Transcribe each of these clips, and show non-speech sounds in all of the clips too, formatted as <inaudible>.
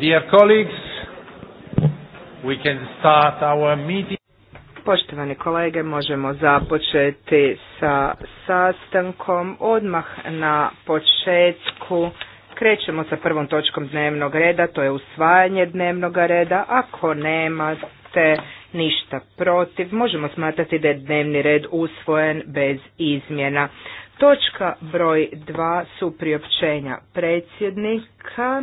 Dear colleagues, we can start our meeting. Poštovani kolege, možemo započeti sa sastankom. Odmah na početku krećemo sa prvom točkom dnevnog reda, to je usvajanje dnevnog reda. Ako nemate ništa protiv, možemo smatrati da je dnevni red usvojen bez izmjena. Točka broj 2 su priopćenja predsjednika.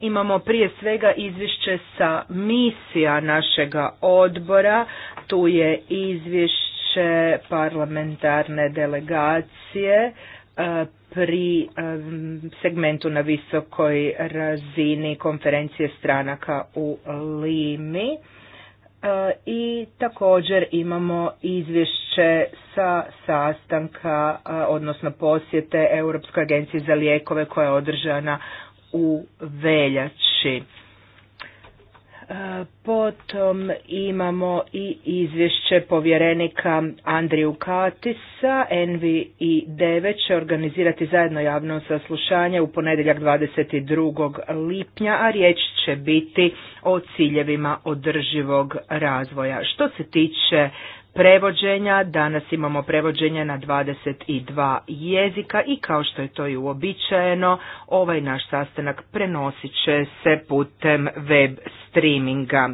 Imamo prije svega izvješće sa misija našega odbora, tu je izvješće parlamentarne delegacije e, pri e, segmentu na visokoj razini konferencije stranaka u Limi. E, I također imamo izvješće sa sastanka, odnosno posjete Europskoj agencije za lijekove koja je održana u veljači. E, potom imamo i izvješće povjerenika Andriju Katisa. Envi i Deve će organizirati zajedno javno saslušanje u ponedjeljak 22. lipnja, a riječ će biti o ciljevima održivog razvoja. Što se tiče prevođenja. Danas imamo prevođenje na 22 jezika i kao što je to i uobičajeno, ovaj naš sastanak prenosit će se putem web streaminga.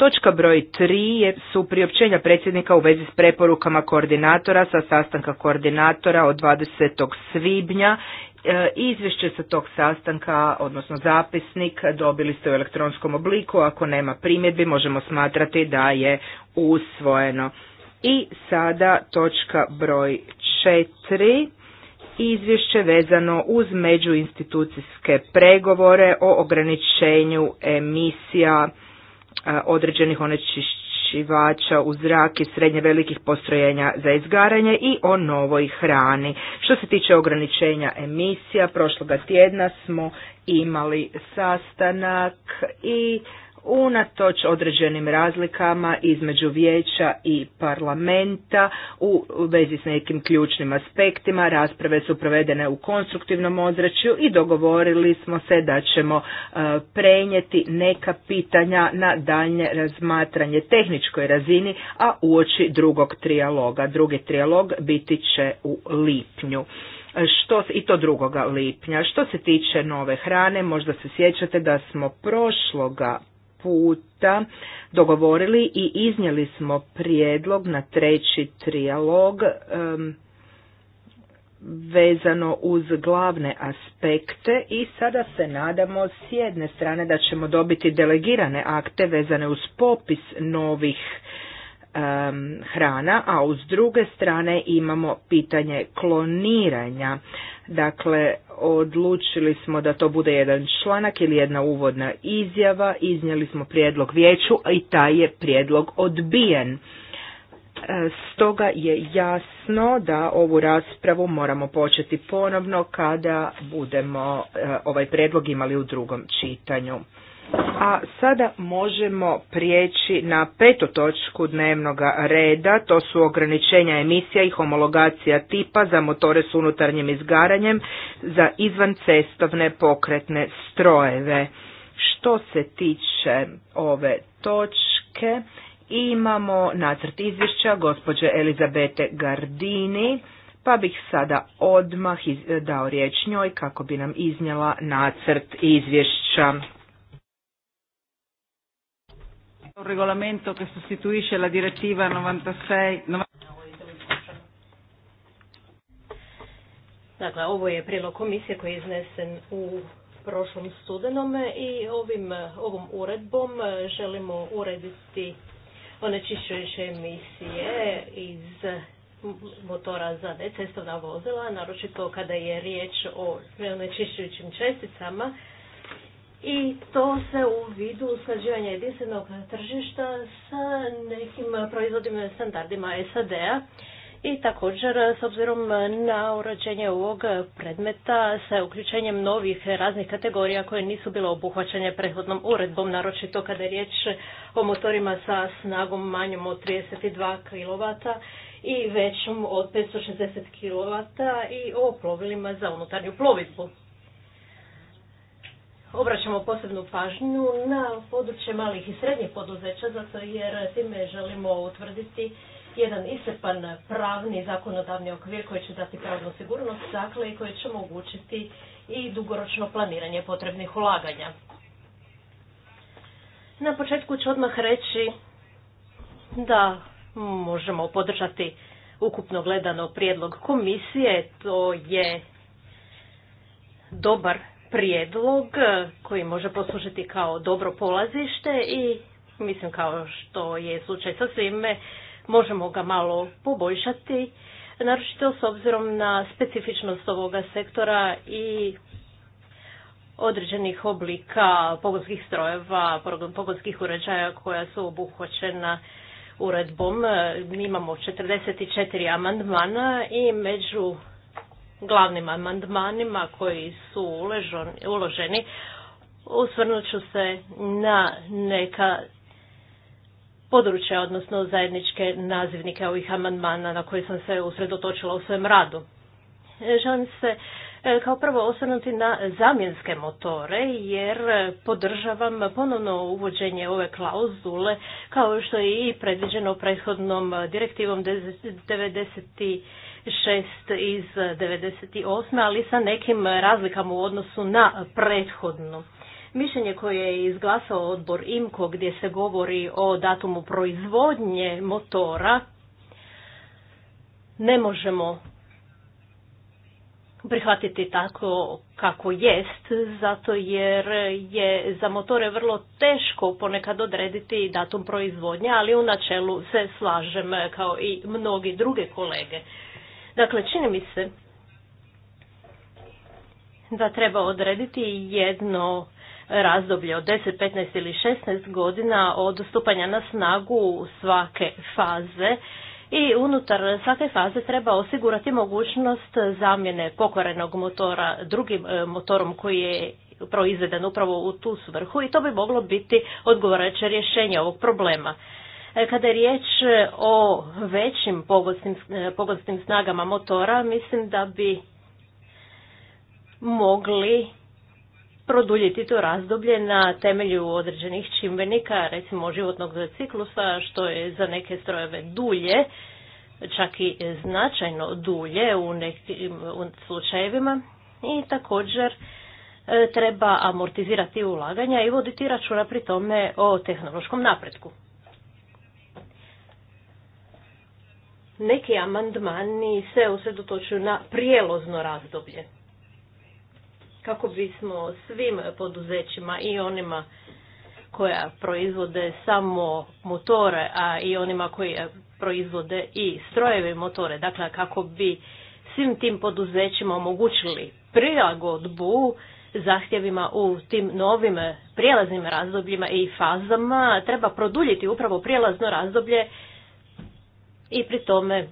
Točka broj 3 su priopćenja predsjednika u vezi s preporukama koordinatora sa sastanka koordinatora od 20. svibnja. E, izvješće sa tog sastanka, odnosno zapisnik, dobili ste u elektronskom obliku. Ako nema primjedbi, možemo smatrati da je usvojeno. I sada točka broj 4 izvješće vezano uz međuinstitucijske pregovore o ograničenju emisija određenih onečišćivača u zrak i srednje velikih postrojenja za izgaranje i o novoj hrani. Što se tiče ograničenja emisija, prošloga tjedna smo imali sastanak i unatoč određenim razlikama između vijeća i parlamenta u vezi s nekim ključnim aspektima. Rasprave su provedene u konstruktivnom ozračju i dogovorili smo se da ćemo e, prenijeti neka pitanja na daljnje razmatranje tehničkoj razini, a uoči drugog trijaloga. Drugi trijalog biti će u lipnju što, i to drugoga lipnja. Što se tiče nove hrane, možda se sjećate da smo prošloga puta dogovorili i iznijeli smo prijedlog na treći trijalog vezano uz glavne aspekte i sada se nadamo s jedne strane da ćemo dobiti delegirane akte vezane uz popis novih hrana, a uz druge strane imamo pitanje kloniranja. Dakle, odlučili smo da to bude jedan članak ili jedna uvodna izjava, iznijeli smo prijedlog vijeću i taj je prijedlog odbijen. E, stoga je jasno da ovu raspravu moramo početi ponovno kada budemo e, ovaj prijedlog imali u drugom čitanju. A sada možemo prijeći na petu točku dnevnog reda, to su ograničenja emisija i homologacija tipa za motore s unutarnjim izgaranjem za izvan cestovne pokretne strojeve. Što se tiče ove točke, imamo nacrt izvješća gospođe Elizabete Gardini, pa bih sada odmah dao riječ njoj kako bi nam iznjela nacrt izvješća. Un regolamento che sostituisce la direttiva 96... 90... Dakle, ovo je prilog komisije koji je iznesen u prošlom studenom i ovim, ovom uredbom želimo urediti onečišćujuće emisije iz motora za cestovna vozila, naročito kada je riječ o onečišćujućim česticama i to se u vidu usklađivanja jedinstvenog tržišta sa nekim proizvodima standardima SAD-a i također s obzirom na urađenje ovog predmeta sa uključenjem novih raznih kategorija koje nisu bile obuhvaćene prethodnom uredbom, naročito kada je riječ o motorima sa snagom manjom od 32 kW i većom od 560 kW i o plovilima za unutarnju plovidbu obraćamo posebnu pažnju na područje malih i srednjih poduzeća, zato jer time želimo utvrditi jedan isrpan pravni zakonodavni okvir koji će dati pravnu sigurnost, dakle i koji će omogućiti i dugoročno planiranje potrebnih ulaganja. Na početku ću odmah reći da možemo podržati ukupno gledano prijedlog komisije, to je dobar prijedlog koji može poslužiti kao dobro polazište i mislim kao što je slučaj sa svime, možemo ga malo poboljšati, naročito s obzirom na specifičnost ovoga sektora i određenih oblika pogonskih strojeva, pogonskih uređaja koja su obuhvaćena uredbom. Mi imamo 44 amandmana i među glavnim amandmanima koji su uloženi, usvrnut ću se na neka područja, odnosno zajedničke nazivnike ovih amandmana na koje sam se usredotočila u svojem radu. Želim se e, kao prvo osvrnuti na zamjenske motore jer podržavam ponovno uvođenje ove klauzule kao što je i predviđeno prethodnom direktivom 90 šest iz 98. ali sa nekim razlikama u odnosu na prethodno. Mišljenje koje je izglasao odbor IMKO gdje se govori o datumu proizvodnje motora ne možemo prihvatiti tako kako jest, zato jer je za motore vrlo teško ponekad odrediti datum proizvodnje, ali u načelu se slažem kao i mnogi druge kolege. Dakle, čini mi se da treba odrediti jedno razdoblje od 10, 15 ili 16 godina od stupanja na snagu svake faze i unutar svake faze treba osigurati mogućnost zamjene pokvarenog motora drugim e, motorom koji je proizveden upravo u tu svrhu i to bi moglo biti odgovarajuće rješenje ovog problema. E, kada je riječ e, o većim pogonskim, e, pogonskim snagama motora, mislim da bi mogli produljiti to razdoblje na temelju određenih čimbenika, recimo životnog ciklusa, što je za neke strojeve dulje, čak i značajno dulje u nekim slučajevima i također treba amortizirati ulaganja i voditi računa pri tome o tehnološkom napretku. neki amandmani se usredotočuju na prijelozno razdoblje. Kako bismo svim poduzećima i onima koja proizvode samo motore, a i onima koji proizvode i strojeve motore, dakle kako bi svim tim poduzećima omogućili prilagodbu zahtjevima u tim novim prijelaznim razdobljima i fazama treba produljiti upravo prijelazno razdoblje i pri tome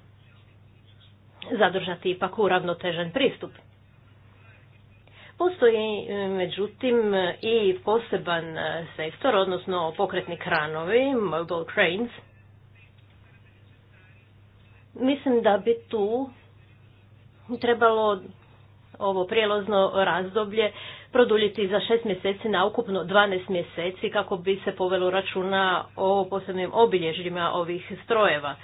zadržati ipak uravnotežen pristup. Postoji međutim i poseban sektor, odnosno pokretni kranovi, mobile cranes Mislim da bi tu trebalo ovo prijelozno razdoblje produljiti za šest mjeseci na ukupno 12 mjeseci kako bi se povelo računa o posebnim obilježjima ovih strojeva.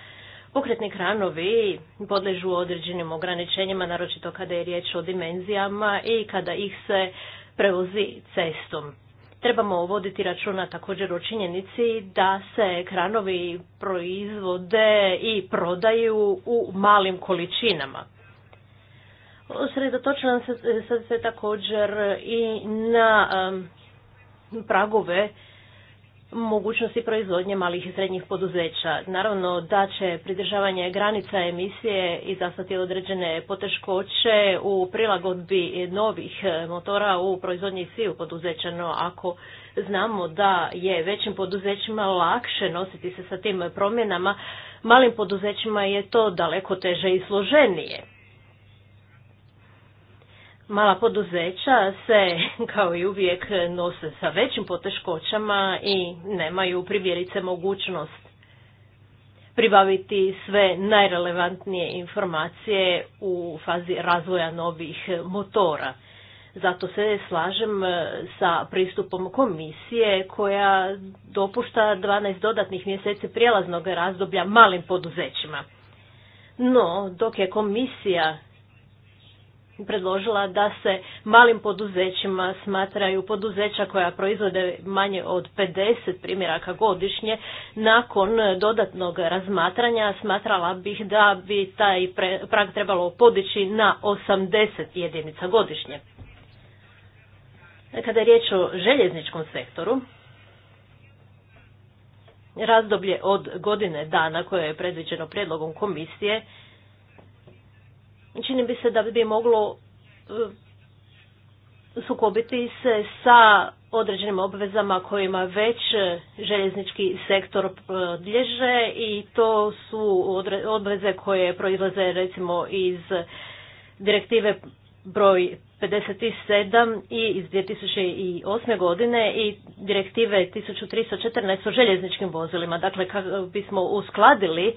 Pokretni kranovi podležu određenim ograničenjima, naročito kada je riječ o dimenzijama i kada ih se prevozi cestom. Trebamo voditi računa također o činjenici da se kranovi proizvode i prodaju u malim količinama. Sredotočujem se, se također i na pragove mogućnosti proizvodnje malih i srednjih poduzeća. Naravno da će pridržavanje granica emisije zastati određene poteškoće u prilagodbi novih motora u proizvodnji sviju poduzeća, no ako znamo da je većim poduzećima lakše nositi se sa tim promjenama, malim poduzećima je to daleko teže i složenije. Mala poduzeća se, <laughs> kao i uvijek, nose sa većim poteškoćama i nemaju primjerice mogućnost pribaviti sve najrelevantnije informacije u fazi razvoja novih motora. Zato se slažem e, sa pristupom komisije koja dopušta 12 dodatnih mjeseci prijelaznog razdoblja malim poduzećima. No, dok je komisija predložila da se malim poduzećima smatraju poduzeća koja proizvode manje od 50 primjeraka godišnje. Nakon dodatnog razmatranja smatrala bih da bi taj prag trebalo podići na 80 jedinica godišnje. Kada je riječ o željezničkom sektoru, razdoblje od godine dana koje je predviđeno predlogom komisije čini bi se da bi moglo e, sukobiti se sa određenim obvezama kojima već željeznički sektor podlježe e, i to su obveze koje proizlaze recimo iz direktive broj 57 i iz 2008. godine i direktive 1314 o željezničkim vozilima. Dakle, kako bismo uskladili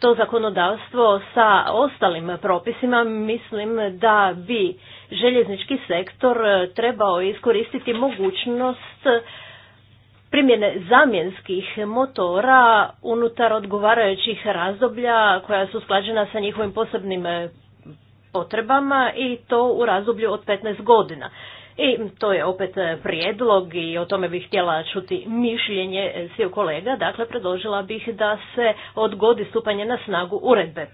to zakonodavstvo sa ostalim propisima, mislim da bi željeznički sektor e, trebao iskoristiti mogućnost e, primjene zamjenskih motora unutar odgovarajućih razdoblja koja su usklađena sa njihovim posebnim e, potrebama i to u razdoblju od 15 godina. I to je opet e, prijedlog i o tome bih htjela čuti mišljenje e, svih kolega. Dakle, predložila bih da se odgodi stupanje na snagu uredbe.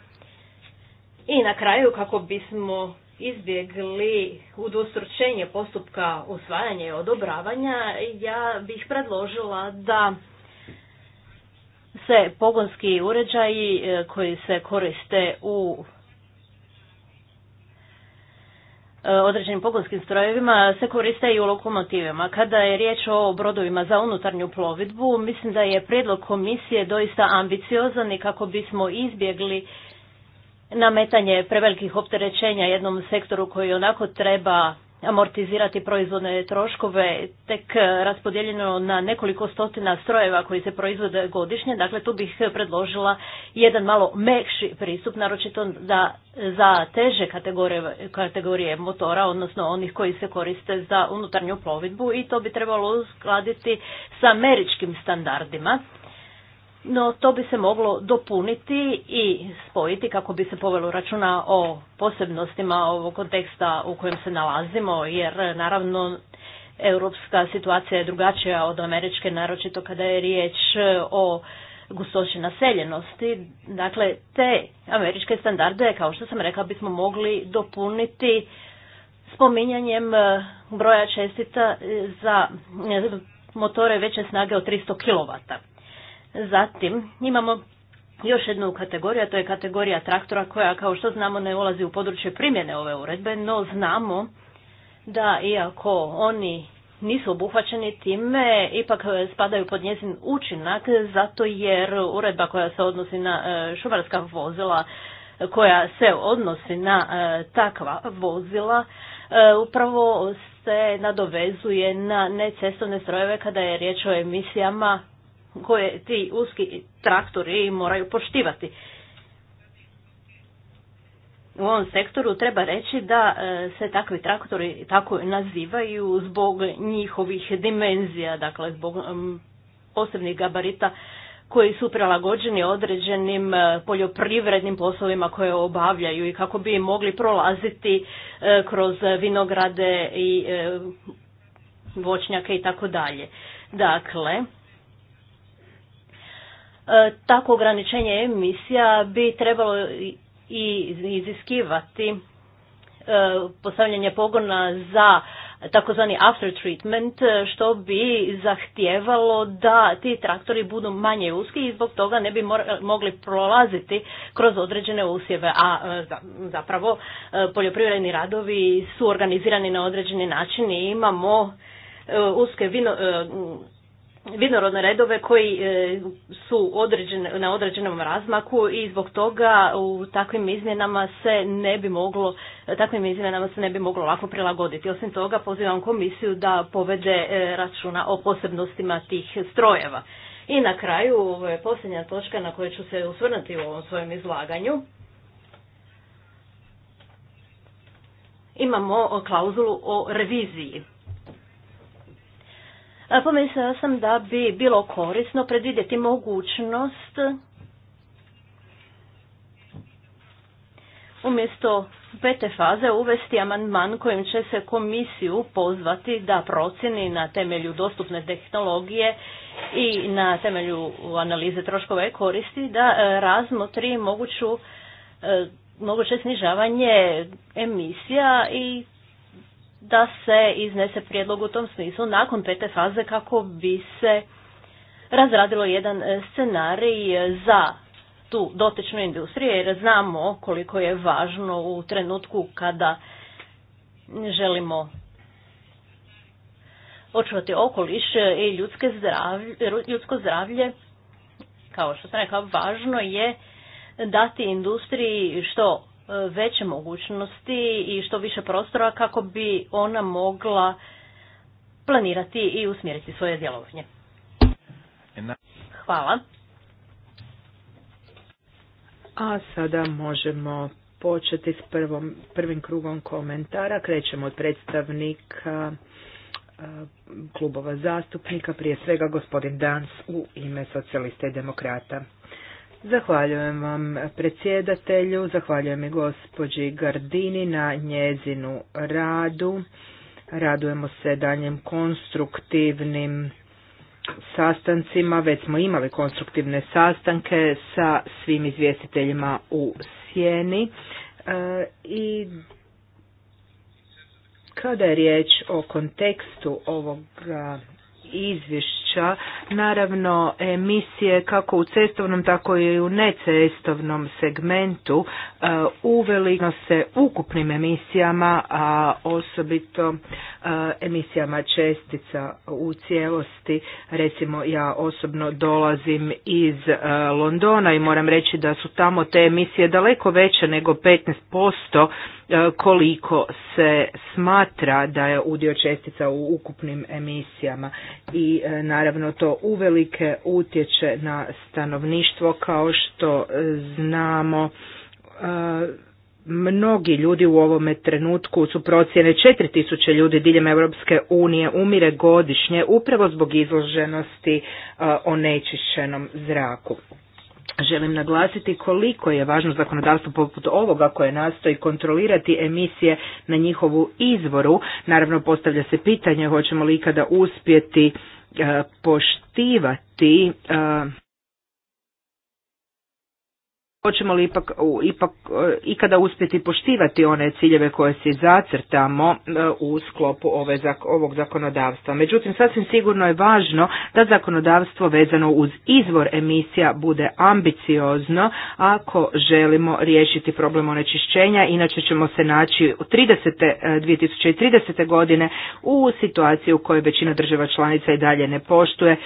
I na kraju, kako bismo izbjegli udostručenje postupka usvajanja i odobravanja, ja bih predložila da se pogonski uređaji e, koji se koriste u Eh, određenim pogonskim strojevima se koriste i u lokomotivama. Kada je riječ o brodovima za unutarnju plovidbu, mislim da je prijedlog komisije doista ambiciozan i kako bismo izbjegli nametanje prevelikih opterećenja jednom sektoru koji onako treba amortizirati proizvodne troškove tek eh, raspodijeljeno na nekoliko stotina strojeva koji se proizvode godišnje. Dakle, tu bih predložila jedan malo mekši pristup, naročito da za teže kategorije, kategorije motora, odnosno onih koji se koriste za unutarnju plovidbu i to bi trebalo uskladiti sa američkim standardima. No to bi se moglo dopuniti i spojiti kako bi se povelo računa o posebnostima ovog konteksta u kojem se nalazimo, jer naravno europska situacija je drugačija od američke, naročito kada je riječ o gustoći naseljenosti. Dakle, te američke standarde, kao što sam rekla, bismo mogli dopuniti spominjanjem broja čestica za motore veće snage od 300 kW. Zatim imamo još jednu kategoriju, a to je kategorija traktora koja kao što znamo ne ulazi u područje primjene ove uredbe, no znamo da iako oni nisu obuhvaćeni time, ipak spadaju pod njezin učinak zato jer uredba koja se odnosi na e, šumarska vozila koja se odnosi na e, takva vozila e, upravo se nadovezuje na necestovne strojeve kada je riječ o emisijama koje ti uski traktori moraju poštivati. U ovom sektoru treba reći da e, se takvi traktori tako nazivaju zbog njihovih dimenzija, dakle zbog posebnih gabarita koji su prilagođeni određenim e, poljoprivrednim poslovima koje obavljaju i kako bi mogli prolaziti e, kroz vinograde i voćnjake i tako dalje. Dakle, E, tako ograničenje emisija bi trebalo i iziskivati e, postavljanje pogona za takozvani after treatment, e, što bi zahtijevalo da ti traktori budu manje uski i zbog toga ne bi mogli prolaziti kroz određene usjeve, a zapravo poljoprivredni radovi su organizirani na određeni način i imamo uske vino, vinorodne redove koji e, su na određenom razmaku i zbog toga u takvim izmjenama se ne bi moglo takvim izmjenama se ne bi moglo lako prilagoditi. Osim toga pozivam komisiju da povede e, računa o posebnostima tih strojeva. I na kraju ovo je posljednja točka na kojoj ću se usvrnuti u ovom svojem izlaganju. Imamo klauzulu o reviziji. Pomislila sam da bi bilo korisno predvidjeti mogućnost umjesto pete faze uvesti amandman kojim će se komisiju pozvati da procjeni na temelju dostupne tehnologije i na temelju analize troškova koristi da e, razmotri moguću e, moguće snižavanje emisija i da se iznese prijedlog u tom smislu nakon pete faze kako bi se razradilo jedan e, scenarij za tu dotičnu industriju jer znamo koliko je važno u trenutku kada želimo očuvati okoliš i ljudske zdravlje, ljudsko zdravlje, kao što sam rekao, važno je dati industriji što veće mogućnosti i što više prostora kako bi ona mogla planirati i usmjeriti svoje djelovanje. Hvala. A sada možemo početi s prvom, prvim krugom komentara. Krećemo od predstavnika e, klubova zastupnika, prije svega gospodin Dans u ime socijalista i demokrata. Zahvaljujem vam predsjedatelju, zahvaljujem i gospođi Gardini na njezinu radu. Radujemo se danjem konstruktivnim sastancima, već smo imali konstruktivne sastanke sa svim izvjestiteljima u Sjeni e, i kada je riječ o kontekstu ovog izvješća, naravno emisije kako u cestovnom tako i u necestovnom segmentu e, uveli se ukupnim emisijama, a osobito e, emisijama čestica u cijelosti. Recimo ja osobno dolazim iz e, Londona i moram reći da su tamo te emisije daleko veće nego 15% koliko se smatra da je udio čestica u ukupnim emisijama i na Naravno to uvelike utječe na stanovništvo kao što e, znamo e, mnogi ljudi u ovome trenutku su procjene 4000 ljudi diljem Europske unije umire godišnje upravo zbog izloženosti e, onečišćenom zraku. Želim naglasiti koliko je važno zakonodavstvo poput ovoga koje nastoji kontrolirati emisije na njihovu izvoru. Naravno postavlja se pitanje hoćemo li ikada uspjeti poštivati eh, hoćemo li ipak, ipak e, ikada uspjeti poštivati one ciljeve koje si zacrtamo e, u sklopu ove, ovog zakonodavstva. Međutim, sasvim sigurno je važno da zakonodavstvo vezano uz izvor emisija bude ambiciozno ako želimo riješiti problem onečišćenja, inače ćemo se naći u 30. 2030. E, godine u situaciji u kojoj većina država članica i dalje ne poštuje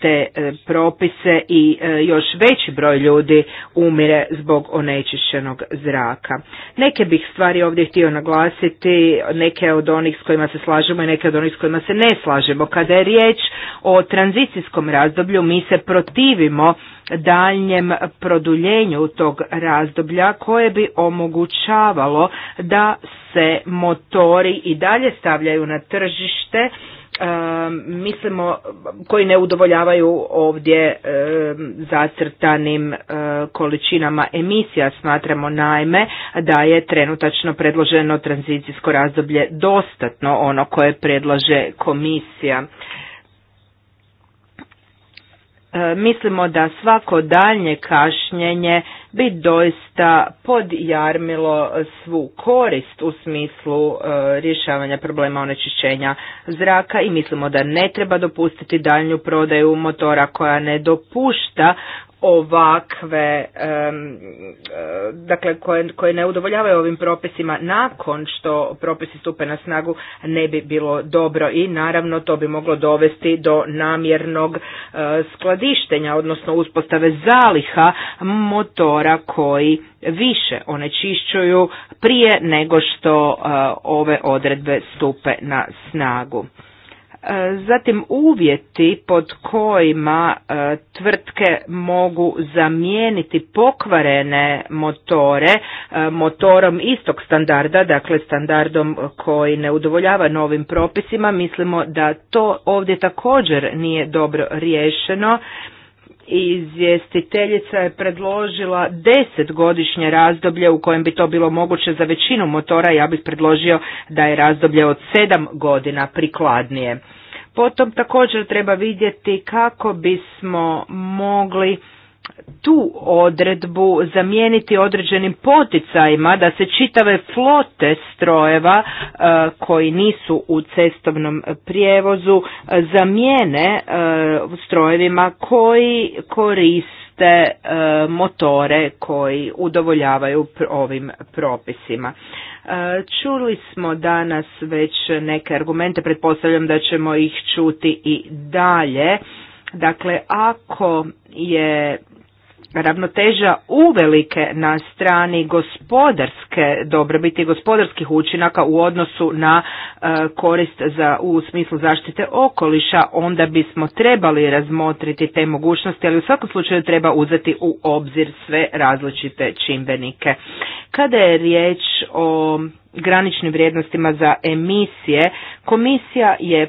te propise i još veći broj ljudi umre zbog onečišćenog zraka. Neke bih stvari ovdje htio naglasiti, neke od onih s kojima se slažemo i neke od onih s kojima se ne slažemo. Kada je riječ o tranzicijskom razdoblju, mi se protivimo daljnjem produljenju tog razdoblja koje bi omogućavalo da se motori i dalje stavljaju na tržište mislimo koji ne udovoljavaju ovdje zacrtanim e, količinama emisija. Smatramo najme da je trenutačno predloženo tranzicijsko razdoblje dostatno ono koje predlaže komisija. Mislimo da svako daljnje kašnjenje bi doista podjarmilo svu korist u smislu e, rješavanja problema onečišćenja zraka i mislimo da ne treba dopustiti daljnju prodaju motora koja ne dopušta ovakve, e, dakle koje, ne udovoljavaju ovim propisima nakon što propisi stupe na snagu ne bi bilo dobro i naravno to bi moglo dovesti do namjernog e, skladištenja, odnosno uspostave zaliha motora koji više onečišćuju prije nego što e, ove odredbe stupe na snagu. E, zatim uvjeti pod kojima e, tvrtke mogu zamijeniti pokvarene motore motorom istog standarda, dakle standardom koji ne udovoljava novim propisima, mislimo da to ovdje također nije dobro riješeno Izvjestiteljica je predložila deset godišnje razdoblje u kojem bi to bilo moguće za većinu motora, ja bih predložio da je razdoblje od sedam godina prikladnije. Potom također treba vidjeti kako bismo mogli tu odredbu zamijeniti određenim poticajima da se čitave flote strojeva e, koji nisu u cestovnom prijevozu e, zamijene e, strojevima koji koriste motore koji udovoljavaju ovim propisima. Čuli smo danas već neke argumente, pretpostavljam da ćemo ih čuti i dalje. Dakle, ako je ravnoteža uvelike na strani gospodarske dobrobiti gospodarskih učinaka u odnosu na e, korist za u smislu zaštite okoliša onda bismo trebali razmotriti te mogućnosti ali u svakom slučaju treba uzeti u obzir sve različite čimbenike kada je riječ o graničnim vrijednostima za emisije komisija je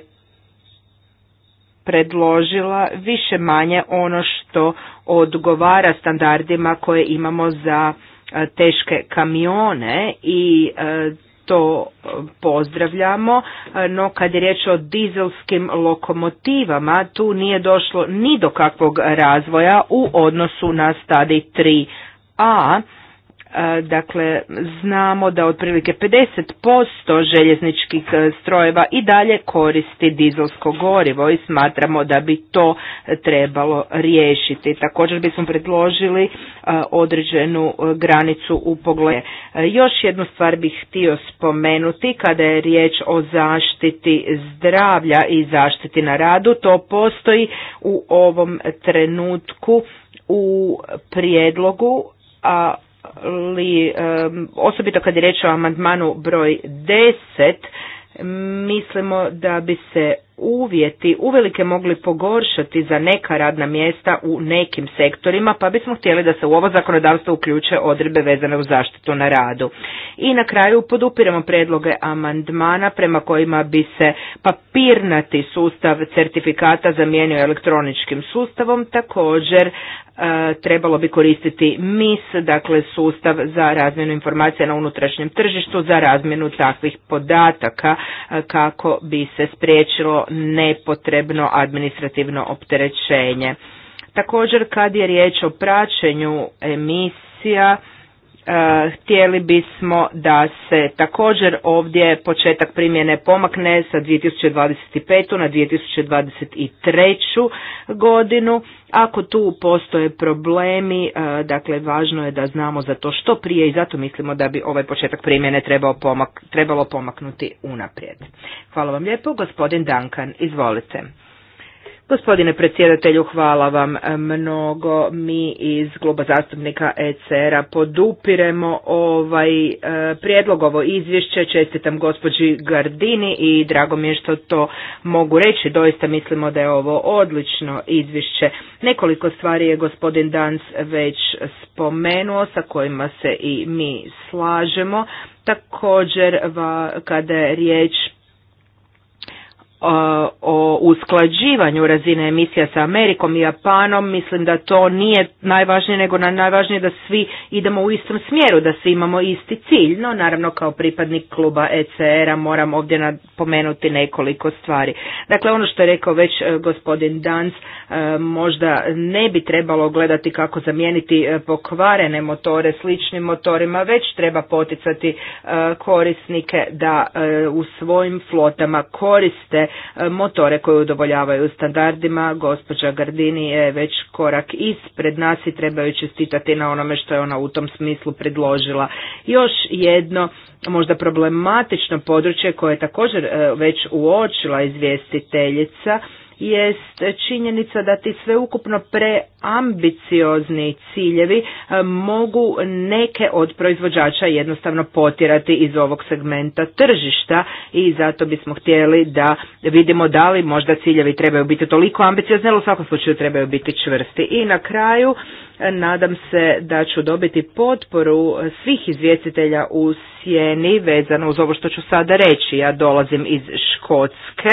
predložila više manje ono što odgovara standardima koje imamo za e, teške kamione i e, to pozdravljamo, e, no kad je riječ o dizelskim lokomotivama, tu nije došlo ni do kakvog razvoja u odnosu na stadi 3a, E, dakle, znamo da otprilike 50% željezničkih e, strojeva i dalje koristi dizelsko gorivo i smatramo da bi to trebalo riješiti. Također bismo predložili e, određenu granicu u pogledu. Još jednu stvar bih htio spomenuti kada je riječ o zaštiti zdravlja i zaštiti na radu. To postoji u ovom trenutku u prijedlogu a li, osobito kad je riječ o amandmanu broj 10, mislimo da bi se uvjeti uvelike mogli pogoršati za neka radna mjesta u nekim sektorima, pa bismo htjeli da se u ovo zakonodavstvo uključe odredbe vezane u zaštitu na radu. I na kraju podupiramo predloge amandmana prema kojima bi se papirnati sustav certifikata zamijenio elektroničkim sustavom, također e, trebalo bi koristiti MIS, dakle sustav za razmjenu informacija na unutrašnjem tržištu, za razmjenu takvih podataka e, kako bi se spriječilo nepotrebno administrativno opterećenje. Također kad je riječ o praćenju emisija, E, htjeli bismo da se također ovdje početak primjene pomakne sa 2025. na 2023. godinu. Ako tu postoje problemi, e, dakle važno je da znamo za to što prije i zato mislimo da bi ovaj početak primjene trebao pomak, trebalo pomaknuti unaprijed. Hvala vam lijepo, gospodin Dankan, izvolite. Gospodine predsjedatelju, hvala vam mnogo. Mi iz kluba zastupnika ECR-a podupiremo ovaj e, prijedlog, ovo izvješće. Čestitam gospođi Gardini i drago mi je što to mogu reći. Doista mislimo da je ovo odlično izvješće. Nekoliko stvari je gospodin Dans već spomenuo sa kojima se i mi slažemo. Također va, kada je riječ o usklađivanju razine emisija sa Amerikom i Japanom, mislim da to nije najvažnije, nego najvažnije da svi idemo u istom smjeru, da svi imamo isti cilj. No, naravno, kao pripadnik kluba ECR-a moram ovdje napomenuti nekoliko stvari. Dakle, ono što je rekao već e, gospodin Dans, E, možda ne bi trebalo gledati kako zamijeniti e, pokvarene motore sličnim motorima, već treba poticati e, korisnike da u svojim flotama koriste motore koje udovoljavaju standardima. Gospođa Gardini je već korak ispred nas i trebaju čestitati na onome što je ona u tom smislu predložila. Još jedno možda problematično područje koje je također već uočila izvjestiteljica jest činjenica da ti sveukupno preambiciozni ciljevi e, mogu neke od proizvođača jednostavno potirati iz ovog segmenta tržišta i zato bismo htjeli da vidimo da li možda ciljevi trebaju biti toliko ambiciozni, ali u svakom slučaju trebaju biti čvrsti. I na kraju e, nadam se da ću dobiti potporu svih izvjestitelja u sjeni vezano uz ovo što ću sada reći. Ja dolazim iz Škotske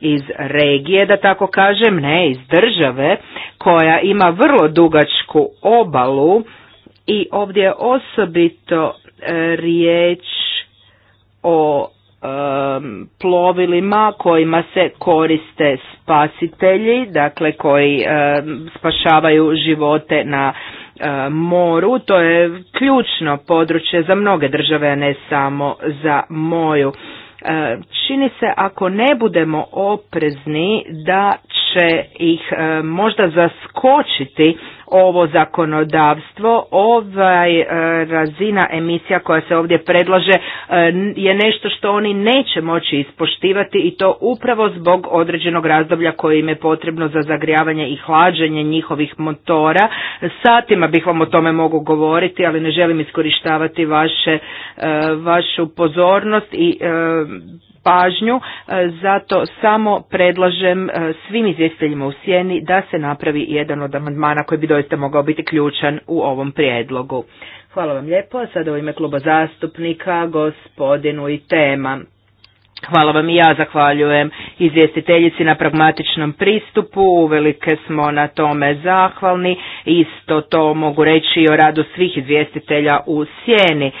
iz regije, da tako kažem, ne iz države koja ima vrlo dugačku obalu i ovdje je osobito e, riječ o e, plovilima kojima se koriste spasitelji, dakle koji e, spašavaju živote na moru, to je ključno područje za mnoge države, a ne samo za moju. E, čini se ako ne budemo oprezni da će ih e, možda zaskočiti ovo zakonodavstvo, ovaj e, razina emisija koja se ovdje predlaže e, je nešto što oni neće moći ispoštivati i to upravo zbog određenog razdoblja koje im je potrebno za zagrijavanje i hlađenje njihovih motora. Satima bih vam o tome mogu govoriti, ali ne želim iskorištavati vaše, vašu pozornost i pažnju, e, zato samo predlažem e, svim izvjestiteljima u sjeni da se napravi jedan od amandmana koji bi doista mogao biti ključan u ovom prijedlogu. Hvala vam lijepo, a sada u ime kluba zastupnika gospodinu i tema. Hvala vam i ja zahvaljujem izvjestiteljici na pragmatičnom pristupu, uvelike smo na tome zahvalni, isto to mogu reći i o radu svih izvjestitelja u sjeni. E,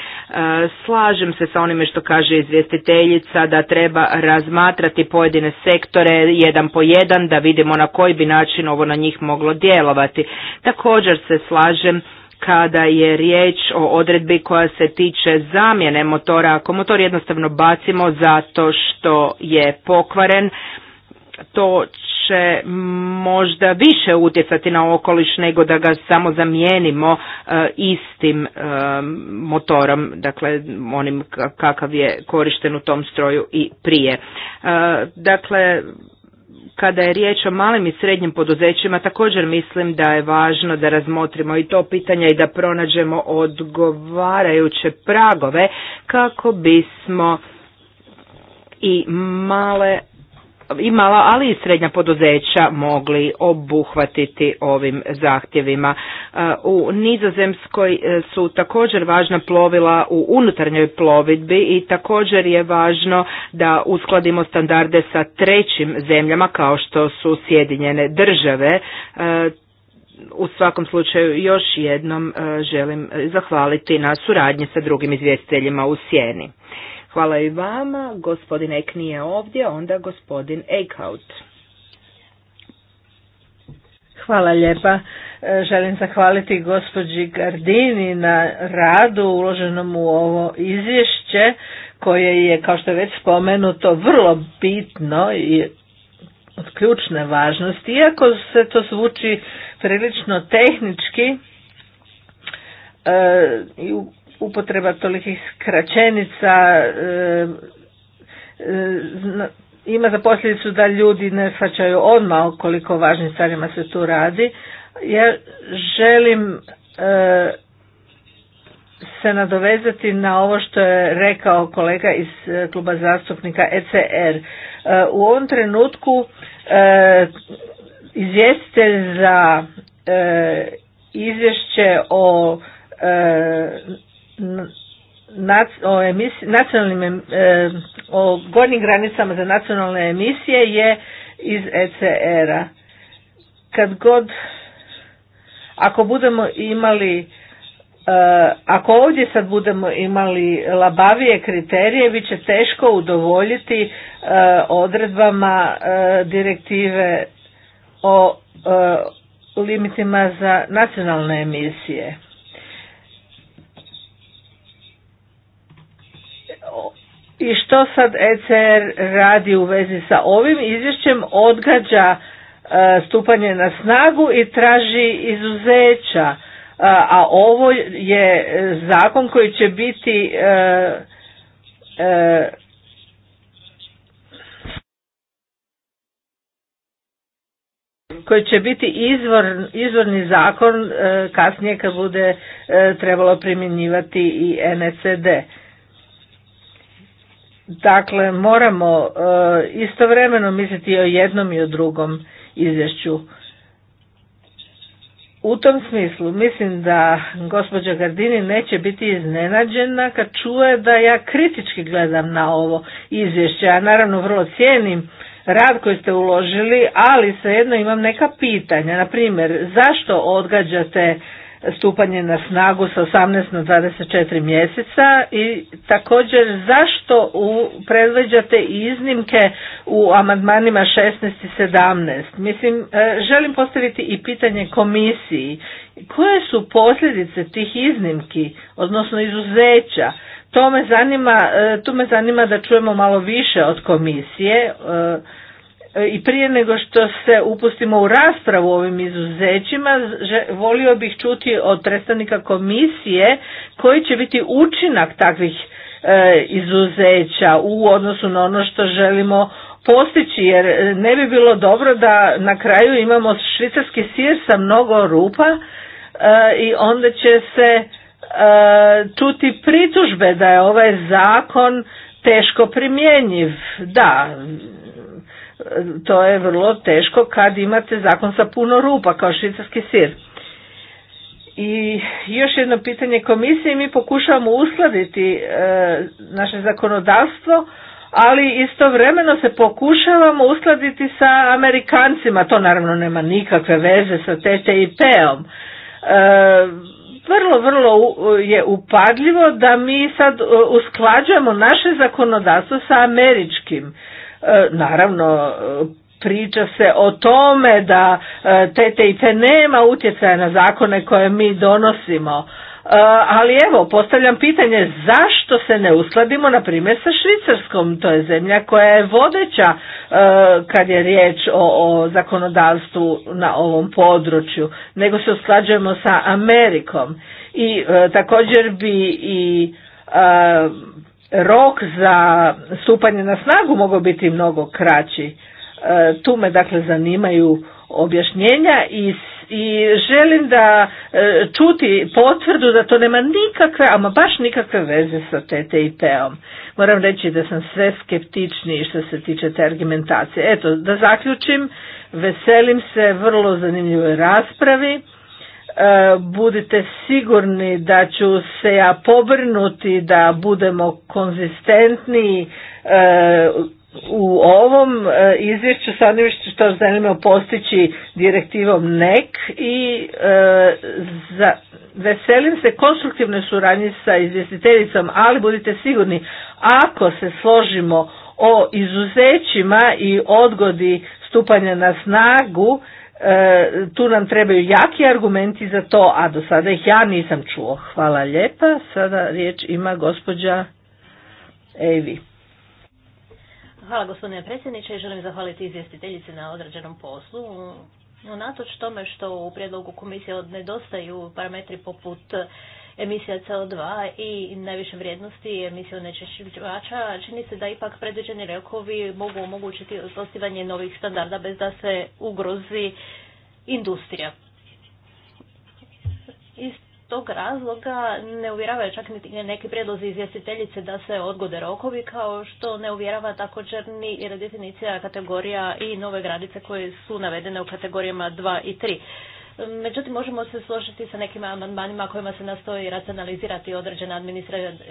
slažem se sa onime što kaže izvjestiteljica da treba razmatrati pojedine sektore jedan po jedan da vidimo na koji bi način ovo na njih moglo djelovati. Također se slažem kada je riječ o odredbi koja se tiče zamjene motora. Ako motor jednostavno bacimo zato što je pokvaren, to će možda više utjecati na okoliš nego da ga samo zamijenimo e, istim e, motorom, dakle onim kakav je korišten u tom stroju i prije. E, dakle, kada je riječ o malim i srednjim poduzećima, također mislim da je važno da razmotrimo i to pitanje i da pronađemo odgovarajuće pragove kako bismo i male i mala, ali i srednja poduzeća mogli obuhvatiti ovim zahtjevima. E, u Nizozemskoj e, su također važna plovila u unutarnjoj plovidbi i također je važno da uskladimo standarde sa trećim zemljama kao što su Sjedinjene države. E, u svakom slučaju još jednom želim zahvaliti na suradnji sa drugim izvjestiteljima u Sjeni. Hvala i vama. Gospodin Ek nije ovdje, onda gospodin Eichhout. Hvala lijepa. E, želim zahvaliti gospođi Gardini na radu uloženom u ovo izvješće koje je, kao što je već spomenuto, vrlo bitno i od ključne važnosti. Iako se to zvuči prilično tehnički, e, i upotreba tolikih skraćenica e, e, ima za posljedicu da ljudi ne shvaćaju odmah o koliko važnim stvarima se tu radi. Ja želim e, se nadovezati na ovo što je rekao kolega iz kluba zastupnika ECR. U ovom trenutku izvjestitelj za izvješće o o emisi, nacionalnim e, o gornjim granicama za nacionalne emisije je iz ECR-a. Kad god ako budemo imali e, ako ovdje sad budemo imali labavije kriterije, bit će teško udovoljiti e, odredbama direktive o limitima za nacionalne emisije. I što sad ECR radi u vezi sa ovim izvješćem? Odgađa e, stupanje na snagu i traži izuzeća. E, a ovo je zakon koji će biti e, koji će biti izvor, izvorni zakon kasnije kad bude trebalo primjenjivati i NCD. Dakle, moramo e, istovremeno misliti o jednom i o drugom izvješću. U tom smislu mislim da gospođa Gardini neće biti iznenađena kad čuje da ja kritički gledam na ovo izvješće. Ja naravno vrlo cijenim rad koji ste uložili, ali svejedno imam neka pitanja. Na primjer, zašto odgađate stupanje na snagu sa 18 na 24 mjeseca i također zašto u, predveđate iznimke u amandmanima 16 i 17. Mislim, e, želim postaviti i pitanje komisiji. Koje su posljedice tih iznimki, odnosno izuzeća? To me zanima, e, to me zanima da čujemo malo više od komisije, e, i prije nego što se upustimo u raspravu o ovim izuzećima, volio bih čuti od predstavnika komisije koji će biti učinak takvih e, izuzeća u odnosu na ono što želimo postići jer ne bi bilo dobro da na kraju imamo švicarski sir sa mnogo rupa e, i onda će se čuti e, pritužbe da je ovaj zakon teško primjenjiv. Da, to je vrlo teško kad imate zakon sa puno rupa kao švicarski sir. I još jedno pitanje komisije, mi pokušavamo uskladiti e, naše zakonodavstvo, ali istovremeno se pokušavamo uskladiti sa Amerikancima, to naravno nema nikakve veze sa TTIP-om. E, vrlo, vrlo je upadljivo da mi sad e, usklađujemo naše zakonodavstvo sa američkim E, naravno, e, priča se o tome da e, TTIP nema utjecaja na zakone koje mi donosimo. Ali evo, postavljam pitanje zašto se ne uskladimo, na primjer, sa Švicarskom, to je zemlja koja je vodeća kad je riječ o, o zakonodavstvu na ovom području, nego se usklađujemo sa Amerikom. I također bi i rok za stupanje na snagu mogao biti mnogo kraći. E, tu me dakle zanimaju objašnjenja i, i želim da e, čuti potvrdu da to nema nikakve, ama baš nikakve veze sa TTIP-om. Moram reći da sam sve skeptičniji što se tiče te argumentacije. Eto, da zaključim, veselim se vrlo zanimljivoj raspravi E, budite sigurni da ću se ja pobrnuti da budemo konzistentni e, u ovom e, izvješću sa onim što želimo postići direktivom NEC i za, veselim se konstruktivnoj suradnji sa izvjestiteljicom, ali budite sigurni ako se složimo o izuzećima i odgodi stupanja na snagu E, tu nam trebaju jaki argumenti za to, a do sada ih ja nisam čuo. Hvala lijepa. Sada riječ ima gospođa Evi. Hvala gospodine predsjedniče i želim zahvaliti izvjestiteljice na određenom poslu. Unatoč tome što u prijedlogu komisije nedostaju parametri poput emisija CO2 i najviše vrijednosti emisije onečišćivača, čini se da ipak predviđeni rokovi mogu omogućiti ostivanje novih standarda bez da se ugrozi industrija. Iz tog razloga ne uvjeravaju čak niti neki prijedlozi izvjestiteljice da se odgode rokovi, kao što ne uvjerava također ni redefinicija kategorija i nove granice koje su navedene u kategorijama 2 i 3. Međutim, možemo se složiti sa nekim amandmanima kojima se nastoji racionalizirati određene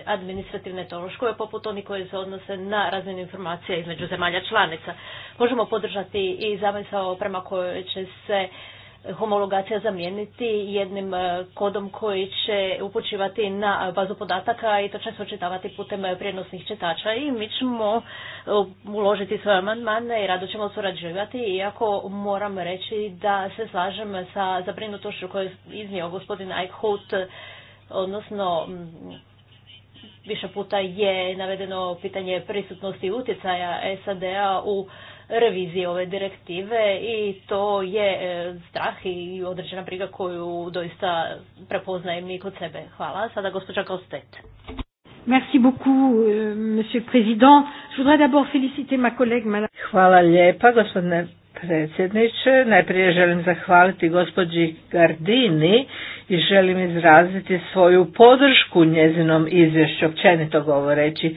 administrativne troškove, poput oni koji se odnose na razmjenu informacija između zemalja članica. Možemo podržati i zamisao prema kojoj će se homologacija zamijeniti jednim e, kodom koji će upućivati na bazu podataka i to će se očitavati putem prijenosnih četača i mi ćemo e, uložiti svoje amandmane i rado ćemo surađivati iako moram reći da se slažem sa zabrinutošću koju je iznio gospodin Eichhout odnosno više puta je navedeno pitanje prisutnosti utjecaja SAD-a u revizije ove direktive i to je e, strah i određena briga koju doista prepoznajem i kod sebe. Hvala. Sada gospođa Kostet. Merci beaucoup, euh, monsieur le président. Je voudrais d'abord féliciter ma collègue, madame. Hvala lijepa, gospodine predsjedniče. Najprije želim zahvaliti gospođi Gardini i želim izraziti svoju podršku njezinom izvješću, općenito govoreći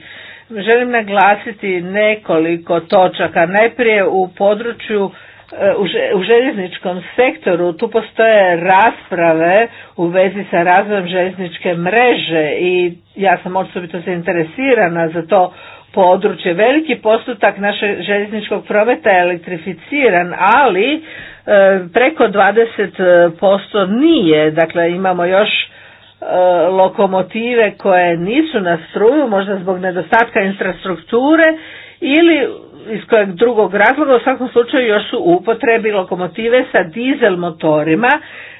želim naglasiti nekoliko točaka. Najprije u području e, u željezničkom sektoru tu postoje rasprave u vezi sa razvojem željezničke mreže i ja sam osobito zainteresirana za to područje. Veliki postotak našeg željezničkog prometa je elektrificiran, ali e, preko 20% nije. Dakle, imamo još E, lokomotive koje nisu na struju, možda zbog nedostatka infrastrukture ili iz kojeg drugog razloga, u svakom slučaju još su u upotrebi lokomotive sa dizel motorima.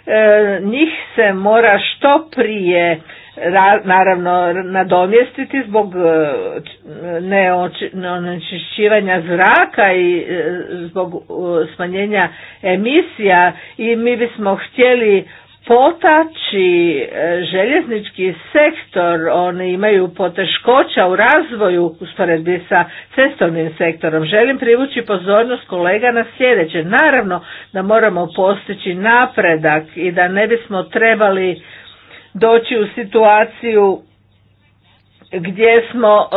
E, njih se mora što prije naravno nadomjestiti zbog e, neonečišćivanja zraka i e, zbog smanjenja emisija i mi bismo htjeli Potači e, željeznički sektor, oni imaju poteškoća u razvoju usporedbi sa cestovnim sektorom. Želim privući pozornost kolega na sljedeće. Naravno da moramo postići napredak i da ne bismo trebali doći u situaciju gdje smo e,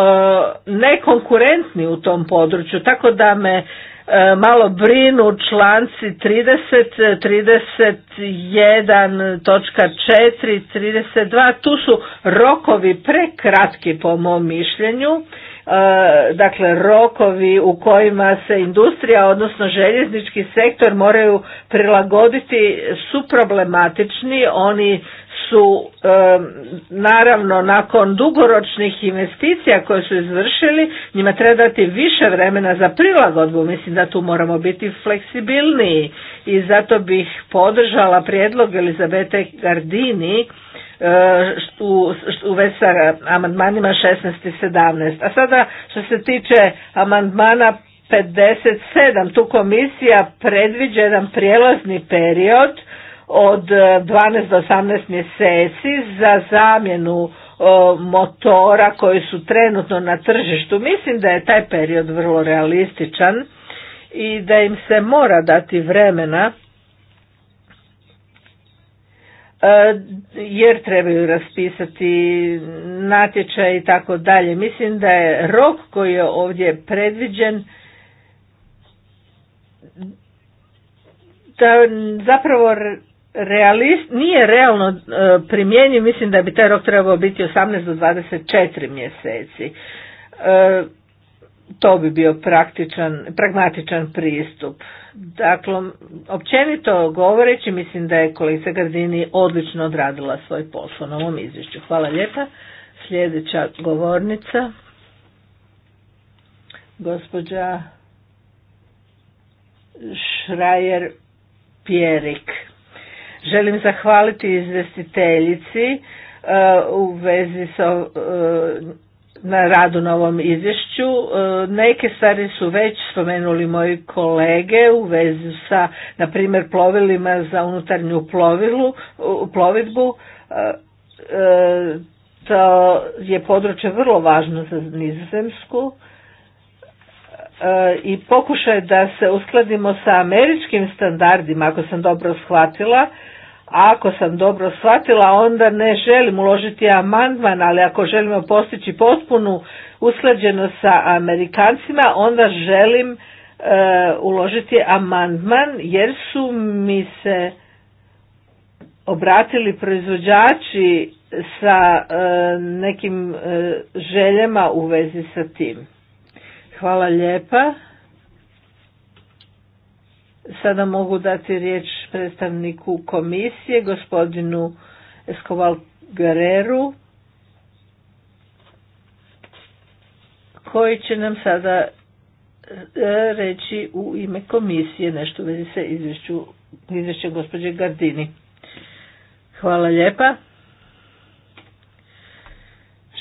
nekonkurentni u tom području, tako da me E, malo brinu članci 30, 31.4, 32, tu su rokovi prekratki po mom mišljenju, e, dakle rokovi u kojima se industrija, odnosno željeznički sektor moraju prilagoditi su problematični, oni su naravno nakon dugoročnih investicija koje su izvršili njima treba dati više vremena za prilagodbu. Mislim da tu moramo biti fleksibilniji i zato bih podržala prijedlog Elizabete Gardini eh, u, u vezi sa amandmanima 16 i 17. A sada što se tiče amandmana 57, tu komisija predviđa jedan prijelazni period od 12 e, do 18 mjeseci za zamjenu e, motora koji su trenutno na tržištu. Mislim da je taj period vrlo realističan i da im se mora dati vremena e, jer trebaju raspisati natječaj i tako dalje. Mislim da je rok koji je ovdje predviđen da zapravo realist, nije realno e, primjenjiv, mislim da bi taj rok trebao biti 18 do 24 mjeseci. E, to bi bio praktičan, pragmatičan pristup. Dakle, općenito govoreći, mislim da je kolegica Gardini odlično odradila svoj posao na ovom izvješću. Hvala lijepa. Sljedeća govornica, gospođa Šrajer Pjerik. Želim zahvaliti izvestiteljici e, u vezi sa e, na radu na ovom izvješću. E, neke stvari su već spomenuli moji kolege u vezi sa, na primjer, plovilima za unutarnju plovilu, plovidbu. To je područje vrlo važno za nizozemsku E, i pokušaj da se uskladimo sa američkim standardima, ako sam dobro shvatila, a ako sam dobro shvatila, onda ne želim uložiti amandman, ali ako želimo postići potpunu usklađenost sa Amerikancima, onda želim e, uložiti amandman jer su mi se obratili proizvođači sa e, nekim e, željama u vezi sa tim. Hvala lijepa. Sada mogu dati riječ predstavniku komisije, gospodinu eskoval Guerreru, koji će nam sada e, reći u ime komisije nešto u se sa izvješću, gospođe Gardini. Hvala lijepa.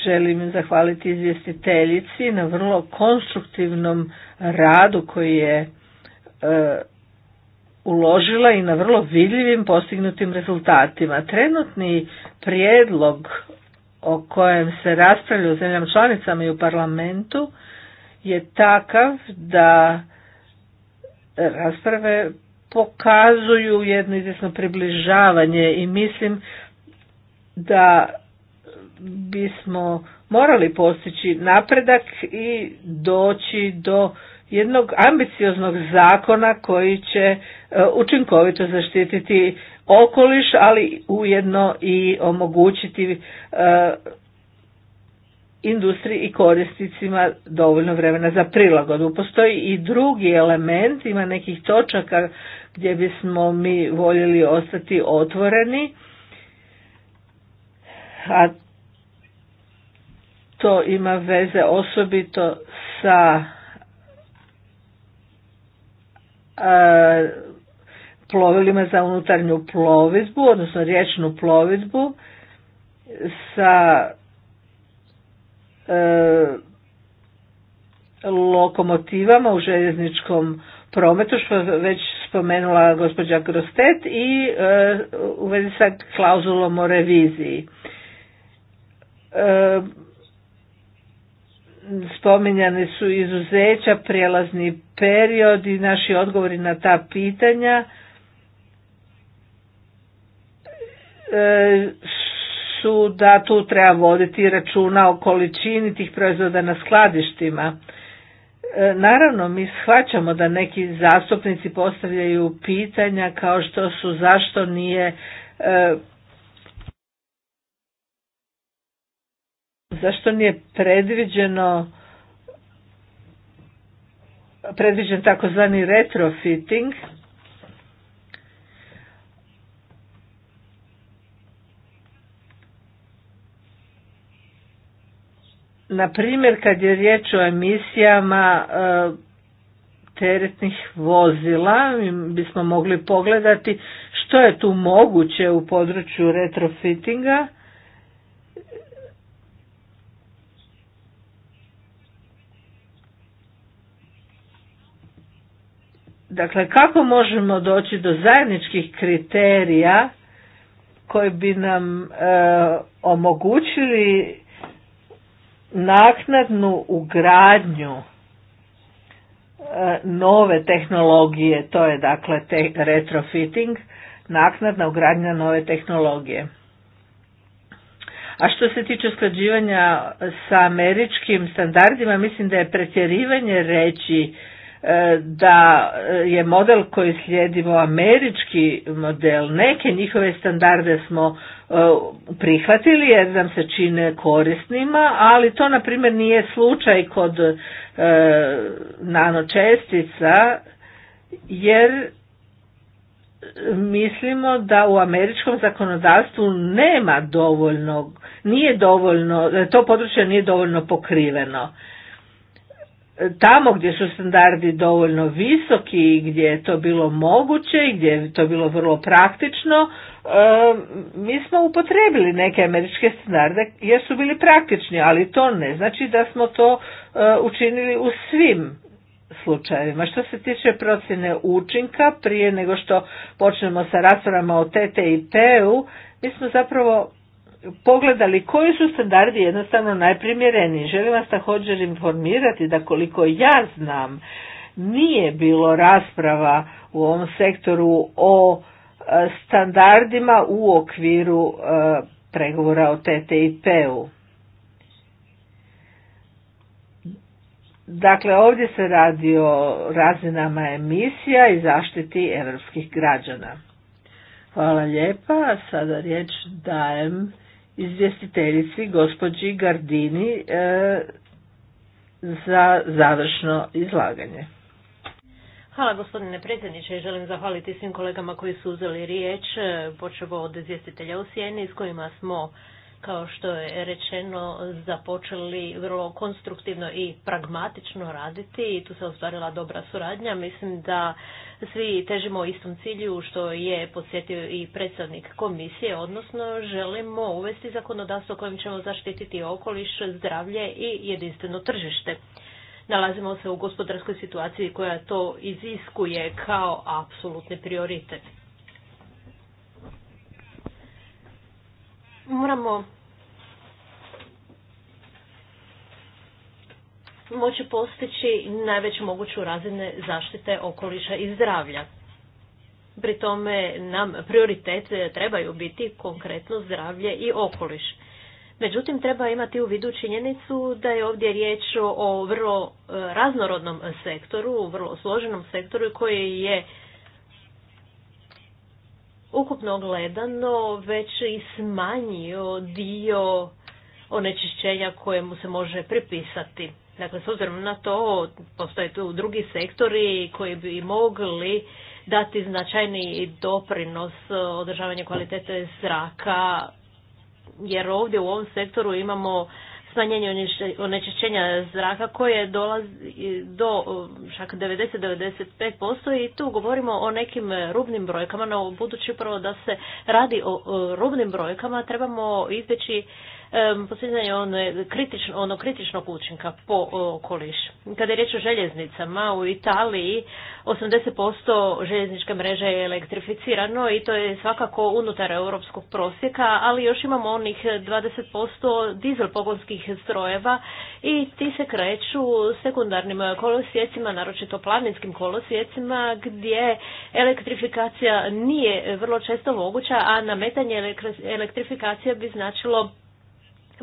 Želim zahvaliti izvjestiteljici na vrlo konstruktivnom radu koji je e, uložila i na vrlo vidljivim postignutim rezultatima. Trenutni prijedlog o kojem se raspravlja u zemljama članicama i u parlamentu je takav da rasprave pokazuju jedno izvjesno približavanje i mislim da bismo morali postići napredak i doći do jednog ambicioznog zakona koji će e, učinkovito zaštititi okoliš, ali ujedno i omogućiti e, industriji i korisnicima dovoljno vremena za prilagodbu. Postoji i drugi element, ima nekih točaka gdje bismo mi voljeli ostati otvoreni, a to ima veze osobito sa e, plovilima za unutarnju plovidbu, odnosno riječnu plovidbu, sa e, lokomotivama u željezničkom prometu, što je već spomenula gospođa Grostet, i e, u vezi sa klauzulom o reviziji. E, spominjane su izuzeća, prijelazni period i naši odgovori na ta pitanja e, su da tu treba voditi računa o količini tih proizvoda na skladištima. E, naravno, mi shvaćamo da neki zastupnici postavljaju pitanja kao što su zašto nije e, Zašto nije predviđeno predviđen takozvani retrofitting na primjer kad je riječ o emisijama e, teretnih vozila bismo mogli pogledati što je tu moguće u području retrofittinga Dakle, kako možemo doći do zajedničkih kriterija koji bi nam e, omogućili naknadnu ugradnju e, nove tehnologije, to je dakle te, retrofitting, naknadna ugradnja nove tehnologije. A što se tiče usklađivanja sa američkim standardima, mislim da je pretjerivanje reći E, da e, je model koji slijedimo američki model, neke njihove standarde smo e, prihvatili jer nam se čine korisnima, ali to na primjer nije slučaj kod nanočestica jer mislimo da u američkom zakonodavstvu nema dovoljno, nije dovoljno, to područje nije dovoljno pokriveno tamo gdje su standardi dovoljno visoki i gdje je to bilo moguće i gdje je to bilo vrlo praktično, eh, mi smo upotrebili neke američke standarde jer su bili praktični, ali to ne znači da smo to eh, učinili u svim slučajevima. Što se tiče procjene učinka, prije nego što počnemo sa raspravama o TTIP-u, mi smo zapravo pogledali koji su standardi jednostavno najprimjereniji. Želim vas također informirati da koliko ja znam nije bilo rasprava u ovom sektoru o e, standardima u okviru e, pregovora o TTIP-u. Dakle, ovdje se radi o razinama emisija i zaštiti europskih građana. Hvala lijepa. Sada riječ dajem izvjestiteljici gospođi Gardini e, za završno izlaganje. Hvala gospodine predsjedniče želim zahvaliti svim kolegama koji su uzeli riječ, e, počevo od izvjestitelja u Sjeni s kojima smo kao što je rečeno, započeli vrlo konstruktivno i pragmatično raditi i tu se ostvarila dobra suradnja. Mislim da svi težimo istom cilju što je podsjetio i predstavnik komisije, odnosno želimo uvesti zakonodavstvo kojim ćemo zaštititi okoliš, zdravlje i jedinstveno tržište. Nalazimo se u gospodarskoj situaciji koja to iziskuje kao apsolutni prioritet. moramo moći postići najveću moguću razine zaštite okoliša i zdravlja. Pri tome nam prioritet trebaju biti konkretno zdravlje i okoliš. Međutim, treba imati u vidu činjenicu da je ovdje riječ o vrlo e, raznorodnom sektoru, vrlo složenom sektoru koji je ukupno gledano već i smanjio dio onečišćenja mu se može pripisati. Dakle, s obzirom na to, postoje tu drugi sektori koji bi mogli dati značajni doprinos e, održavanju kvalitete zraka, jer ovdje u ovom sektoru imamo smanjenje onečišćenja zraka koje dolazi do um, čak 90-95% i tu govorimo o nekim rubnim brojkama, no budući upravo da se radi o rubnim brojkama trebamo izbjeći postizanje ono kritično, ono kritičnog učinka po okoliš. Kada je riječ o željeznicama, u Italiji 80% željezničke mreže je elektrificirano i to je svakako unutar europskog prosjeka, ali još imamo onih 20% dizel pogonskih strojeva i ti se kreću sekundarnim kolosijecima, naročito planinskim kolosijecima, gdje elektrifikacija nije vrlo često moguća, a nametanje elektrifikacije bi značilo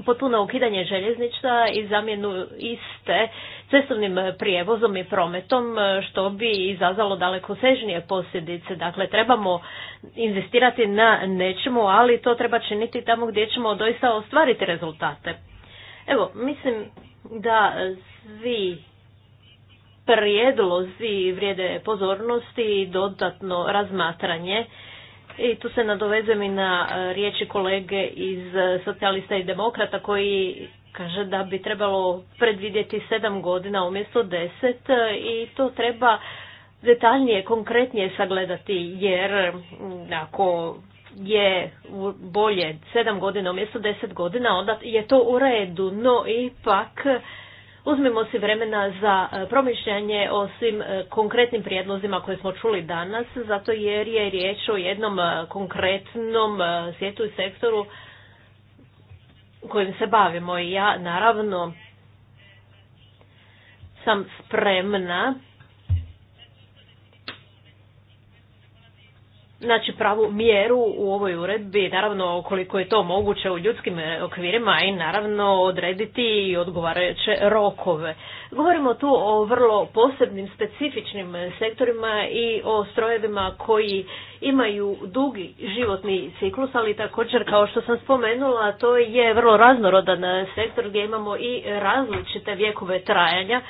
potpuno ukidanje željeznica i zamjenu iste cestovnim prijevozom i prometom, e, što bi izazvalo daleko sežnije posljedice. Dakle, trebamo investirati na nečemu, ali to treba činiti tamo gdje ćemo doista ostvariti rezultate. Evo, mislim da svi prijedlozi vrijede pozornosti i dodatno razmatranje i tu se nadovezem i na e, riječi kolege iz e, socijalista i demokrata koji kaže da bi trebalo predvidjeti sedam godina umjesto deset e, i to treba detaljnije, konkretnije sagledati jer ako je bolje sedam godina umjesto deset godina onda je to u redu, no ipak uzmimo si vremena za e, promišljanje o svim e, konkretnim prijedlozima koje smo čuli danas, zato jer je riječ o jednom e, konkretnom svijetu i sektoru kojim se bavimo. I ja naravno sam spremna Znači pravu mjeru u ovoj uredbi, naravno koliko je to moguće u ljudskim e, okvirima i naravno odrediti i odgovarajuće rokove. Govorimo tu o vrlo posebnim, specifičnim e, sektorima i o strojevima koji imaju dugi životni ciklus, ali također kao što sam spomenula to je vrlo raznorodan e, sektor gdje imamo i različite vjekove trajanja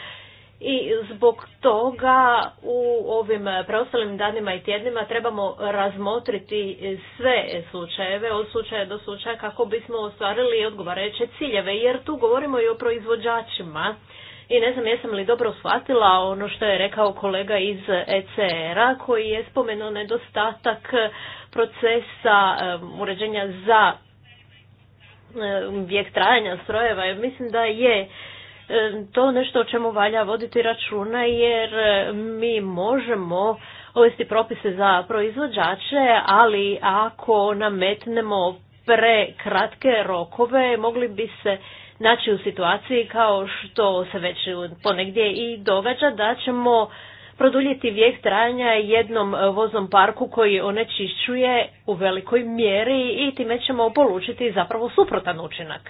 i zbog toga u ovim preostalim danima i tjednima trebamo razmotriti sve slučajeve od slučaja do slučaja kako bismo ostvarili odgovarajuće ciljeve jer tu govorimo i o proizvođačima i ne znam jesam li dobro shvatila ono što je rekao kolega iz ECR-a koji je spomenuo nedostatak procesa uređenja za vijek trajanja strojeva. Mislim da je to nešto o čemu valja voditi računa jer mi možemo uvesti propise za proizvođače, ali ako nametnemo prekratke rokove mogli bi se naći u situaciji kao što se već ponegdje i događa da ćemo produljiti vijek trajanja jednom voznom parku koji onečišćuje u velikoj mjeri i time ćemo polučiti zapravo suprotan učinak.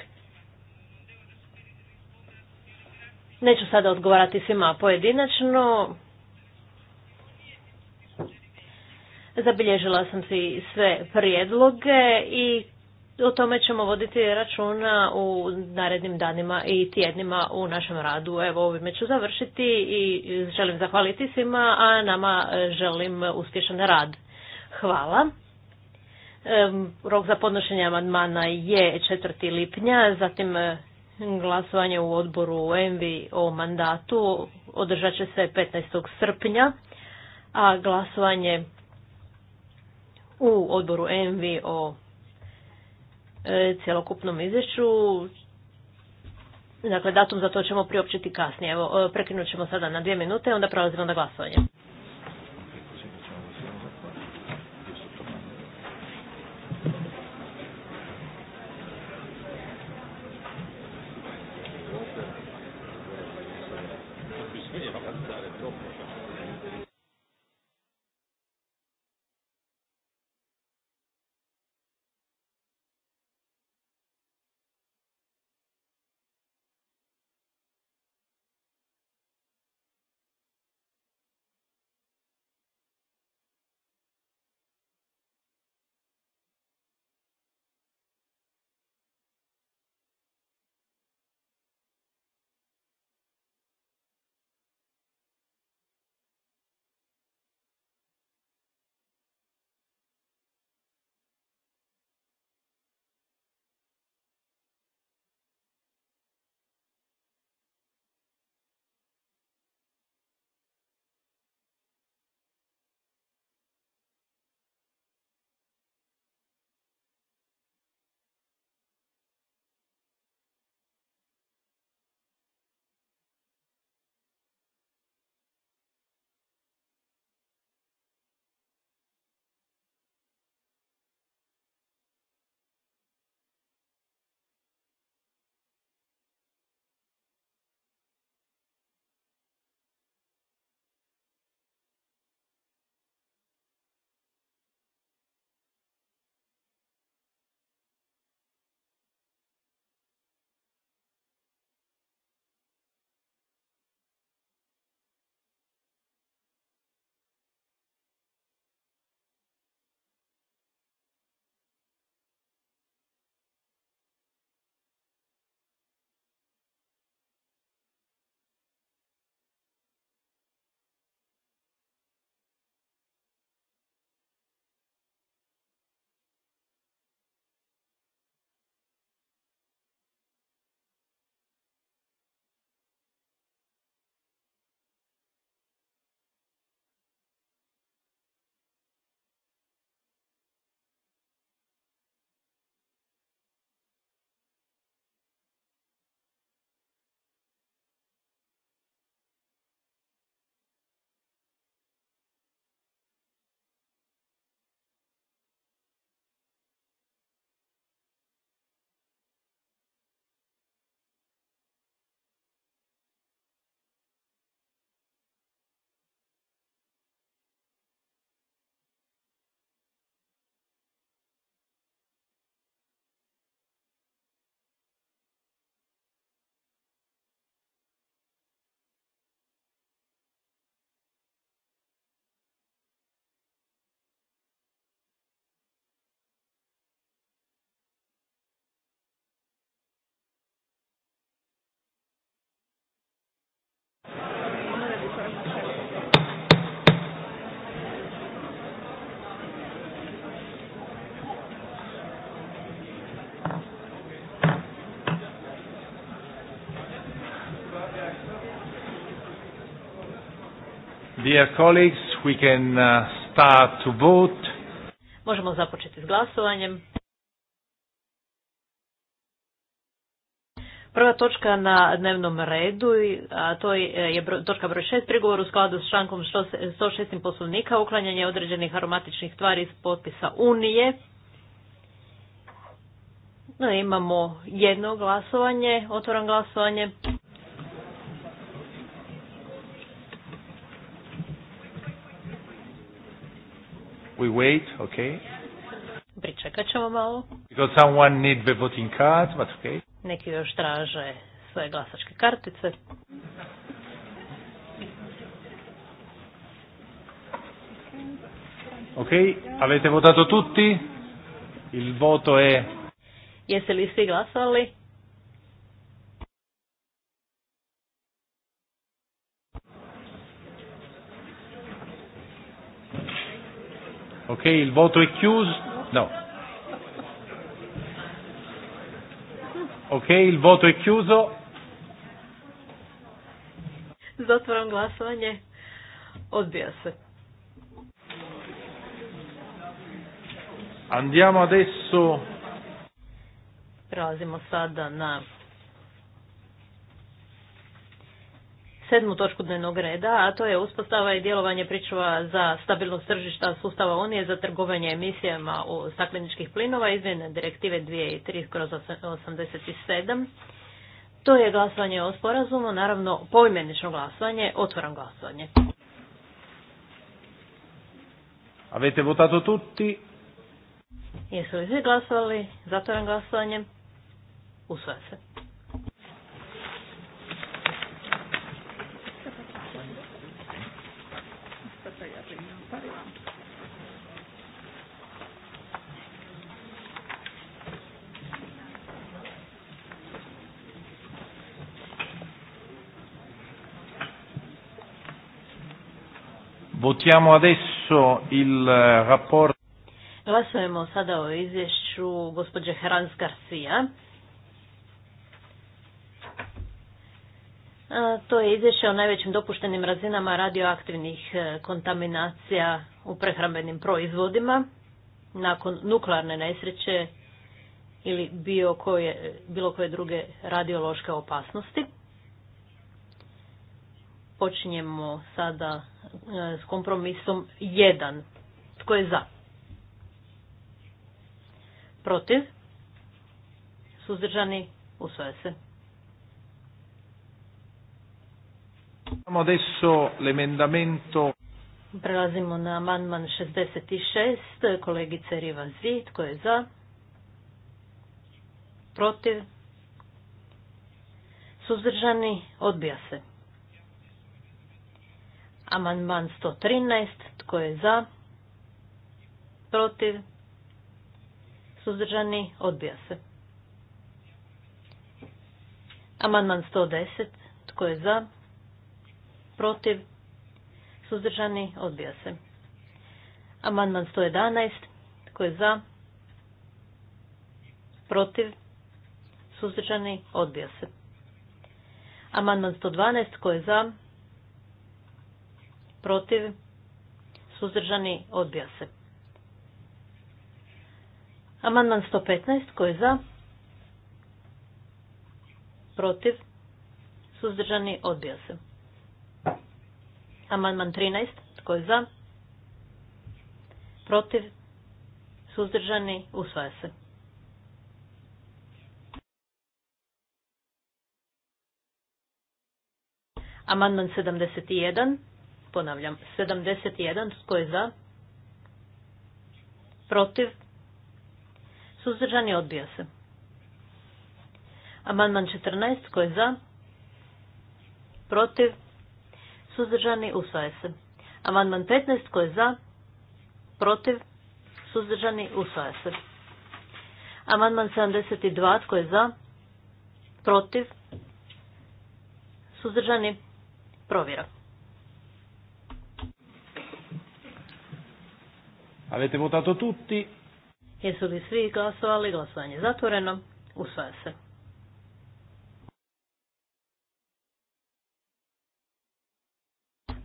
Neću sada odgovarati svima pojedinačno. Zabilježila sam si sve prijedloge i o tome ćemo voditi računa u narednim danima i tjednima u našem radu. Evo ovime ću završiti i želim zahvaliti svima, a nama e, želim uspješan rad. Hvala. Rok za podnošenje amandmana je 4. lipnja, zatim e, Glasovanje u odboru ENVI o mandatu održat će se 15. srpnja, a glasovanje u odboru ENVI o e, cjelokupnom izvješću Dakle, datum za to ćemo priopćiti kasnije. Evo, e, prekinut ćemo sada na dvije minute, onda prelazimo na glasovanje. Dear uh, Možemo započeti s glasovanjem. Prva točka na dnevnom redu, a to je točka broj 6, prigovor u skladu s člankom 106. poslovnika, uklanjanje određenih aromatičnih tvari iz potpisa Unije. No, imamo jedno glasovanje, otvoran glasovanje. We wait, okay. Pričekat ćemo malo. Because someone need the voting cards, but okay. Neki još traže svoje glasačke kartice. Ok, avete votato tutti? Il voto è... Jeste li svi glasali? Ok, il voto è chiuso. No. Ok, il voto è chiuso. Zatvoram glasovanje. Odbija se. Andiamo adesso. Prelazimo sada na sedmu točku dnevnog reda, a to je uspostava i djelovanje pričuva za stabilnost tržišta sustava Unije za trgovanje emisijama u stakleničkih plinova izmjene direktive 2003 kroz 87. To je glasovanje o sporazumu, naravno poimenično glasovanje, otvoran glasovanje. Avete votato tutti? Jesu li svi glasovali? Zatvoram glasovanje. Usvaja se. Votiamo adesso il eh, rapporto. Glasujemo sada o izvješću gospođe Herans Garcia. To je izvješće o najvećim dopuštenim razinama radioaktivnih eh, kontaminacija u prehrambenim proizvodima nakon nuklearne nesreće ili koje, bilo koje druge radiološke opasnosti. Počinjemo sada e, s kompromisom 1. Tko je za? Protiv? Suzdržani? Usvaja se. adesso l'emendamento Prelazimo na amandman 66, kolegice Riva Zid, tko je za? Protiv? Suzdržani? Odbija se. Amandman 113. Tko je za? Protiv? Suzdržani? Odbija se. Amandman 110. Tko je za? Protiv? Suzdržani? Odbija se. Amandman 111. Tko je za? Protiv? Suzdržani? Odbija se. Amandman 112. Tko je za? protiv, suzdržani, odbija se. Amandman 115, tko je za, protiv, suzdržani, odbija se. Amandman 13, tko je za, protiv, suzdržani, usvaja se. Amandman 71. Ponavljam, 71. Tko je za? Protiv? Suzdržani odbija se. Amandman 14. Tko je za? Protiv? Suzdržani usvaja se. Amandman 15. Tko je za? Protiv? Suzdržani usvaja se. Amandman 72. Tko je za? Protiv? Suzdržani provjera. Avete votato tutti? Jesu li svi glasovali? Glasovanje zatvoreno. Usvaja se.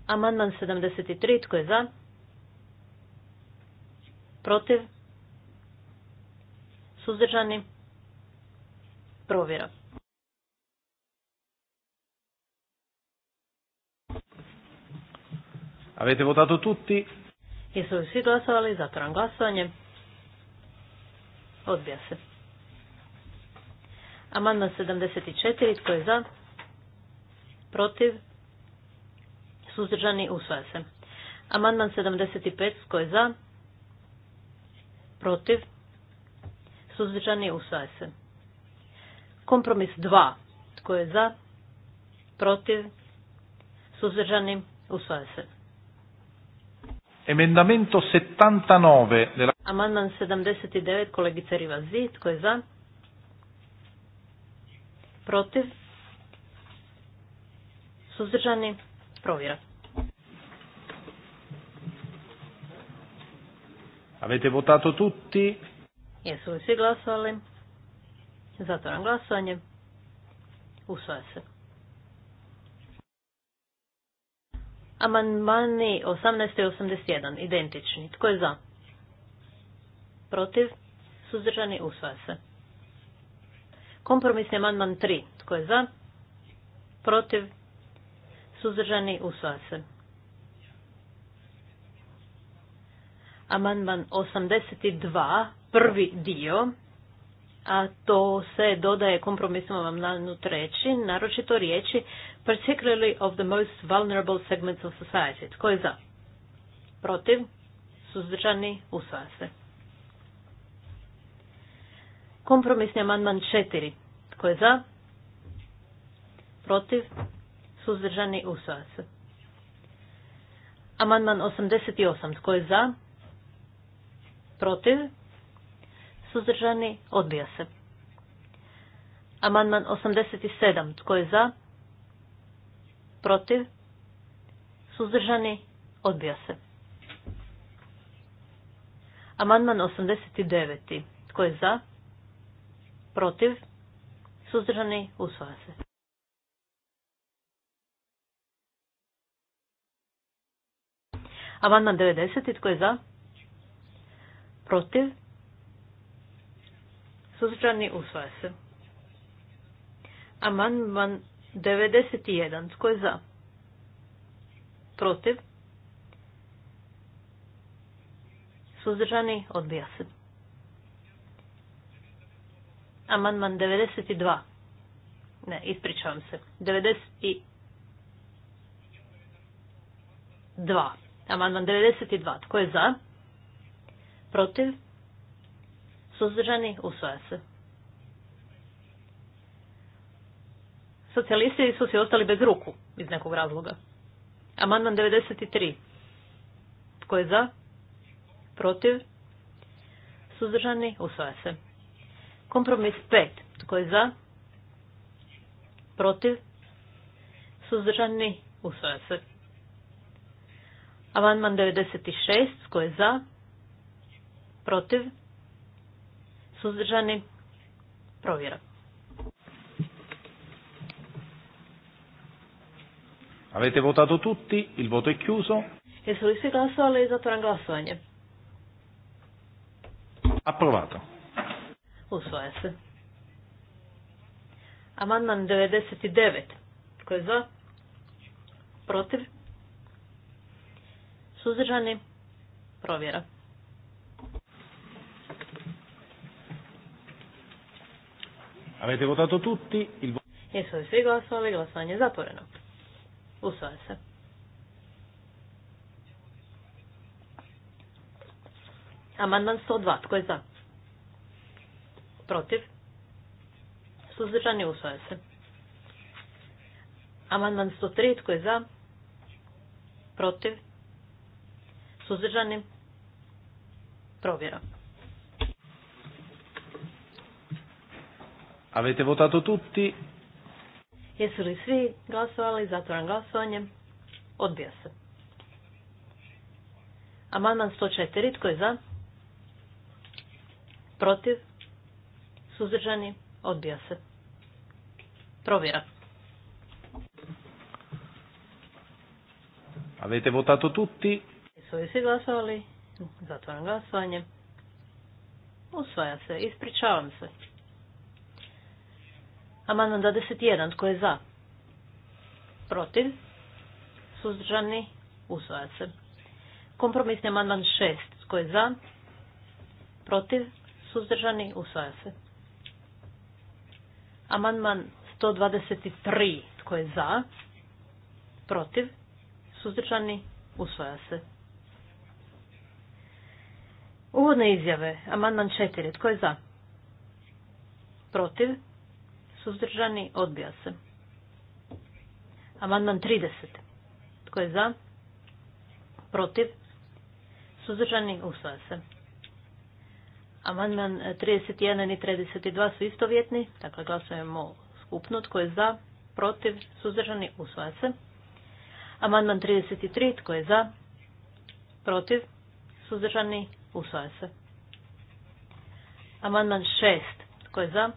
Amandman 73. Tko je za? Protiv? Suzdržani? Provjera. Avete votato tutti? Jesu li svi glasovali? Zatvoram glasovanje. Odbija se. Amandman 74. Tko je za? Protiv? Suzdržani? Usvaja se. Amandman 75. Tko je za? Protiv? Suzdržani? Usvaja se. Kompromis 2. Tko je za? Protiv? Suzdržani? Usvaja se. Emendamento 79. Della... Amandman 79, kolegica Rivazi, tko je za? Protiv? Suzdržani? Provjera. Avete votato tutti? Jesu li svi glasovali? Zatvoram glasovanje. Usvaja se. Amandmani 18.81, identični. Tko je za? Protiv? Suzdržani usvaja se. Kompromisni amandman 3. Tko je za? Protiv? Suzdržani usvaja se. Amandman 82, prvi dio a to se dodaje kompromisom amandmanu treći, naročito riječi particularly of the most vulnerable segments of society. Tko je za? Protiv? Suzdržani? Usvaja se. Kompromisni amandman četiri. Tko je za? Protiv? Suzdržani? Usvaja se. Amandman 88. Tko je za? Protiv? suzdržani, odbija se. Amandman 87. Tko je za? Protiv? Suzdržani? Odbija se. Amandman 89. Tko je za? Protiv? Suzdržani? Usvaja se. Amandman 90. Tko je za? Protiv? Suzdržani usvaja se. Amandman 91. Tko je za? Protiv? Suzdržani odbija se. Amandman 92. Ne, ispričavam se. 92. Amandman 92. Tko je za? Protiv? suzdržani, usvaja se. Socijalisti su se ostali bez ruku iz nekog razloga. Amandman 93. Tko je za? Protiv? Suzdržani? Usvaja se. Kompromis 5. Tko je za? Protiv? Suzdržani? Usvaja se. Amandman 96. Tko je za? Protiv? Suzdržani? Provjera. Avete votato tutti? Il voto è chiuso. Jesu li svi glasovali? Zatvoram glasovanje. Approvato. Usvaja se. Amandman 99. Tko je za? Protiv? Suzdržani? Provjera. Avete votato tutti? Il... Jesu li svi glasovali? Glasovanje je zatvoreno. Usvaja se. Amandman 102. Tko je za? Protiv? Suzdržani usvaja se. Amandman 103. Tko je za? Protiv? Suzdržani? Provjera. Avete votato tutti? Jesu li svi glasovali? Zatvoram glasovanje. Odbija se. Amandman 104. Tko je za? Protiv? Suzdržani? Odbija se. Provjera. Avete votato tutti? Jesu li svi glasovali? Zatvoram glasovanje. Usvaja se. Ispričavam se. Amandman 21. Tko je za? Protiv? Suzdržani? Usvaja se. Kompromisni amandman 6. Tko je za? Protiv? Suzdržani? Usvaja se. Amandman 123. Tko je za? Protiv? Suzdržani? Usvaja se. Uvodne izjave. Amandman 4. Tko je za? Protiv? Suzdržani? Odbija se. Amandman 30. Tko je za? Protiv? Suzdržani? Usvaja se. Amandman 31 i 32 su istovjetni, dakle glasujemo skupno. Tko je za? Protiv? Suzdržani? Usvaja se. Amandman 33. Tko je za? Protiv? Suzdržani? Usvaja se. Amandman 6. Tko je za?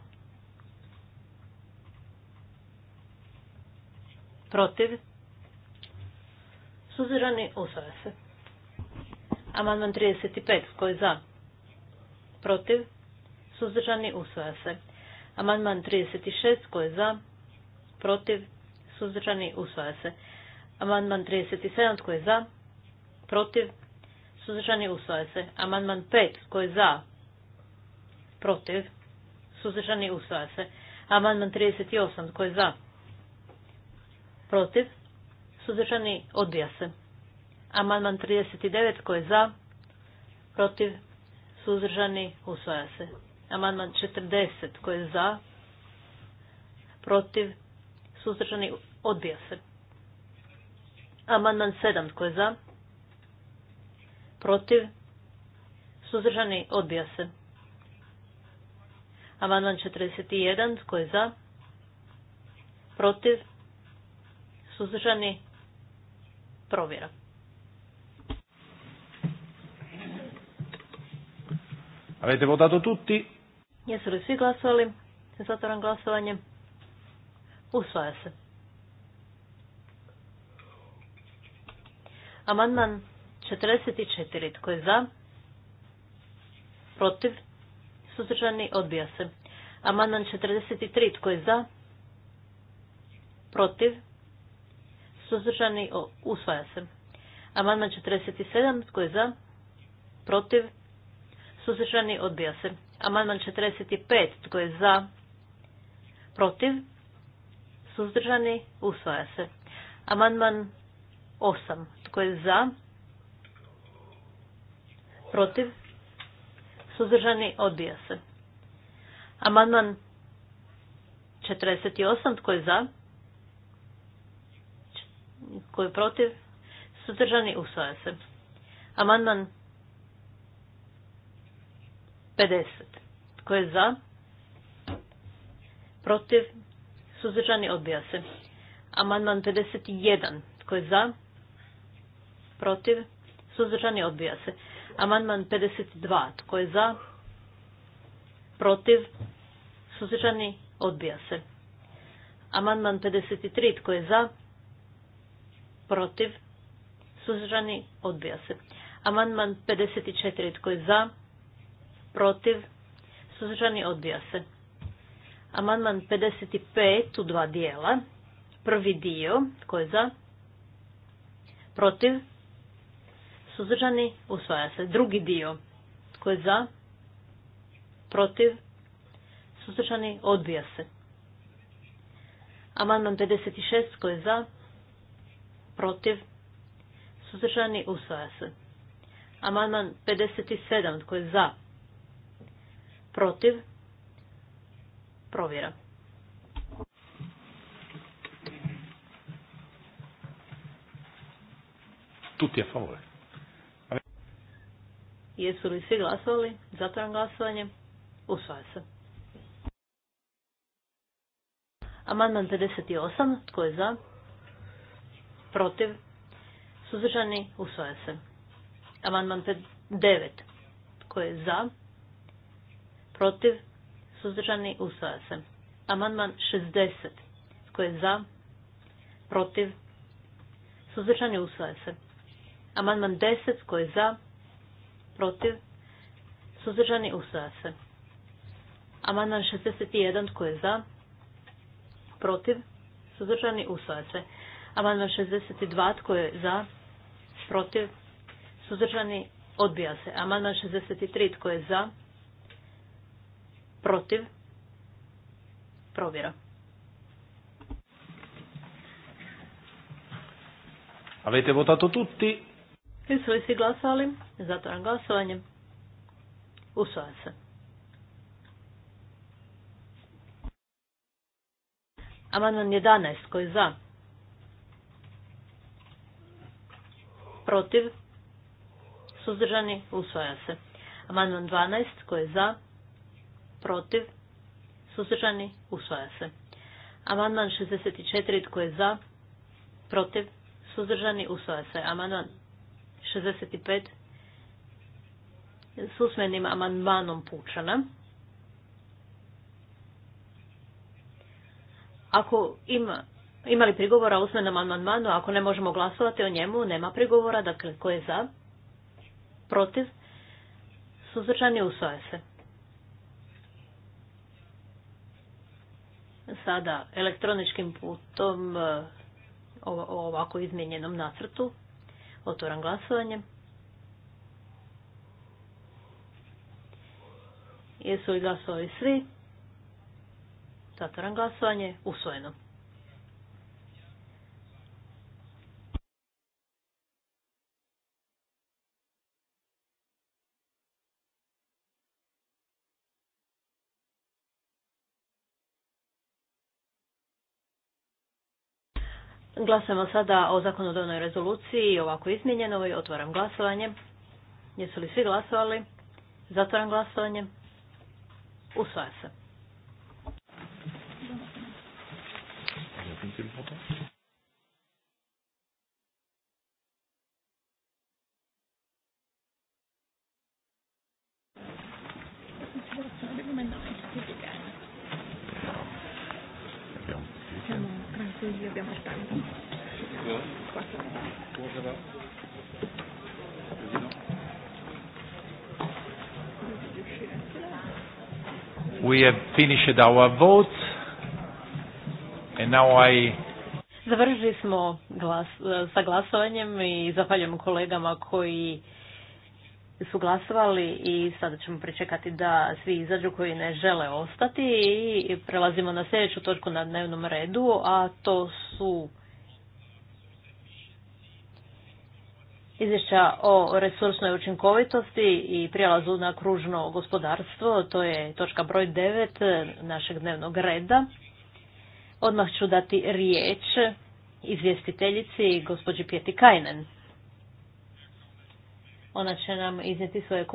Protiv? Suzirani usvaja se. Amandman 35. Tko je za? Protiv? Suzdržani usvaja se. Amandman 36. Tko je za? Protiv? Suzdržani usvaja se. Amandman 37. Tko je za? Protiv? Suzdržani usvaja se. Amandman 5. Tko je za? Protiv? Suzdržani usvaja se. Amandman 38. Tko je za? protiv, suzdržani, odbija se. Amandman 39 koji je za, protiv, suzdržani, usvaja se. Amandman 40 koji je za, protiv, suzdržani, odbija se. Amandman 7 koji je za, protiv, suzdržani, odbija se. Amandman 41 koji je za, protiv, suzdržani, provjera. Avete votato tutti? Jesu li svi glasovali? Zatvoram glasovanje. Usvaja se. Amandman 44. Tko je za? Protiv? Suzdržani? Odbija se. Amandman 43. Tko je za? Protiv? suzdržani, usvaja se. Amandman 47, tko je za, protiv, suzdržani, odbija se. Amandman 45, tko je za, protiv, suzdržani, usvaja se. Amandman 8, tko je za, protiv, suzdržani, odbija se. Amandman 48, tko je za, tko je protiv? Suzdržani usvaja se. Amandman 50. Tko je za? Protiv? Suzdržani odbija se. Amandman 51. Tko je za? Protiv? Suzdržani odbija se. Amandman 52. Tko je za? Protiv? Suzdržani odbija se. Amandman 53. Tko je za? protiv, suzdržani, odbija se. Amandman 54, tko je za, protiv, suzdržani, odbija se. Amandman 55 u dva dijela. Prvi dio, tko je za, protiv, suzdržani, usvaja se. Drugi dio, tko je za, protiv, suzdržani, odbija se. Amandman 56, tko je za, protiv, suzdržani, usvaja se. Amandman 57, tko je za, protiv, provjera. Tutti je favore. Jesu li svi glasovali? Zatvaram glasovanje. Usvaja se. Amandman 58. Tko je za? protiv, suzdržani, usvaja se. Amandman 9. Tko je za, protiv, suzdržani, usvaja se. Amandman 60. Tko je za, protiv, suzdržani, usvaja se. Amandman 10. Tko je za, protiv, suzdržani, usvaja se. Amandman 61. Tko je za, protiv, suzdržani, usvaja se. Amandman 62. Tko je za? Protiv? Suzdržani? Odbija se. Amandman 63. Tko je za? Protiv? Provjera. Avete votato tutti? Jesu li svi glasali? Zatvaram glasovanje. Usvaja se. Amandman 11. Tko je za? protiv, suzdržani, usvaja se. Amandman 12, tko je za, protiv, suzdržani, usvaja se. Amandman 64, tko je za, protiv, suzdržani, usvaja se. Amandman 65, s usmenim amandmanom Pučana. Ako ima Imali prigovora usmenom amandmanu, ako ne možemo glasovati o njemu, nema prigovora, dakle, ko je za? Protiv? suzrčani, usvoje se. Sada elektroničkim putom eh, o ovako izmijenjenom nacrtu. Otvoram glasovanje. Jesu li glasovi svi? Zatvoram glasovanje. Usvojeno. Glasujemo sada o zakonodavnoj rezoluciji ovako izmijenjenoj. Otvaram glasovanje. Jesu li svi glasovali? Zatvaram glasovanje. Usvaja se. we have finished our vote. And now I... Završili smo glas, sa glasovanjem i zahvaljujem kolegama koji su glasovali i sada ćemo pričekati da svi izađu koji ne žele ostati i prelazimo na sljedeću točku na dnevnom redu, a to su izvješća o resursnoj učinkovitosti i prijelazu na kružno gospodarstvo. To je točka broj 9 našeg dnevnog reda. Odmah ću dati riječ izvjestiteljici gospođi Pjeti Kajnen. Ona će nam iznijeti svoje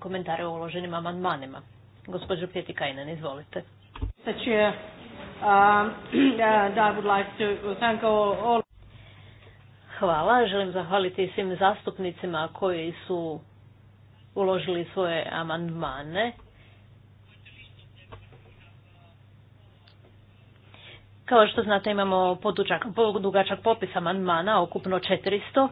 komentare o uloženim amandmanima. Gospođo Pjeti Kajnen, izvolite. Hvala uh, <clears throat> I Hvala. Želim zahvaliti svim zastupnicima koji su uložili svoje amandmane. Kao što znate imamo podučak, podugačak popis amandmana, okupno 400.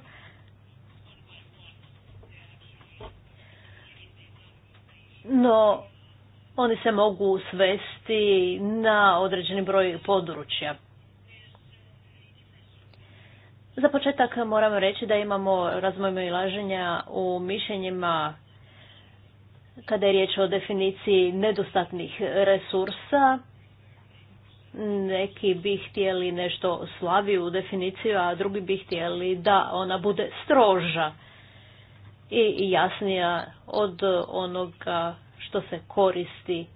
No, oni se mogu svesti na određeni broj područja. Za početak moram reći da imamo ilaženja u mišljenjima kada je riječ o definiciji nedostatnih resursa. Neki bi htjeli nešto slabiju definiciju, a drugi bi htjeli da ona bude stroža i jasnija od onoga što se koristi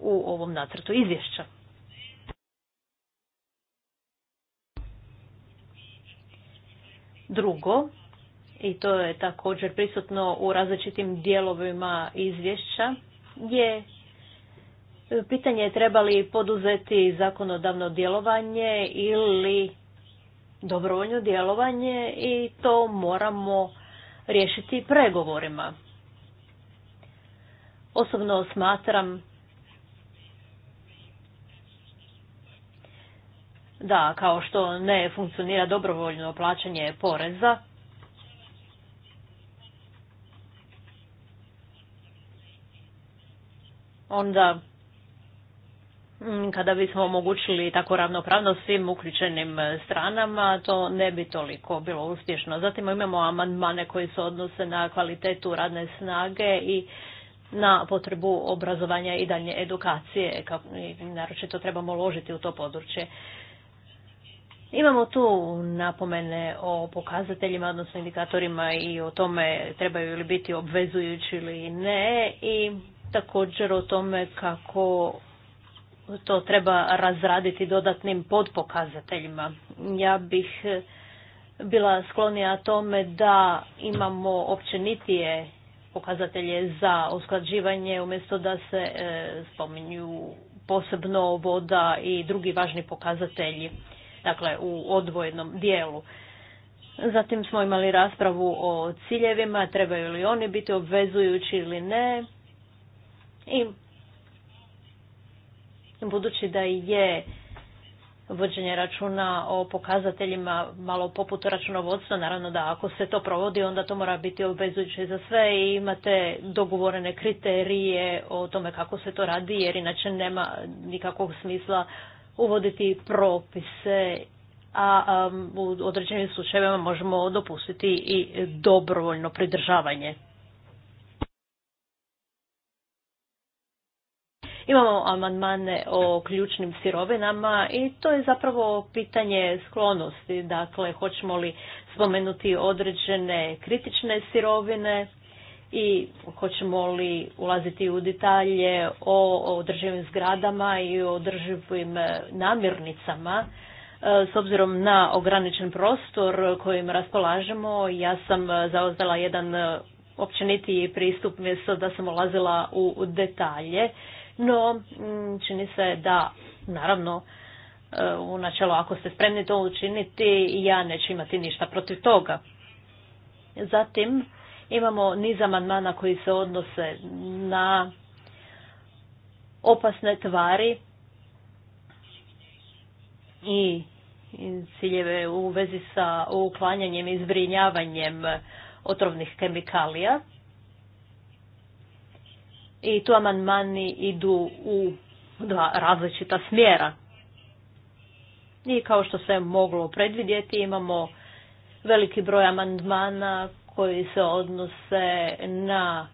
u ovom nacrtu izvješća. Drugo, i to je također prisutno u različitim dijelovima izvješća, je e, pitanje je treba li poduzeti zakonodavno djelovanje ili dobrovoljno djelovanje i to moramo riješiti pregovorima. Osobno smatram Da, kao što ne funkcionira dobrovoljno plaćanje poreza. Onda mm, kada bismo omogućili tako ravnopravno svim uključenim stranama, to ne bi toliko bilo uspješno. Zatim imamo amandmane koji se odnose na kvalitetu radne snage i na potrebu obrazovanja i dalje edukacije, naročito trebamo ložiti u to područje. Imamo tu napomene o pokazateljima, odnosno indikatorima i o tome trebaju li biti obvezujući ili ne i također o tome kako to treba razraditi dodatnim podpokazateljima. Ja bih bila sklonija tome da imamo općenitije pokazatelje za usklađivanje umjesto da se e, spominju posebno voda i drugi važni pokazatelji dakle u odvojenom dijelu. Zatim smo imali raspravu o ciljevima, trebaju li oni biti obvezujući ili ne. I budući da je vođenje računa o pokazateljima malo poput računovodstva, naravno da ako se to provodi onda to mora biti obvezujuće za sve i imate dogovorene kriterije o tome kako se to radi jer inače nema nikakvog smisla uvoditi propise, a um, u određenim slučajevima možemo dopustiti i dobrovoljno pridržavanje. Imamo amandmane o ključnim sirovinama i to je zapravo pitanje sklonosti. Dakle, hoćemo li spomenuti određene kritične sirovine, i hoćemo li ulaziti u detalje o održivim zgradama i o održivim e, namirnicama. E, s obzirom na ograničen prostor kojim raspolažemo, ja sam e, zauzela jedan općenitiji pristup mjesto da sam ulazila u detalje, no čini se da naravno u načelo ako ste spremni to učiniti ja neću imati ništa protiv toga. Zatim Imamo niz amandmana koji se odnose na opasne tvari i ciljeve u vezi sa uklanjanjem i zbrinjavanjem otrovnih kemikalija. I tu amandmani idu u dva različita smjera. I kao što se moglo predvidjeti imamo veliki broj amandmana koji se odnose na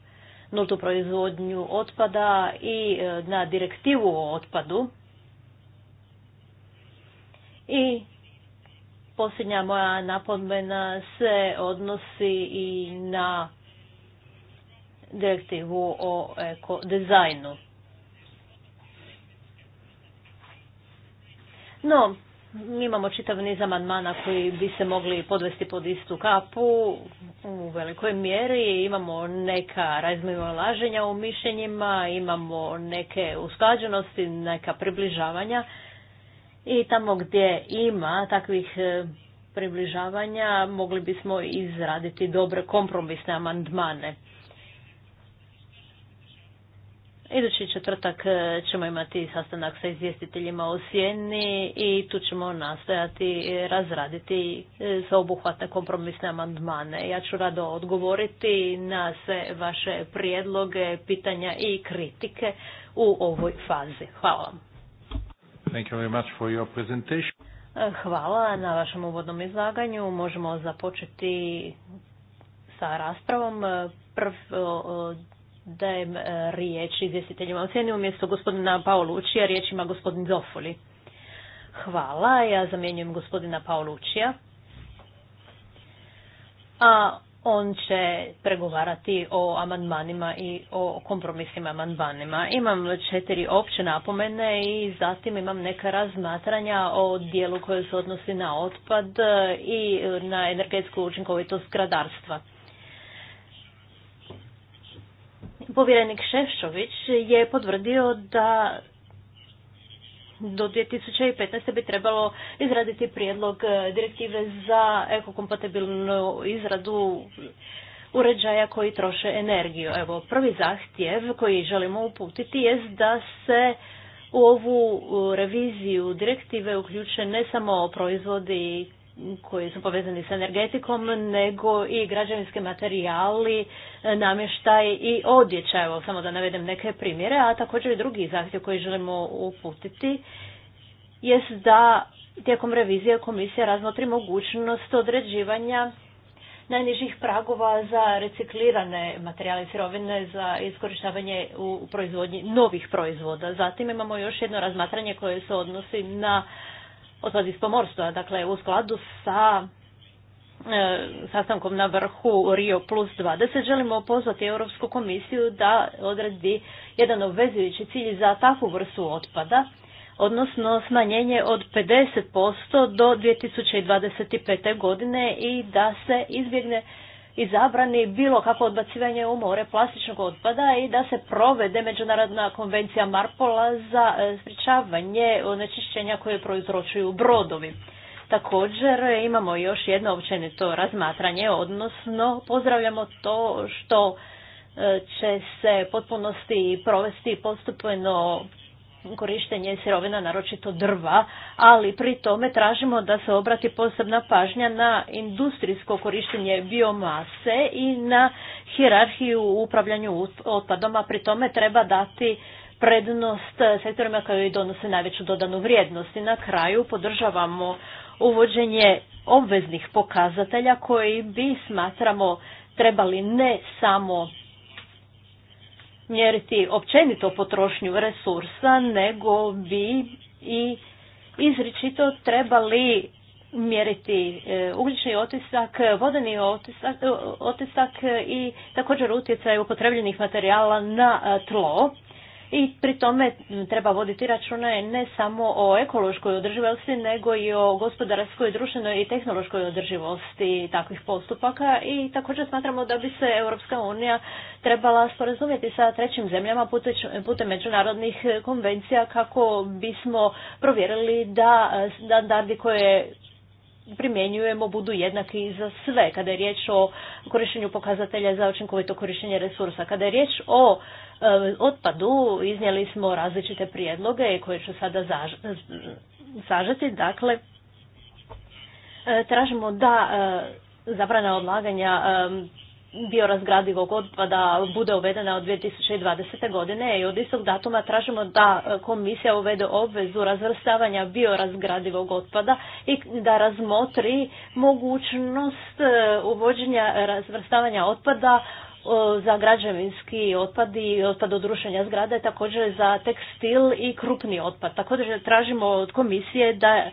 nultu proizvodnju otpada i e, na direktivu o otpadu. I posljednja moja napomena se odnosi i na direktivu o ekodizajnu. No, Imamo čitav niz amandmana koji bi se mogli podvesti pod istu kapu u velikoj mjeri. Imamo neka laženja u mišljenjima, imamo neke usklađenosti, neka približavanja. I tamo gdje ima takvih e, približavanja mogli bismo izraditi dobre kompromisne amandmane. Idući četvrtak e, ćemo imati sastanak sa izvjestiteljima u Sjeni i tu ćemo nastojati e, razraditi e, sveobuhvatne kompromisne amandmane. Ja ću rado odgovoriti na sve vaše prijedloge, pitanja i kritike u ovoj fazi. Hvala vam. Hvala na vašem uvodnom izlaganju. Možemo započeti sa raspravom. Prvo dajem e, riječ izvjestiteljima u umjesto gospodina Paolučija, riječ ima gospodin Zofoli. Hvala, ja zamjenjujem gospodina Paolučija. A on će pregovarati o amandmanima i o kompromisnim amandmanima. Imam četiri opće napomene i zatim imam neka razmatranja o dijelu koje se odnosi na otpad i na energetsku učinkovitost gradarstva. povjerenik Šeščović je potvrdio da do 2015. bi trebalo izraditi prijedlog e, direktive za ekokompatibilnu izradu uređaja koji troše energiju. Evo, prvi zahtjev koji želimo uputiti je da se u ovu e, reviziju direktive uključe ne samo proizvodi koji su povezani s energetikom, nego i građevinski materijali, e, namještaj i odjeća, evo samo da navedem neke primjere, a također i drugi zahtjev koji želimo uputiti, jest da tijekom revizije komisija razmotri mogućnost određivanja najnižih pragova za reciklirane materijale i sirovine za iskorištavanje u proizvodnji novih proizvoda. Zatim imamo još jedno razmatranje koje se odnosi na otpad iz pomorstva, dakle u skladu sa e, sastankom na vrhu Rio plus 20 želimo pozvati Europsku komisiju da odredi jedan obvezujući cilj za takvu vrstu otpada, odnosno smanjenje od 50% do 2025. godine i da se izbjegne i zabrani bilo kako odbacivanje u more plastičnog otpada i da se provede Međunarodna konvencija Marpola za e, sprječavanje onečišćenja koje proizročuju brodovi. Također e, imamo još jedno općenito razmatranje, odnosno pozdravljamo to što e, će se potpunosti provesti postupno korištenje sirovina, naročito drva, ali pri tome tražimo da se obrati posebna pažnja na industrijsko korištenje biomase i na hirarhiju u upravljanju otpadom, a pri tome treba dati prednost sektorima koji donose najveću dodanu vrijednost. I na kraju podržavamo uvođenje obveznih pokazatelja koji bi smatramo trebali ne samo mjeriti općenito potrošnju resursa, nego bi i izričito trebali mjeriti e, ugljični otisak, vodeni otisak, e, otisak i također utjecaj upotrebljenih materijala na e, tlo i pri tome treba voditi računa ne samo o ekološkoj održivosti, nego i o gospodarskoj, društvenoj i tehnološkoj održivosti takvih postupaka i također smatramo da bi se Europska unija trebala sporazumjeti sa trećim zemljama putem međunarodnih konvencija kako bismo provjerili da standardi koje primjenjujemo budu jednaki za sve kada je riječ o korištenju pokazatelja za učinkovito korištenje resursa. Kada je riječ o eh, otpadu, iznijeli smo različite prijedloge koje ću sada zaž, sažeti. Dakle, eh, tražimo da eh, zabrana odlaganja biorazgradivog otpada bude uvedena od 2020. godine i od istog datuma tražimo da e, komisija uvede obvezu razvrstavanja biorazgradivog otpada i da razmotri mogućnost e, uvođenja razvrstavanja otpada e, za građevinski otpad i otpad od rušenja zgrada također za tekstil i krupni otpad. Također tražimo od komisije da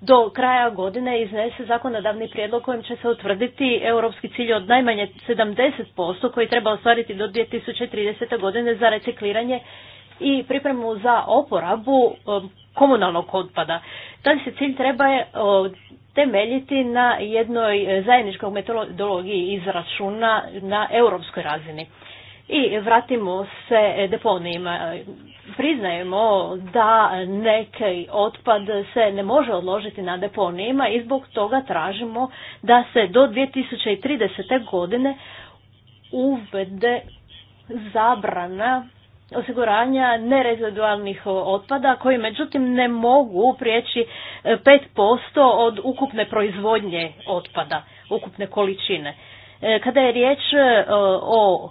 do kraja godine iznese zakonodavni prijedlog kojim će se utvrditi europski cilj od najmanje 70% koji treba ostvariti do 2030. godine za recikliranje i pripremu za oporabu um, komunalnog otpada. Taj se cilj treba je temeljiti na jednoj zajedničkoj metodologiji izračuna na europskoj razini i vratimo se deponijima. Priznajemo da neki otpad se ne može odložiti na deponijima i zbog toga tražimo da se do 2030. godine uvede zabrana osiguranja nerezidualnih otpada koji međutim ne mogu prijeći 5% od ukupne proizvodnje otpada, ukupne količine. E, kada je riječ e, o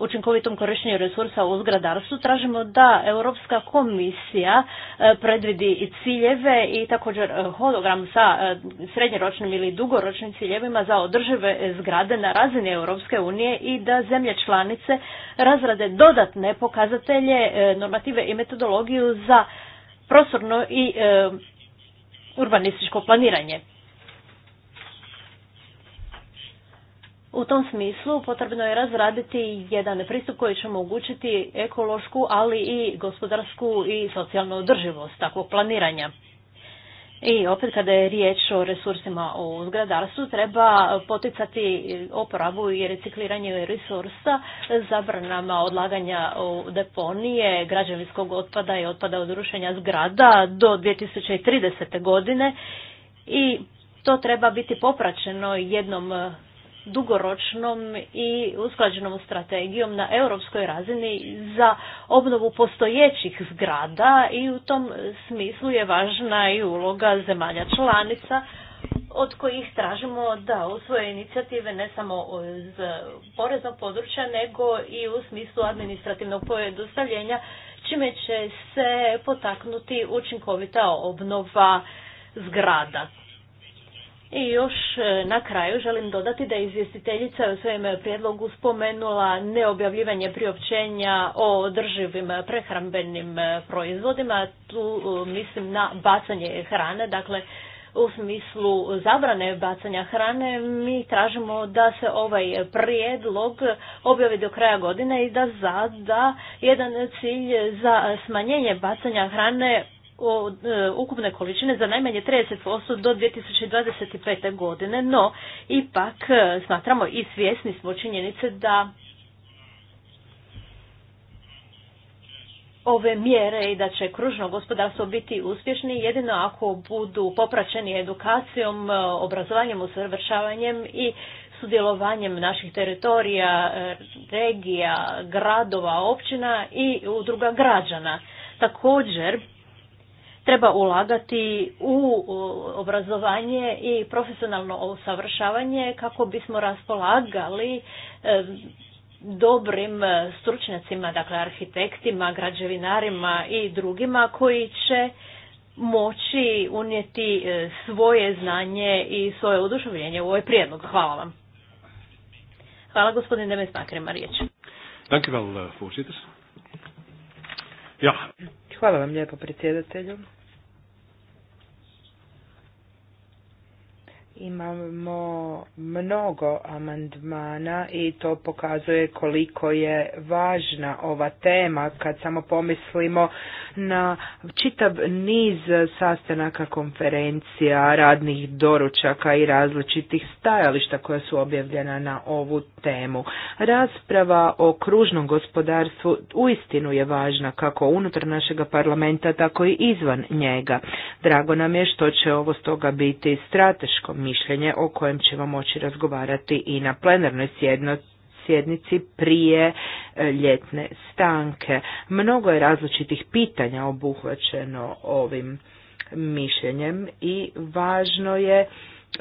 učinkovitom korištenju resursa u zgradarstvu tražimo da Europska komisija e, predvidi i ciljeve i također e, hologram sa e, srednjoročnim ili dugoročnim ciljevima za održive zgrade na razini Europske unije i da zemlje članice razrade dodatne pokazatelje, normative i metodologiju za prostorno i urbanističko planiranje. U tom smislu potrebno je razraditi jedan pristup koji će omogućiti ekološku, ali i gospodarsku i socijalnu održivost takvog planiranja. I opet kada je riječ o resursima u zgradarstvu, treba poticati oporabu i recikliranje resursa, zabranama odlaganja u deponije, građevinskog otpada i otpada od rušenja zgrada do 2030. godine i to treba biti popraćeno jednom dugoročnom i usklađenom strategijom na europskoj razini za obnovu postojećih zgrada i u tom smislu je važna i uloga zemalja članica od kojih tražimo da usvoje inicijative ne samo iz poreznog područja nego i u smislu administrativnog pojedostavljenja čime će se potaknuti učinkovita obnova zgrada. I još e, na kraju želim dodati da je izvjestiteljica u svojem prijedlogu spomenula neobjavljivanje priopćenja o održivim prehrambenim e, proizvodima. Tu e, mislim na bacanje hrane, dakle u smislu zabrane bacanja hrane mi tražimo da se ovaj prijedlog objavi do kraja godine i da zada jedan cilj za smanjenje bacanja hrane E, ukupne količine za najmanje 30% do 2025. godine, no ipak e, smatramo i svjesni smo činjenice da ove mjere i da će kružno gospodarstvo biti uspješni jedino ako budu popraćeni edukacijom, e, obrazovanjem, usavršavanjem i sudjelovanjem naših teritorija, regija, gradova, općina i udruga građana. Također, treba ulagati u obrazovanje i profesionalno usavršavanje kako bismo raspolagali dobrim e, stručnjacima, dakle arhitektima, građevinarima i drugima koji će moći unijeti e, svoje znanje i svoje oduševljenje u ovaj prijedlog. Hvala vam. Hvala gospodin Demes Makrema riječ. Eh, Hvala vam lijepo predsjedatelju. Imamo mnogo amandmana i to pokazuje koliko je važna ova tema kad samo pomislimo na čitav niz sastanaka konferencija, radnih doručaka i različitih stajališta koja su objavljena na ovu temu. Rasprava o kružnom gospodarstvu uistinu je važna kako unutar našega parlamenta, tako i izvan njega. Drago nam je što će ovo stoga biti strateškom mišljenje o kojem ćemo moći razgovarati i na plenarnoj sjednici prije e, ljetne stanke. Mnogo je različitih pitanja obuhvaćeno ovim mišljenjem i važno je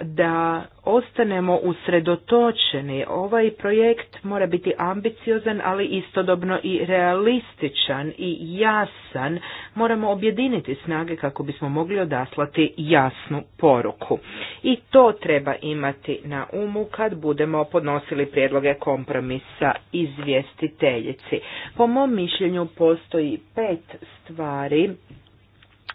da ostanemo usredotočeni. Ovaj projekt mora biti ambiciozan, ali istodobno i realističan i jasan. Moramo objediniti snage kako bismo mogli odaslati jasnu poruku. I to treba imati na umu kad budemo podnosili prijedloge kompromisa izvjestiteljici. Po mom mišljenju postoji pet stvari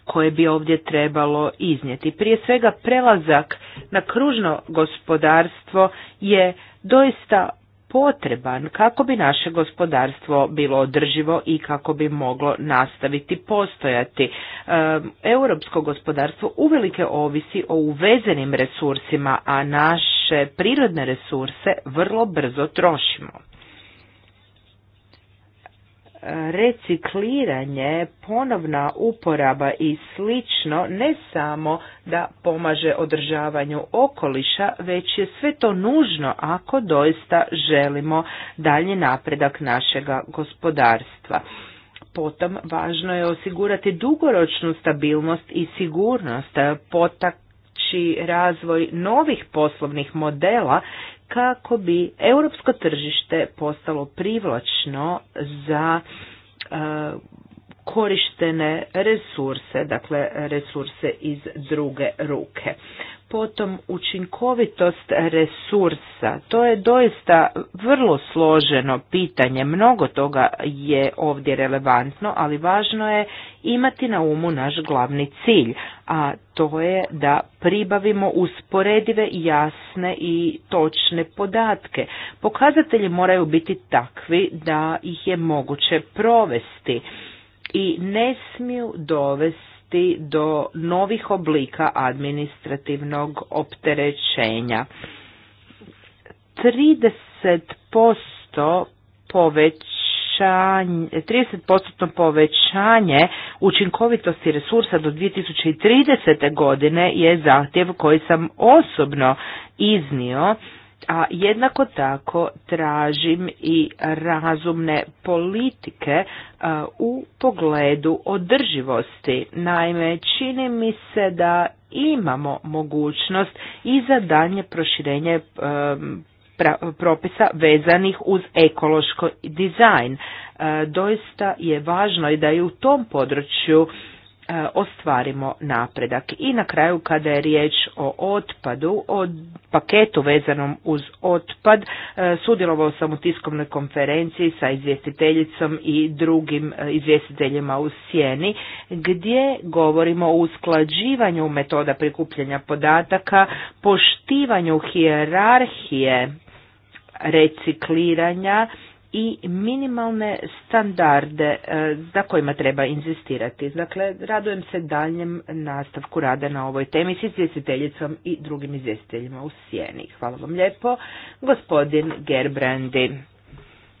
koje bi ovdje trebalo iznijeti. Prije svega prelazak na kružno gospodarstvo je doista potreban kako bi naše gospodarstvo bilo održivo i kako bi moglo nastaviti postojati. Europsko gospodarstvo uvelike ovisi o uvezenim resursima, a naše prirodne resurse vrlo brzo trošimo recikliranje, ponovna uporaba i slično ne samo da pomaže održavanju okoliša, već je sve to nužno ako doista želimo dalji napredak našega gospodarstva. Potom važno je osigurati dugoročnu stabilnost i sigurnost, potak razvoj novih poslovnih modela kako bi europsko tržište postalo privlačno za eh, korištene resurse, dakle resurse iz druge ruke. Potom učinkovitost resursa, to je doista vrlo složeno pitanje, mnogo toga je ovdje relevantno, ali važno je imati na umu naš glavni cilj, a to je da pribavimo usporedive, jasne i točne podatke. Pokazatelji moraju biti takvi da ih je moguće provesti i ne smiju dovesti do novih oblika administrativnog opterećenja. 30% povećanje, 30% povećanje učinkovitosti resursa do 2030. godine je zahtjev koji sam osobno iznio a jednako tako tražim i razumne politike e, u pogledu održivosti. Naime, čini mi se da imamo mogućnost i za daljnje proširenje e, propisa vezanih uz ekološko dizajn. E, doista je važno i da je u tom području E, ostvarimo napredak. I na kraju kada je riječ o otpadu, o paketu vezanom uz otpad, e, sudjelovao sam u tiskovnoj konferenciji sa izvjestiteljicom i drugim e, izvjestiteljima u Sjeni, gdje govorimo o usklađivanju metoda prikupljanja podataka, poštivanju hijerarhije recikliranja, i minimalne standarde e, za kojima treba inzistirati. Dakle, radujem se daljem nastavku rada na ovoj temi s izvjestiteljicom i drugim izvjestiteljima u sjeni. Hvala vam lijepo, gospodin Gerbrandi.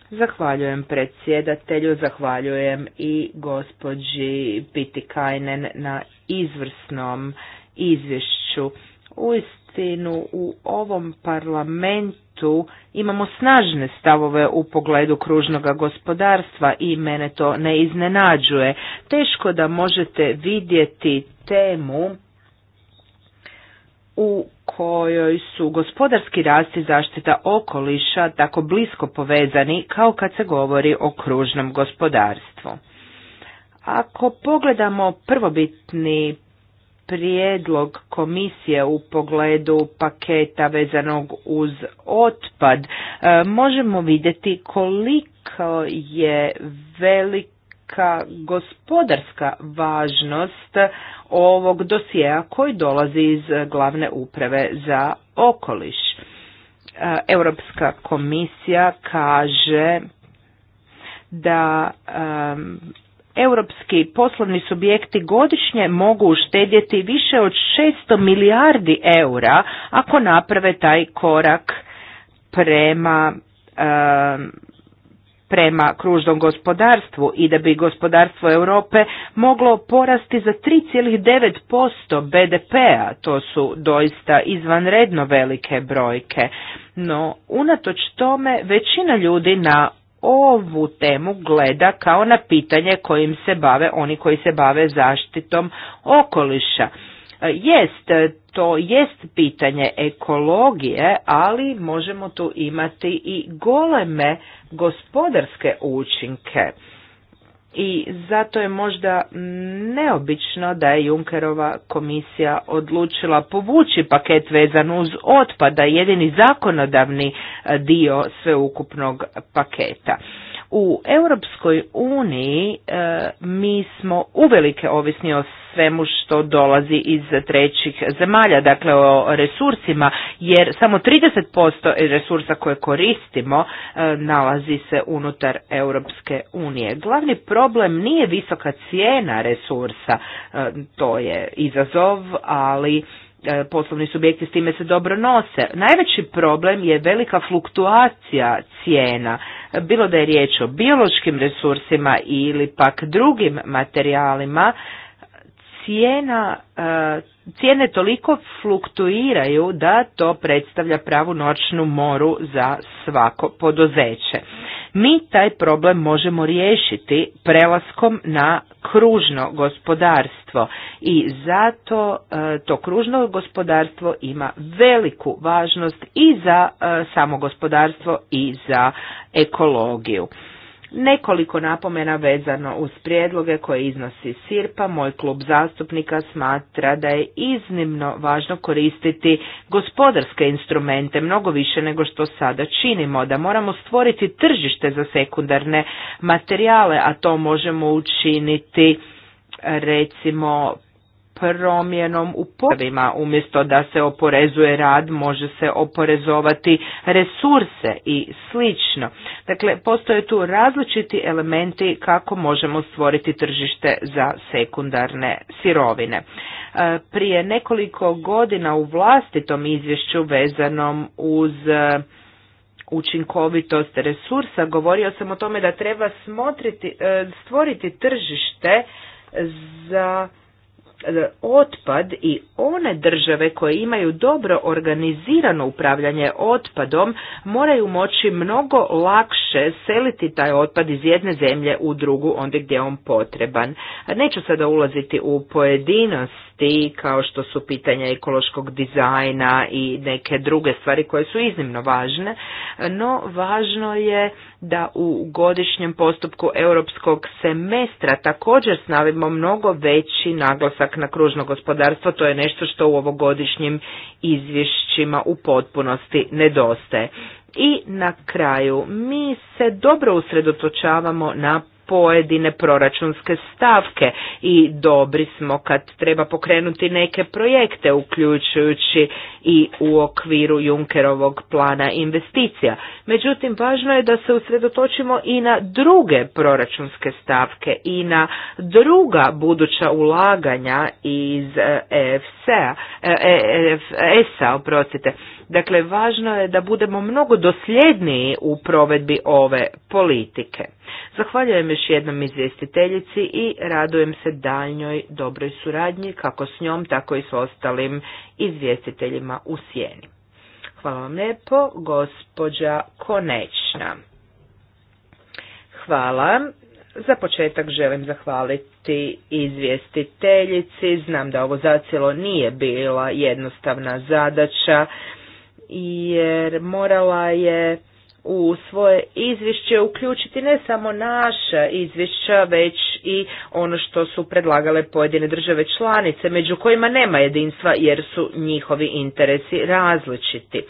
Zahvaljujem predsjedatelju, zahvaljujem i gospođi Pitikajnen na izvrsnom izvješću. Uistinu u ovom parlamentu tu imamo snažne stavove u pogledu kružnog gospodarstva i mene to ne iznenađuje. Teško da možete vidjeti temu u kojoj su gospodarski rast i zaštita okoliša tako blisko povezani kao kad se govori o kružnom gospodarstvu. Ako pogledamo prvobitni prijedlog komisije u pogledu paketa vezanog uz otpad, e, možemo vidjeti koliko je velika gospodarska važnost ovog dosjea koji dolazi iz glavne uprave za okoliš. E, Europska komisija kaže da europski poslovni subjekti godišnje mogu uštedjeti više od 600 milijardi eura ako naprave taj korak prema prema kružnom gospodarstvu i da bi gospodarstvo Europe moglo porasti za 3,9% BDP-a, to su doista izvanredno velike brojke. No, unatoč tome, većina ljudi na ovu temu gleda kao na pitanje kojim se bave oni koji se bave zaštitom okoliša. E, jest, to jest pitanje ekologije, ali možemo tu imati i goleme gospodarske učinke. I zato je možda neobično da je Junkerova komisija odlučila povući paket vezan uz otpada. Jedini zakonodavni dio sveukupnog paketa. U Europskoj uniji e, mi smo uvelike ovisni o svemu što dolazi iz trećih zemalja, dakle o resursima, jer samo 30% resursa koje koristimo e, nalazi se unutar Europske unije. Glavni problem nije visoka cijena resursa, e, to je izazov, ali E, poslovni subjekti s time se dobro nose. Najveći problem je velika fluktuacija cijena, bilo da je riječ o biološkim resursima ili pak drugim materijalima, cijena, e, cijene toliko fluktuiraju da to predstavlja pravu noćnu moru za svako poduzeće. Mi taj problem možemo riješiti prelaskom na kružno gospodarstvo i zato e, to kružno gospodarstvo ima veliku važnost i za e, samo gospodarstvo i za ekologiju. Nekoliko napomena vezano uz prijedloge koje iznosi Sirpa, moj klub zastupnika smatra da je iznimno važno koristiti gospodarske instrumente mnogo više nego što sada činimo, da moramo stvoriti tržište za sekundarne materijale, a to možemo učiniti recimo promjenom u pogledima. Umjesto da se oporezuje rad, može se oporezovati resurse i slično. Dakle, postoje tu različiti elementi kako možemo stvoriti tržište za sekundarne sirovine. E, prije nekoliko godina u vlastitom izvješću vezanom uz e, učinkovitost resursa, govorio sam o tome da treba smotriti, e, stvoriti tržište za E, otpad i one države koje imaju dobro organizirano upravljanje otpadom moraju moći mnogo lakše seliti taj otpad iz jedne zemlje u drugu onda gdje je on potreban. Neću sada ulaziti u pojedinost znanosti kao što su pitanja ekološkog dizajna i neke druge stvari koje su iznimno važne, no važno je da u godišnjem postupku europskog semestra također snavimo mnogo veći naglasak na kružno gospodarstvo, to je nešto što u ovogodišnjim izvješćima u potpunosti nedostaje. I na kraju, mi se dobro usredotočavamo na pojedine proračunske stavke i dobri smo kad treba pokrenuti neke projekte uključujući i u okviru Junkerovog plana investicija. Međutim, važno je da se usredotočimo i na druge proračunske stavke i na druga buduća ulaganja iz EFSA, eh, eh, e oprostite. Dakle, važno je da budemo mnogo dosljedniji u provedbi ove politike. Zahvaljujem još jednom izvjestiteljici i radujem se daljnjoj dobroj suradnji kako s njom, tako i s ostalim izvjestiteljima u sjeni. Hvala vam lijepo, gospođa Konečna. Hvala. Za početak želim zahvaliti izvjestiteljici. Znam da ovo zacijelo nije bila jednostavna zadaća jer morala je u svoje izvješće uključiti ne samo naša izvješća, već i ono što su predlagale pojedine države članice, među kojima nema jedinstva jer su njihovi interesi različiti.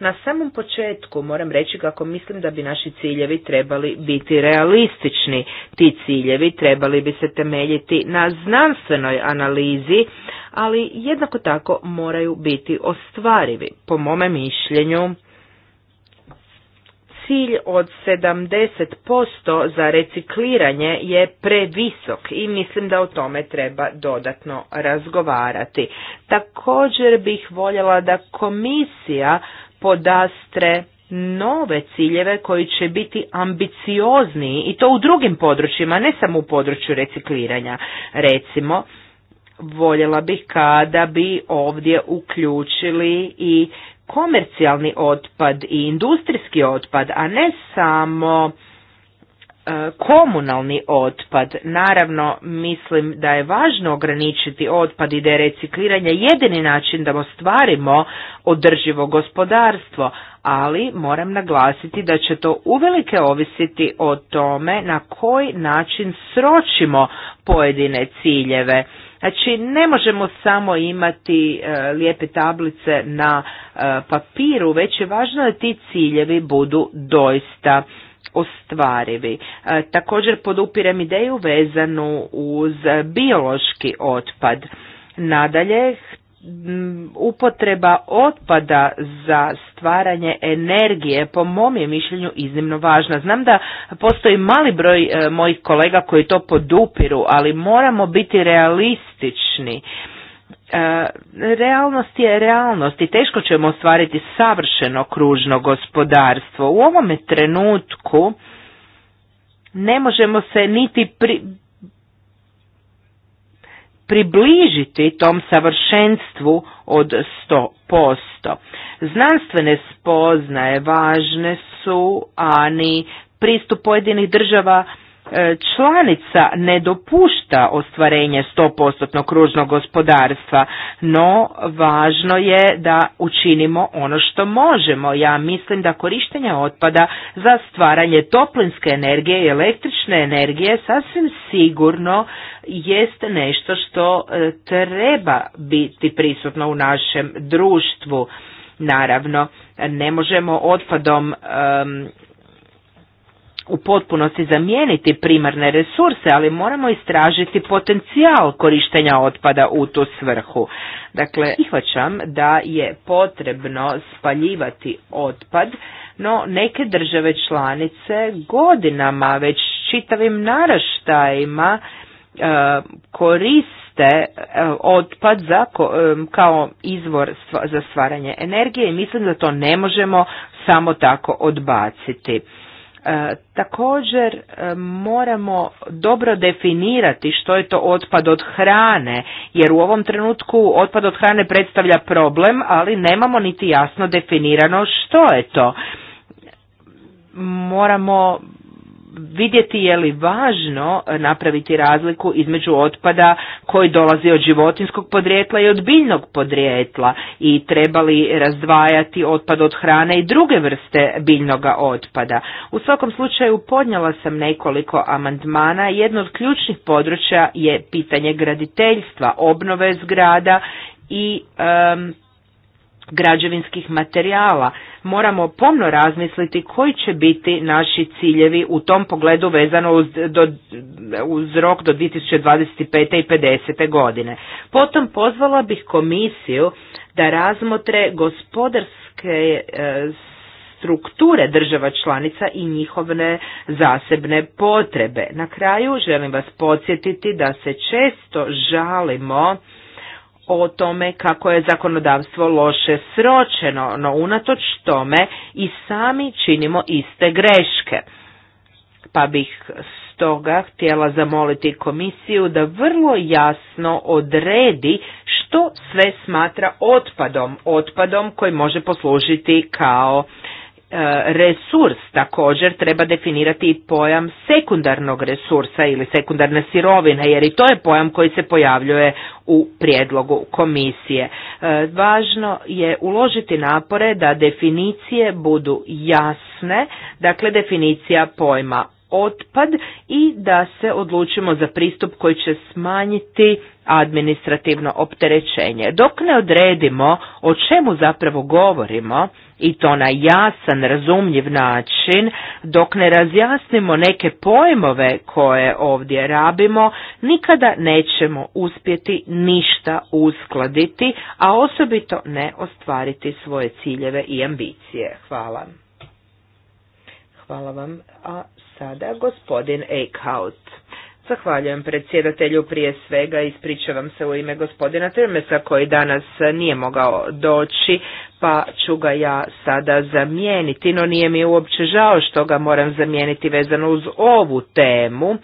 Na samom početku moram reći kako mislim da bi naši ciljevi trebali biti realistični. Ti ciljevi trebali bi se temeljiti na znanstvenoj analizi, ali jednako tako moraju biti ostvarivi. Po mome mišljenju, cilj od 70% za recikliranje je previsok i mislim da o tome treba dodatno razgovarati. Također bih voljela da komisija podastre nove ciljeve koji će biti ambiciozniji i to u drugim područjima, ne samo u području recikliranja. Recimo, voljela bih kada bi ovdje uključili i komercijalni otpad i industrijski otpad, a ne samo e, komunalni otpad. Naravno, mislim da je važno ograničiti otpad i da je recikliranje jedini način da ostvarimo održivo gospodarstvo, ali moram naglasiti da će to uvelike ovisiti o tome na koji način sročimo pojedine ciljeve. Znači, ne možemo samo imati e, lijepe tablice na e, papiru, već je važno da ti ciljevi budu doista ostvarivi. E, također podupirem ideju vezanu uz biološki otpad. Nadalje, upotreba otpada za stvaranje energije po mom je mišljenju iznimno važna. Znam da postoji mali broj e, mojih kolega koji to podupiru, ali moramo biti realistični. E, realnost je realnost i teško ćemo ostvariti savršeno kružno gospodarstvo. U ovome trenutku ne možemo se niti pri, približiti tom savršenstvu od 100%. Znanstvene spoznaje važne su, a ni pristup pojedinih država E, članica ne dopušta ostvarenje 100% kružnog gospodarstva, no važno je da učinimo ono što možemo. Ja mislim da korištenje otpada za stvaranje toplinske energije i električne energije sasvim sigurno jest nešto što e, treba biti prisutno u našem društvu. Naravno, ne možemo otpadom u potpunosti zamijeniti primarne resurse, ali moramo istražiti potencijal korištenja otpada u tu svrhu. Dakle, ihvaćam da je potrebno spaljivati otpad, no neke države članice godinama, već čitavim naraštajima e, koriste e, otpad za, e, kao izvor za stvaranje energije i mislim da to ne možemo samo tako odbaciti. E, također e, moramo dobro definirati što je to otpad od hrane, jer u ovom trenutku otpad od hrane predstavlja problem, ali nemamo niti jasno definirano što je to. Moramo vidjeti je li važno napraviti razliku između otpada koji dolazi od životinskog podrijetla i od biljnog podrijetla i trebali razdvajati otpad od hrane i druge vrste biljnoga otpada. U svakom slučaju podnjela sam nekoliko amandmana. Jedno od ključnih područja je pitanje graditeljstva, obnove zgrada i građevinskih materijala. Moramo pomno razmisliti koji će biti naši ciljevi u tom pogledu vezano uz, do, uz rok do 2025. i 50. godine. Potom pozvala bih komisiju da razmotre gospodarske e, strukture država članica i njihove zasebne potrebe. Na kraju želim vas podsjetiti da se često žalimo o tome kako je zakonodavstvo loše sročeno, no unatoč tome i sami činimo iste greške. Pa bih stoga htjela zamoliti komisiju da vrlo jasno odredi što sve smatra otpadom, otpadom koji može poslužiti kao resurs također treba definirati i pojam sekundarnog resursa ili sekundarne sirovine jer i to je pojam koji se pojavljuje u prijedlogu komisije. E, važno je uložiti napore da definicije budu jasne, dakle definicija pojma otpad i da se odlučimo za pristup koji će smanjiti administrativno opterećenje. Dok ne odredimo o čemu zapravo govorimo i to na jasan, razumljiv način, dok ne razjasnimo neke pojmove koje ovdje rabimo, nikada nećemo uspjeti ništa uskladiti, a osobito ne ostvariti svoje ciljeve i ambicije. Hvala. Hvala vam. A sada gospodin Eichhout. Zahvaljujem predsjedatelju prije svega, ispričavam se u ime gospodina Trmesa koji danas nije mogao doći, pa ću ga ja sada zamijeniti, no nije mi uopće žao što ga moram zamijeniti vezano uz ovu temu, e,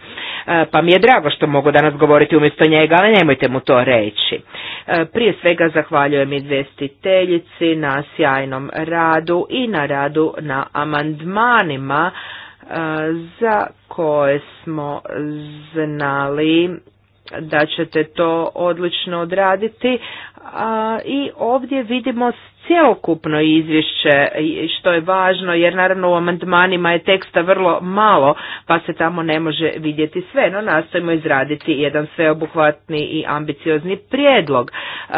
pa mi je drago što mogu danas govoriti umjesto njega, ali nemojte mu to reći. E, prije svega zahvaljujem izvjestiteljici na sjajnom radu i na radu na amandmanima, za koje smo znali da ćete to odlično odraditi, i ovdje vidimo cjelokupno izvješće što je važno jer naravno u amandmanima je teksta vrlo malo pa se tamo ne može vidjeti sve no nastojimo izraditi jedan sveobuhvatni i ambiciozni prijedlog e,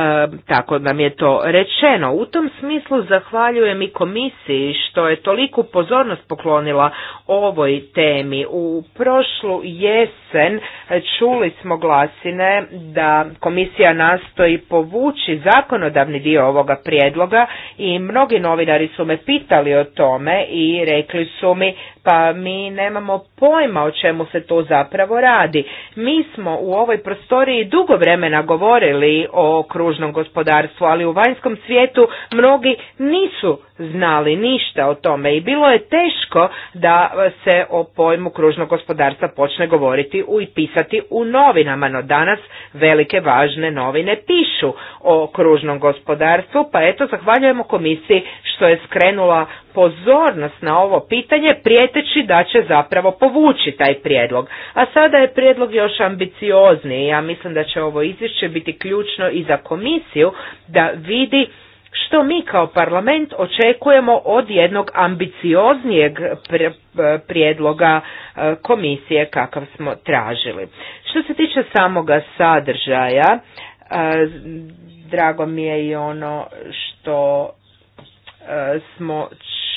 tako nam je to rečeno u tom smislu zahvaljujem i komisiji što je toliku pozornost poklonila ovoj temi u prošlu jesen čuli smo glasine da komisija nastoji povući ući znači zakonodavni dio ovoga prijedloga i mnogi novinari su me pitali o tome i rekli su mi pa mi nemamo pojma o čemu se to zapravo radi. Mi smo u ovoj prostoriji dugo vremena govorili o kružnom gospodarstvu, ali u vanjskom svijetu mnogi nisu znali ništa o tome i bilo je teško da se o pojmu kružnog gospodarstva počne govoriti i pisati u novinama, no danas velike važne novine pišu o kružnom gospodarstvu, pa eto zahvaljujemo komisiji što je skrenula pozornost na ovo pitanje prije prijeteći da će zapravo povući taj prijedlog. A sada je prijedlog još ambiciozniji. Ja mislim da će ovo izvješće biti ključno i za komisiju da vidi što mi kao parlament očekujemo od jednog ambicioznijeg prijedloga e, komisije kakav smo tražili. Što se tiče samoga sadržaja, e, drago mi je i ono što e, smo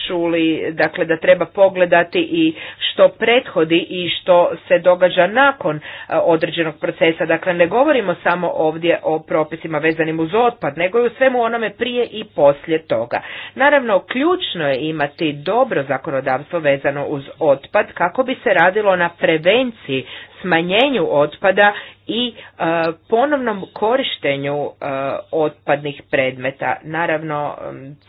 čuli, dakle da treba pogledati i što prethodi i što se događa nakon e, određenog procesa. Dakle, ne govorimo samo ovdje o propisima vezanim uz otpad, nego i u svemu onome prije i poslije toga. Naravno, ključno je imati dobro zakonodavstvo vezano uz otpad kako bi se radilo na prevenciji smanjenju otpada i e, ponovnom korištenju e, otpadnih predmeta. Naravno,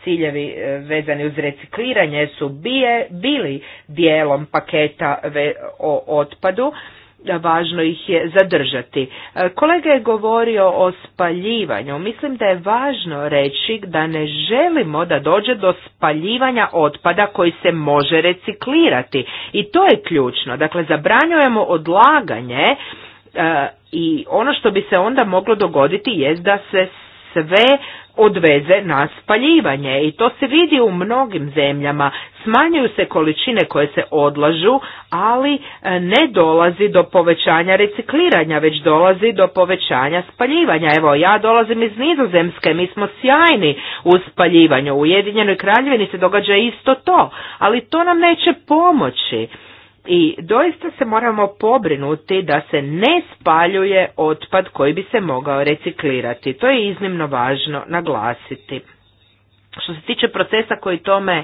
ciljevi e, vezani uz recikliranje su bije, bili dijelom paketa o otpadu, važno ih je zadržati. E, kolega je govorio o spaljivanju. Mislim da je važno reći da ne želimo da dođe do spaljivanja otpada koji se može reciklirati. I to je ključno. Dakle, zabranjujemo odlaganje e, i ono što bi se onda moglo dogoditi je da se sve odveze na spaljivanje i to se vidi u mnogim zemljama. Smanjuju se količine koje se odlažu, ali e, ne dolazi do povećanja recikliranja, već dolazi do povećanja spaljivanja. Evo, ja dolazim iz Nizozemske, mi smo sjajni u spaljivanju. U Ujedinjenoj kraljevini se događa isto to, ali to nam neće pomoći i doista se moramo pobrinuti da se ne spaljuje otpad koji bi se mogao reciklirati. To je iznimno važno naglasiti. Što se tiče procesa koji tome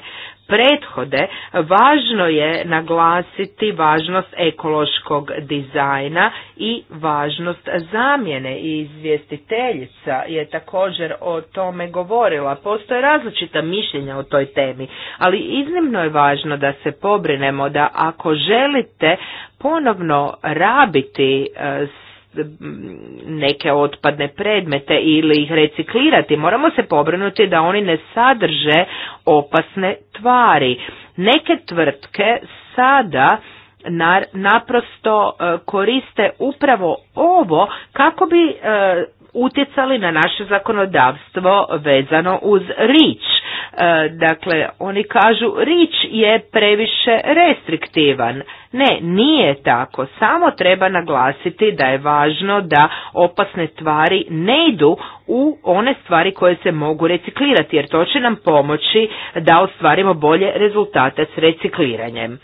prethode, važno je naglasiti važnost ekološkog dizajna i važnost zamjene i izvjestiteljica je također o tome govorila. Postoje različita mišljenja o toj temi, ali iznimno je važno da se pobrinemo da ako želite ponovno rabiti e, Mm, neke otpadne predmete ili ih reciklirati. Moramo se pobrinuti da oni ne sadrže opasne tvari. Neke tvrtke sada naprosto e, koriste upravo ovo kako bi e, utjecali na naše zakonodavstvo vezano uz rič. E, dakle, oni kažu rič je previše restriktivan. Ne, nije tako. Samo treba naglasiti da je važno da opasne stvari ne idu u one stvari koje se mogu reciklirati, jer to će nam pomoći da ostvarimo bolje rezultate s recikliranjem.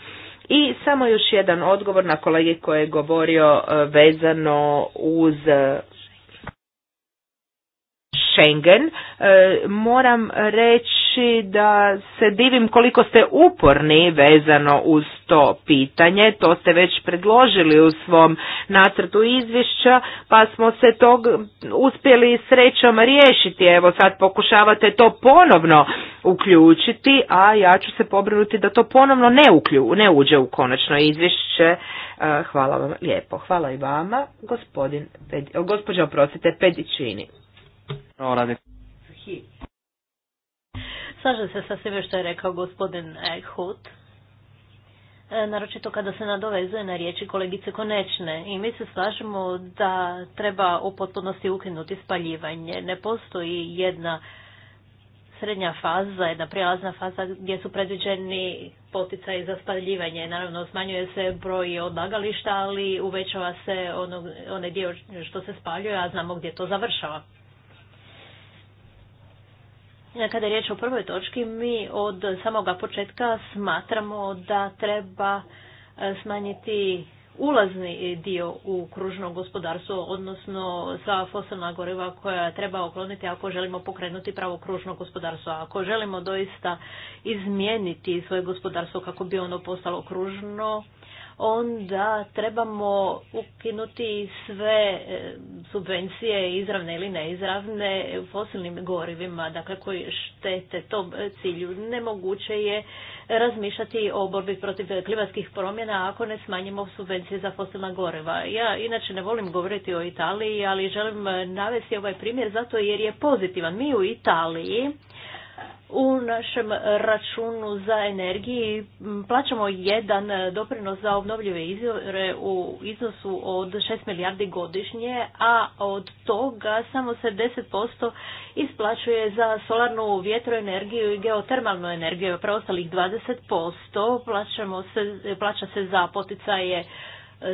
I samo još jedan odgovor na kolegi koji je govorio e, vezano uz e, Schengen, e, moram reći da se divim koliko ste uporni vezano uz to pitanje, to ste već predložili u svom nacrtu izvješća, pa smo se tog uspjeli srećom riješiti, evo sad pokušavate to ponovno uključiti, a ja ću se pobrinuti da to ponovno ne, uklju, ne uđe u konačno izvješće. E, hvala vam lijepo. Hvala i vama, gospodin, gospođa, oprostite, Pedičini. Slažem se sa svime što je rekao gospodin Eichhut, e, naročito kada se nadovezuje na riječi kolegice Konečne. I mi se slažemo da treba u potpunosti ukinuti spaljivanje. Ne postoji jedna srednja faza, jedna prijelazna faza gdje su predviđeni poticaji za spaljivanje. Naravno, smanjuje se broj odlagališta, ali uvećava se ono, onaj dio što se spaljuje, a znamo gdje to završava. Kada je riječ o prvoj točki, mi od samoga početka smatramo da treba e, smanjiti ulazni dio u kružno gospodarstvo, odnosno sva fosilna goriva koja treba okloniti ako želimo pokrenuti pravo kružno gospodarstvo. Ako želimo doista izmijeniti svoje gospodarstvo kako bi ono postalo kružno, onda trebamo ukinuti sve e, subvencije izravne ili neizravne fosilnim gorivima, dakle koji štete tom cilju. Nemoguće je razmišljati o borbi protiv klimatskih promjena ako ne smanjimo subvencije za fosilna goriva. Ja inače ne volim govoriti o Italiji, ali želim navesti ovaj primjer zato jer je pozitivan. Mi u Italiji u našem računu za energiji plaćamo jedan e, doprinos za obnovljive izvore u iznosu od 6 milijardi godišnje, a od toga samo se 10% isplaćuje za solarnu vjetroenergiju i geotermalnu energiju. Preostalih 20% plaćamo plaća se za poticaje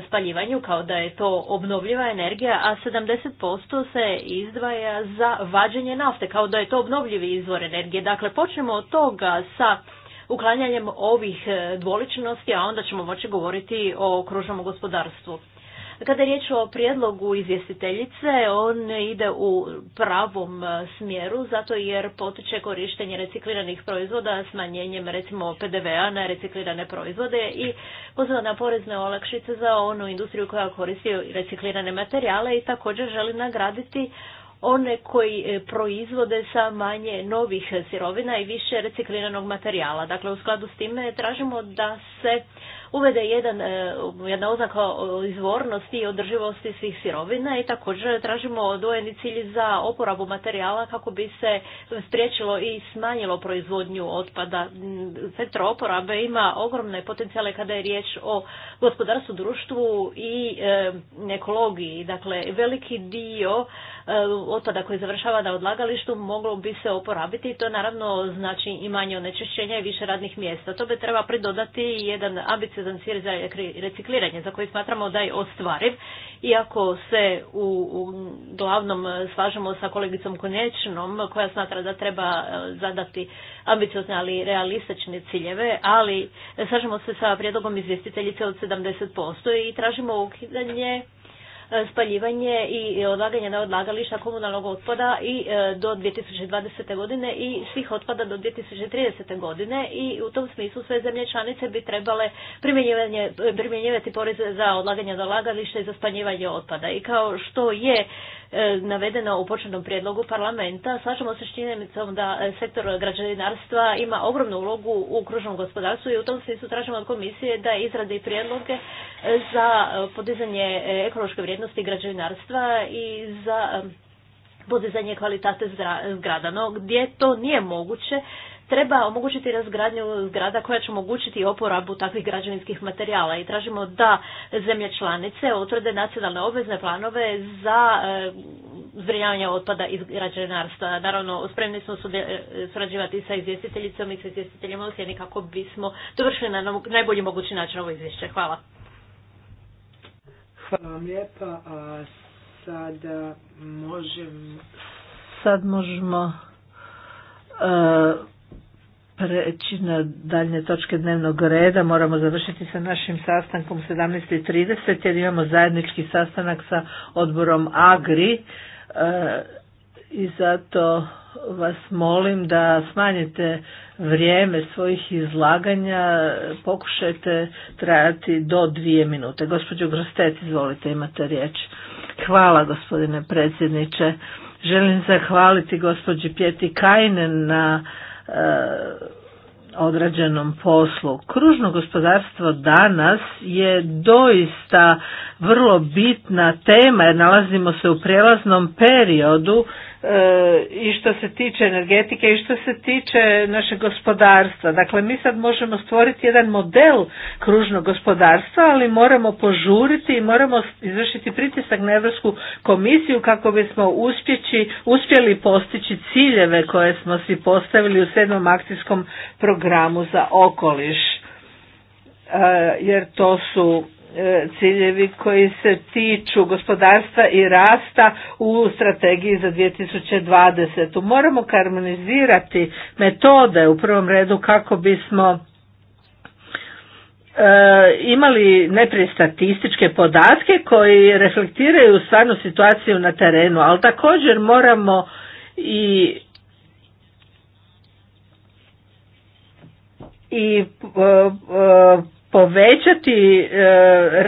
spaljivanju kao da je to obnovljiva energija, a 70% se izdvaja za vađenje nafte kao da je to obnovljivi izvor energije. Dakle, počnemo od toga sa uklanjanjem ovih dvoličnosti, a onda ćemo moći govoriti o kružnom gospodarstvu. Kada je riječ o prijedlogu izvjestiteljice, on ide u pravom e, smjeru, zato jer potiče korištenje recikliranih proizvoda smanjenjem recimo PDV-a na reciklirane proizvode i poziva na porezne olakšice za onu industriju koja koristi reciklirane materijale i također želi nagraditi one koji e, proizvode sa manje novih sirovina i više recikliranog materijala. Dakle, u skladu s time tražimo da se uvede jedan, e, jedna oznaka izvornosti i održivosti svih sirovina i također tražimo dojeni cilj za oporabu materijala kako bi se spriječilo i smanjilo proizvodnju otpada. Sektor oporabe ima ogromne potencijale kada je riječ o gospodarstvu, društvu i e, ekologiji. Dakle, veliki dio E, otpada koji završava na odlagalištu moglo bi se oporabiti i to naravno znači i manje onečišćenja i više radnih mjesta. To bi treba pridodati jedan ambiciozan cilj za recikliranje za koji smatramo da je ostvariv. Iako se u, glavnom e, slažemo sa kolegicom Konečnom koja smatra da treba e, zadati ambiciozne ali realistične ciljeve, ali slažemo se sa prijedlogom izvjestiteljice od 70% i tražimo ukidanje E, spaljivanje i odlaganje na odlagališta komunalnog otpada i e, do 2020. godine i svih otpada do 2030. godine i u tom smislu sve zemlje članice bi trebale primjenjivati poreze za odlaganje na odlagališta i za spaljivanje otpada. I kao što je e, navedeno u početnom prijedlogu parlamenta, slažemo se s činjenicom da sektor građevinarstva ima ogromnu ulogu u kružnom gospodarstvu i u tom smislu tražimo od komisije da izradi prijedloge za podizanje ekološke vrijednosti djelatnosti građevinarstva i za podizanje kvalitate zgrada. No gdje to nije moguće, treba omogućiti razgradnju zgrada koja će omogućiti oporabu takvih građevinskih materijala i tražimo da zemlje članice otvrde nacionalne obvezne planove za zbrinjavanje otpada iz građevinarstva. Naravno, spremni smo e, surađivati sa izvjestiteljicom i sa izvjestiteljima u kako bismo dovršili na najbolji mogući način ovo izvješće. Hvala. Hvala vam lijepa, sada Sad možemo e, preći na daljne točke dnevnog reda. Moramo završiti sa našim sastankom 17.30 jer imamo zajednički sastanak sa odborom AGRI. E, i zato vas molim da smanjite vrijeme svojih izlaganja, pokušajte trajati do dvije minute. Gospođo Grostec, izvolite, imate riječ. Hvala gospodine predsjedniče. Želim zahvaliti gospođi Pjeti Kajnen na e, odrađenom poslu. Kružno gospodarstvo danas je doista vrlo bitna tema jer nalazimo se u prijelaznom periodu i što se tiče energetike i što se tiče našeg gospodarstva. Dakle, mi sad možemo stvoriti jedan model kružnog gospodarstva, ali moramo požuriti i moramo izvršiti pritisak na Europsku komisiju kako bismo uspjeći, uspjeli postići ciljeve koje smo si postavili u sedmom akcijskom programu za okoliš. E, jer to su E, ciljevi koji se tiču gospodarstva i rasta u strategiji za 2020. Moramo karmonizirati metode u prvom redu kako bismo e, imali najprije statističke podatke koji reflektiraju stvarnu situaciju na terenu, ali također moramo i i e, povećati e,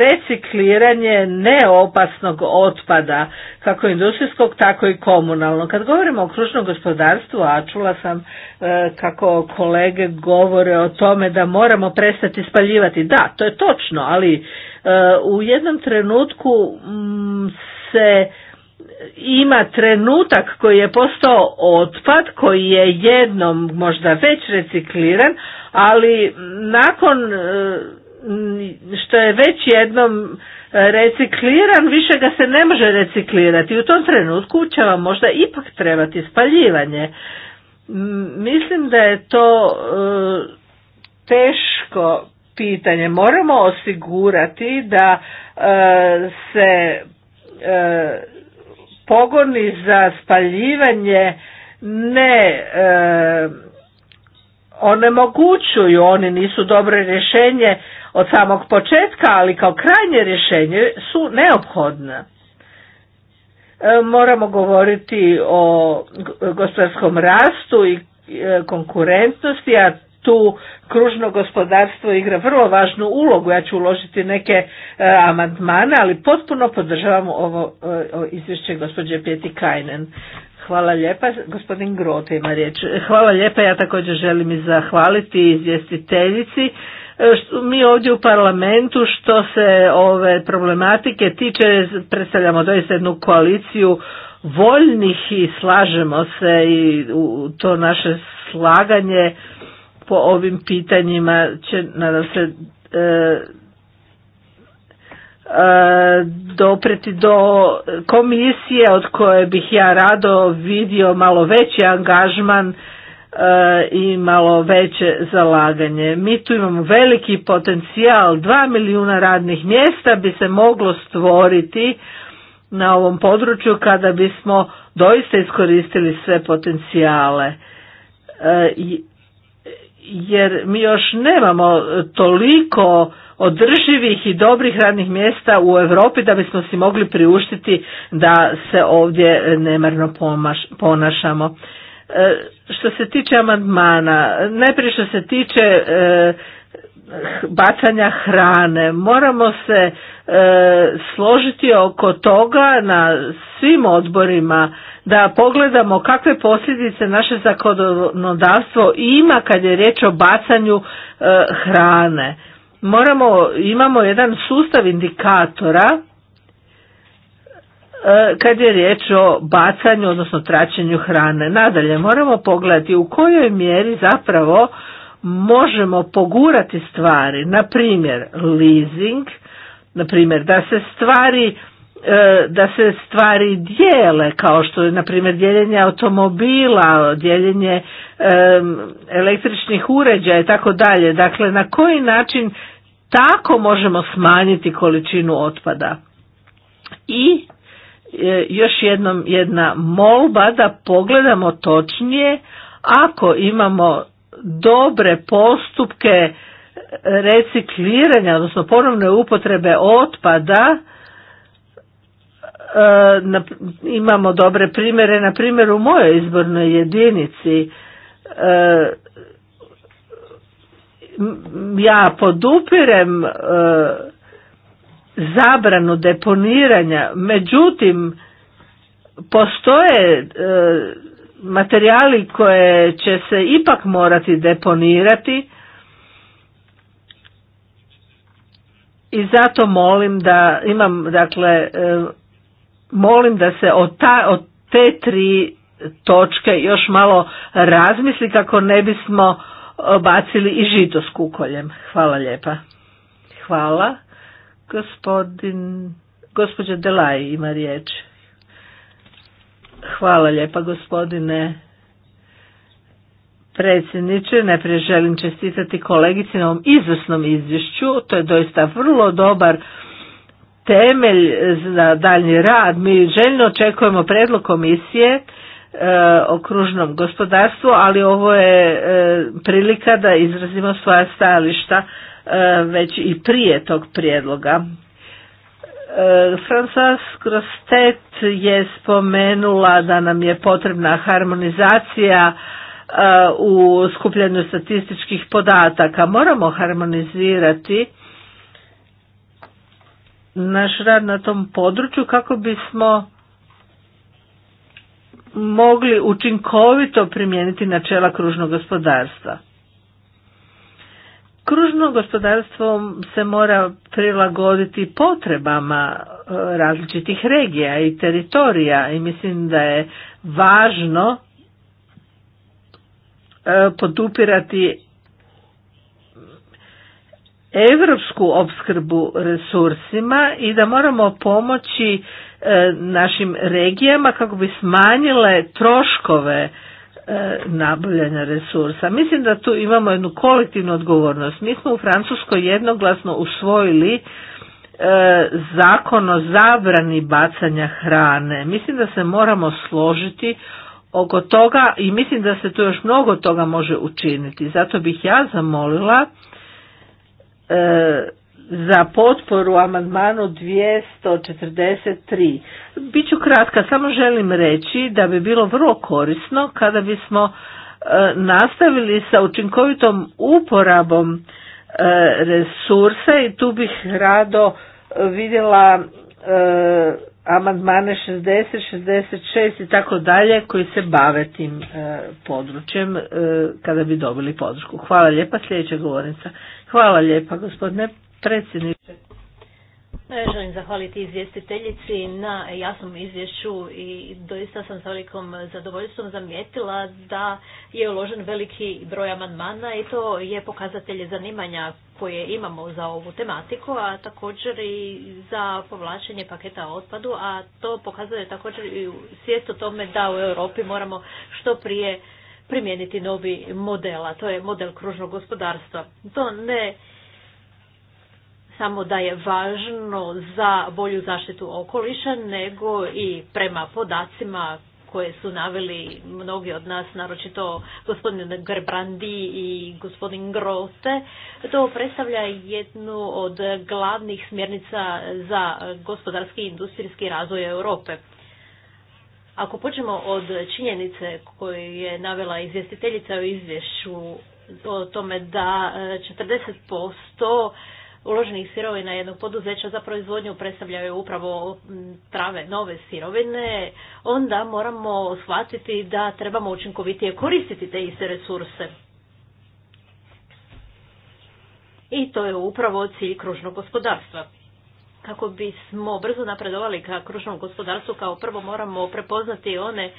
recikliranje neopasnog otpada, kako industrijskog, tako i komunalnog. Kad govorimo o kružnom gospodarstvu, a čula sam e, kako kolege govore o tome da moramo prestati spaljivati. Da, to je točno, ali e, u jednom trenutku se ima trenutak koji je postao otpad, koji je jednom možda već recikliran, ali nakon e, što je već jednom recikliran, više ga se ne može reciklirati. U tom trenutku će vam možda ipak trebati spaljivanje. Mislim da je to e, teško pitanje. Moramo osigurati da e, se pogoni za spaljivanje ne e, onemogućuju, oni nisu dobre rješenje od samog početka, ali kao krajnje rješenje su neophodna. E, moramo govoriti o gospodarskom rastu i e, konkurentnosti, a tu kružno gospodarstvo igra vrlo važnu ulogu. Ja ću uložiti neke e, amandmane, ali potpuno podržavam ovo e, izvješće gospođe Peti Kajnen. Hvala lijepa, gospodin Grote ima riječ. Hvala lijepa, ja također želim i zahvaliti izvjestiteljici. E, mi ovdje u parlamentu što se ove problematike tiče predstavljamo doista jednu koaliciju voljnih i slažemo se i to naše slaganje po ovim pitanjima će nadam se e, e, dopreti do komisije od koje bih ja rado vidio malo veći angažman e, i malo veće zalaganje. Mi tu imamo veliki potencijal, dva milijuna radnih mjesta bi se moglo stvoriti na ovom području kada bismo doista iskoristili sve potencijale. E, jer mi još nemamo toliko održivih i dobrih radnih mjesta u Europi da bismo si mogli priuštiti da se ovdje nemarno ponašamo. E, što se tiče amandmana, najprije što se tiče e, bacanja hrane, moramo se e, složiti oko toga na svim odborima da pogledamo kakve posljedice naše zakonodavstvo ima kad je riječ o bacanju e, hrane. Moramo, imamo jedan sustav indikatora e, kad je riječ o bacanju, odnosno traćenju hrane. Nadalje, moramo pogledati u kojoj mjeri zapravo možemo pogurati stvari, na primjer leasing, na primjer da se stvari E, da se stvari dijele kao što je na primjer dijeljenje automobila, dijeljenje e, električnih uređaja i tako dalje. Dakle, na koji način tako možemo smanjiti količinu otpada. I e, još jednom jedna molba da pogledamo točnije ako imamo dobre postupke recikliranja, odnosno ponovne upotrebe otpada, E, imamo dobre primjere, na primjer u mojoj izbornoj jedinici e, ja podupirem e, zabranu deponiranja, međutim postoje materijali koje će se ipak morati deponirati i zato molim da imam dakle molim da se od, ta, od te tri točke još malo razmisli kako ne bismo bacili i žito s kukoljem. Hvala lijepa. Hvala. Gospodin, gospođa Delaj ima riječ. Hvala lijepa gospodine predsjedniče. Najprije želim čestitati kolegici na ovom izvrsnom izvješću. To je doista vrlo dobar temelj za daljnji rad. Mi željno očekujemo predlog komisije e, o kružnom gospodarstvu, ali ovo je e, prilika da izrazimo svoja stajališta e, već i prije tog prijedloga. François Grostet je spomenula da nam je potrebna harmonizacija u skupljanju statističkih podataka. Moramo harmonizirati naš rad na tom području kako bismo mogli učinkovito primijeniti načela kružnog gospodarstva. Kružno gospodarstvo se mora prilagoditi potrebama e, različitih regija i teritorija i mislim da je važno e, podupirati europsku opskrbu resursima i da moramo pomoći e, našim regijama kako bi smanjile troškove e, nabavljanja resursa. Mislim da tu imamo jednu kolektivnu odgovornost. Mi smo u Francuskoj jednoglasno usvojili e, zakon o zabrani bacanja hrane. Mislim da se moramo složiti oko toga i mislim da se tu još mnogo toga može učiniti. Zato bih ja zamolila E, za potporu amandmanu 243. Biću kratka, samo želim reći da bi bilo vrlo korisno kada bismo e, nastavili sa učinkovitom uporabom e, resursa i tu bih rado vidjela amandmane 60, 66 i tako dalje koji se bave tim e, područjem e, kada bi dobili podršku. Hvala lijepa sljedeća govornica. Hvala lijepa gospodine predsjedniče. E, želim zahvaliti izvjestiteljici na jasnom izvješću i doista sam sa velikom zadovoljstvom zamijetila da je uložen veliki broj amandmana i to je pokazatelje zanimanja koje imamo za ovu tematiku, a također i za povlačenje paketa otpadu, a to pokazuje također i svijest o tome da u Europi moramo što prije primijeniti novi model, a to je model kružnog gospodarstva. To ne samo da je važno za bolju zaštitu okoliša, nego i prema podacima koje su naveli mnogi od nas, naročito gospodin Grbrandi i gospodin Grote, to predstavlja jednu od glavnih smjernica za gospodarski i industrijski razvoj Europe. Ako počnemo od činjenice koju je navela izvjestiteljica u izvješću o tome da 40% uloženih sirovina jednog poduzeća za proizvodnju predstavljaju upravo mm, prave nove sirovine, onda moramo shvatiti da trebamo učinkovitije koristiti te iste resurse. I to je upravo cilj kružnog gospodarstva. Kako bismo brzo napredovali ka kružnom gospodarstvu, kao prvo moramo prepoznati one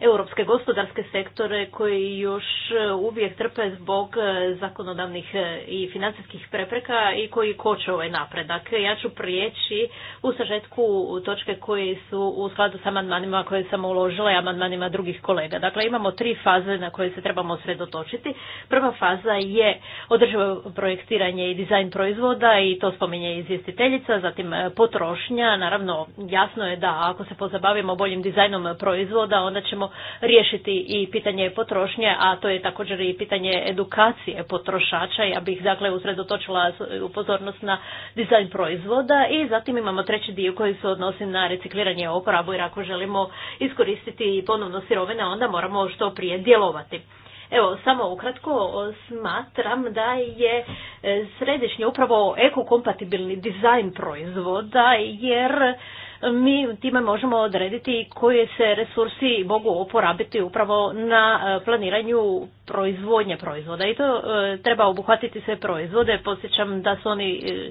europske gospodarske sektore koji još e, uvijek trpe zbog e, zakonodavnih e, i financijskih prepreka i koji koče ovaj napredak. Ja ću prijeći u sažetku točke koje su u skladu sa amandmanima koje sam uložila i amandmanima drugih kolega. Dakle, imamo tri faze na koje se trebamo sredotočiti. Prva faza je održivo projektiranje i dizajn proizvoda i to spominje izvjestiteljica, zatim potrošnja. Naravno, jasno je da ako se pozabavimo boljim dizajnom proizvoda, onda ćemo riješiti i pitanje potrošnje, a to je također i pitanje edukacije potrošača. Ja bih dakle usredotočila upozornost na dizajn proizvoda i zatim imamo treći dio koji se odnosi na recikliranje oporabu jer ako želimo iskoristiti ponovno sirovine onda moramo što prije djelovati. Evo, samo ukratko smatram da je e, središnje upravo ekokompatibilni dizajn proizvoda jer mi time možemo odrediti koje se resursi mogu oporabiti upravo na e, planiranju proizvodnje proizvoda i to e, treba obuhvatiti sve proizvode. Podsjećam da su oni e,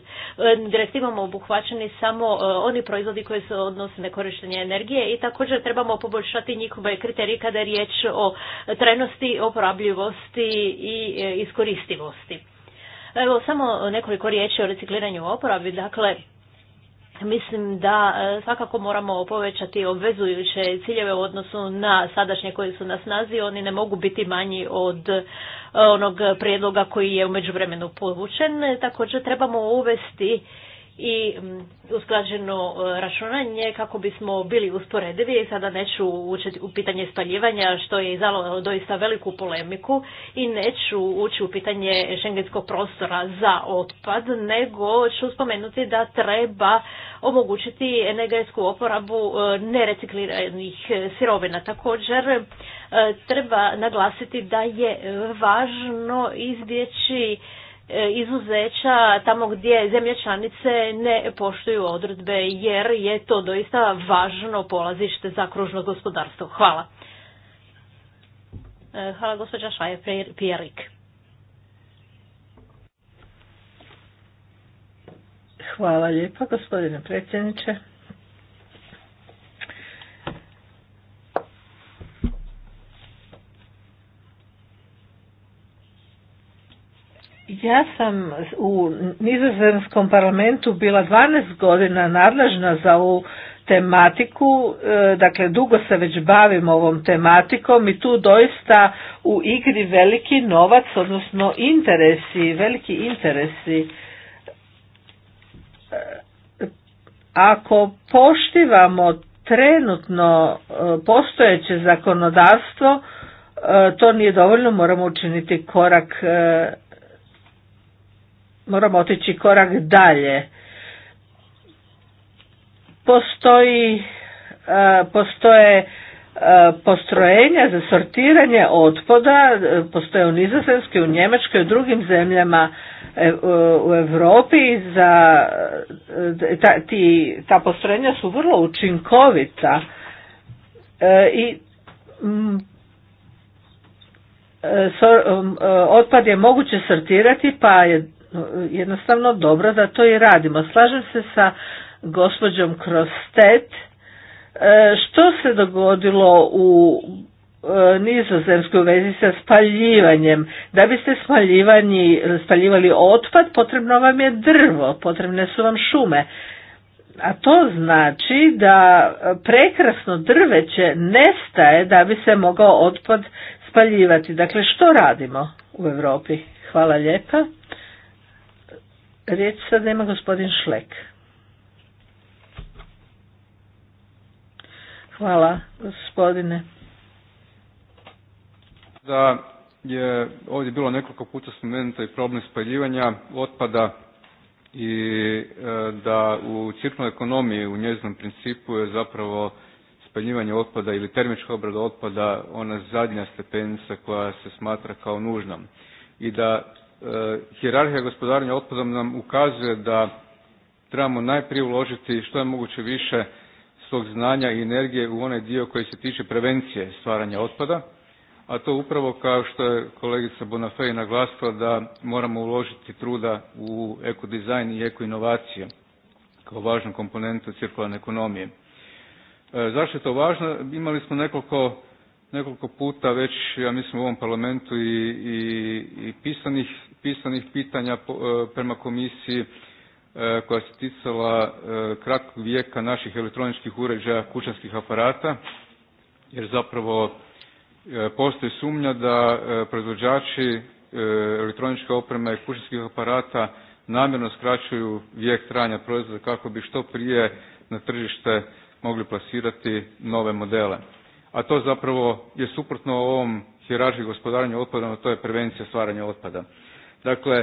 direktivom obuhvaćeni samo oni proizvodi koji se odnose na korištenje energije i također trebamo poboljšati njihove kriterije kada je riječ o trenosti, oporabljivosti i iskoristivosti. Evo samo nekoliko riječi o recikliranju oporabi. Dakle, Mislim da e, svakako moramo povećati obvezujuće ciljeve u odnosu na sadašnje koji su na snazi. Oni ne mogu biti manji od e, onog prijedloga koji je u međuvremenu povučen. Također trebamo uvesti i mm, usklađeno e, računanje kako bismo bili usporedivi i sada neću učiti u pitanje spaljivanja što je izalo doista veliku polemiku i neću ući u pitanje šengenskog prostora za otpad nego ću spomenuti da treba omogućiti energetsku oporabu e, nerecikliranih sirovina. Također e, treba naglasiti da je važno izbjeći E, izuzeća tamo gdje zemlje članice ne poštuju odredbe jer je to doista važno polazište za kružno gospodarstvo. Hvala. E, hvala gospođa Šaje Pijerik. Hvala lijepa gospodine predsjedniče. Ja sam u nizozemskom parlamentu bila 12 godina nadležna za ovu tematiku, e, dakle dugo se već bavim ovom tematikom i tu doista u igri veliki novac, odnosno interesi, veliki interesi. E, ako poštivamo trenutno e, postojeće zakonodavstvo, to nije dovoljno, moramo učiniti korak moramo otići korak dalje. Postoji, e, postoje e, postrojenja za sortiranje otpada, e, postoje u Nizozemskoj, u Njemačkoj, u drugim zemljama u Europi za ta, ti, ta postrojenja su vrlo učinkovita i otpad je moguće sortirati pa je jednostavno dobro da to i radimo. Slažem se sa gospođom Krostet. E, što se dogodilo u e, nizozemskoj vezi sa spaljivanjem? Da biste spaljivali otpad potrebno vam je drvo, potrebne su vam šume. A to znači da prekrasno drveće nestaje da bi se mogao otpad spaljivati. Dakle, što radimo u Europi? Hvala lijepa. Riječ sad ima gospodin Šlek. Hvala gospodine. Da je ovdje bilo nekoliko puta spomenuto i problem spaljivanja otpada i e, da u cirkulnoj ekonomiji u njezinom principu je zapravo spaljivanje otpada ili termička obrada otpada ona zadnja stepenica koja se smatra kao nužnom i da E, hjerarhija gospodarenja otpadom nam ukazuje da trebamo najprije uložiti što je moguće više svog znanja i energije u onaj dio koji se tiče prevencije stvaranja otpada, a to upravo kao što je kolegica Bonafey naglasila da moramo uložiti truda u ekodizajn i ekoinovacije kao važnu komponentu cirkularne ekonomije. E, zašto je to važno? Imali smo nekoliko, nekoliko puta već, ja mislim, u ovom parlamentu i, i, i pisanih pisanih pitanja e, prema komisiji e, koja se ticala e, kratkog vijeka naših elektroničkih uređaja kućanskih aparata jer zapravo postoji sumnja da proizvođači elektroničke opreme kućanskih aparata namjerno skraćuju vijek trajanja proizvoda kako bi što prije na tržište mogli plasirati nove modele. A to zapravo je suprotno ovom hjerarhiji gospodarenja otpadom, a to je prevencija stvaranja otpada. Dakle,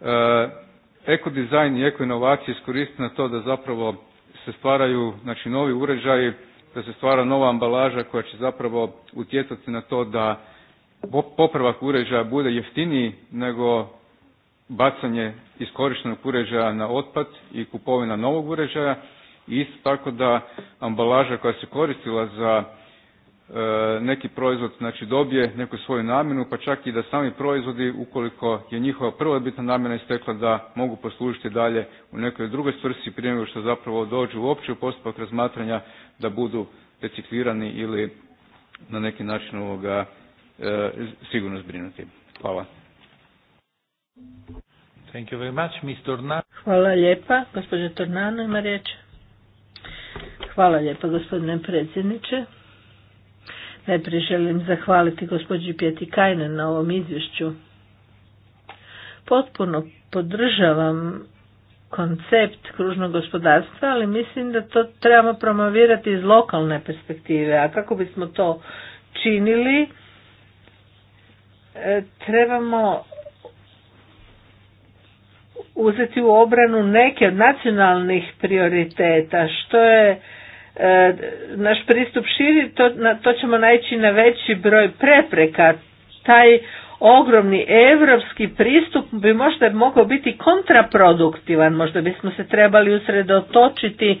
e, eko dizajn i eko inovacije na to da zapravo se stvaraju znači, novi uređaji, da se stvara nova ambalaža koja će zapravo utjecati na to da popravak uređaja bude jeftiniji nego bacanje iskorištenog uređaja na otpad i kupovina novog uređaja i isto tako da ambalaža koja se koristila za E, neki proizvod znači dobije neku svoju namjenu pa čak i da sami proizvodi ukoliko je njihova prva bitna namjena istekla da mogu poslužiti dalje u nekoj drugoj svrsi prije nego što zapravo dođu uopće u postupak razmatranja da budu reciklirani ili na neki način ovoga e, sigurno zbrinuti. Hvala. Thank you very much, Hvala lijepa. Tornano ima riječ. Hvala lijepa gospodine predsjedniče. Najprije želim zahvaliti gospođi Pjeti na ovom izvješću. Potpuno podržavam koncept kružnog gospodarstva, ali mislim da to trebamo promovirati iz lokalne perspektive. A kako bismo to činili, e, trebamo uzeti u obranu neke od nacionalnih prioriteta, što je E, naš pristup širi, to, na, to ćemo naći na veći broj prepreka. Taj ogromni europski pristup bi možda mogao biti kontraproduktivan, možda bismo se trebali usredotočiti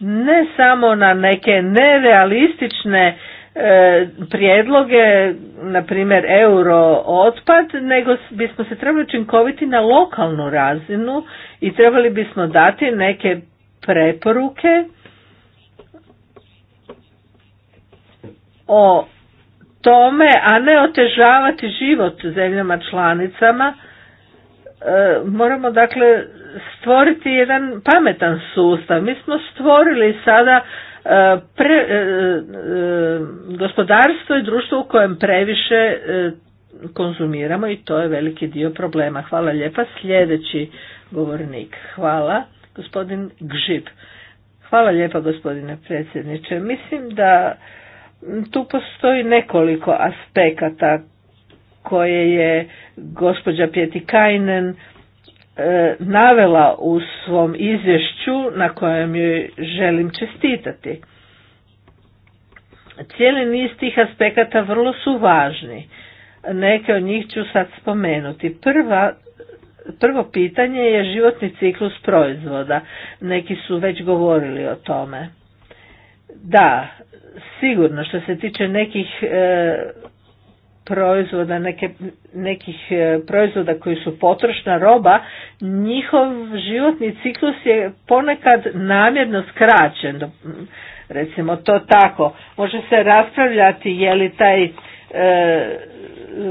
ne samo na neke nerealistične e, prijedloge, na primjer euro otpad, nego bismo se trebali učinkoviti na lokalnu razinu i trebali bismo dati neke preporuke o tome, a ne otežavati život zemljama članicama, e, moramo dakle stvoriti jedan pametan sustav. Mi smo stvorili sada e, pre, e, gospodarstvo i društvo u kojem previše konzumiramo i to je veliki dio problema. Hvala lijepa. Sljedeći govornik. Hvala. Gospodin Gžip. Hvala lijepa gospodine predsjedniče. Mislim da tu postoji nekoliko aspekata koje je gospođa Pjeti Kajnen e, navela u svom izvješću na kojem joj želim čestitati. Cijeli niz tih aspekata vrlo su važni. Neke od njih ću sad spomenuti. Prva, prvo pitanje je životni ciklus proizvoda. Neki su već govorili o tome. Da, sigurno što se tiče nekih e, proizvoda, nekih e, proizvoda koji su potrošna roba, njihov životni ciklus je ponekad namjerno skraćen, recimo to tako. Može se raspravljati je li taj e,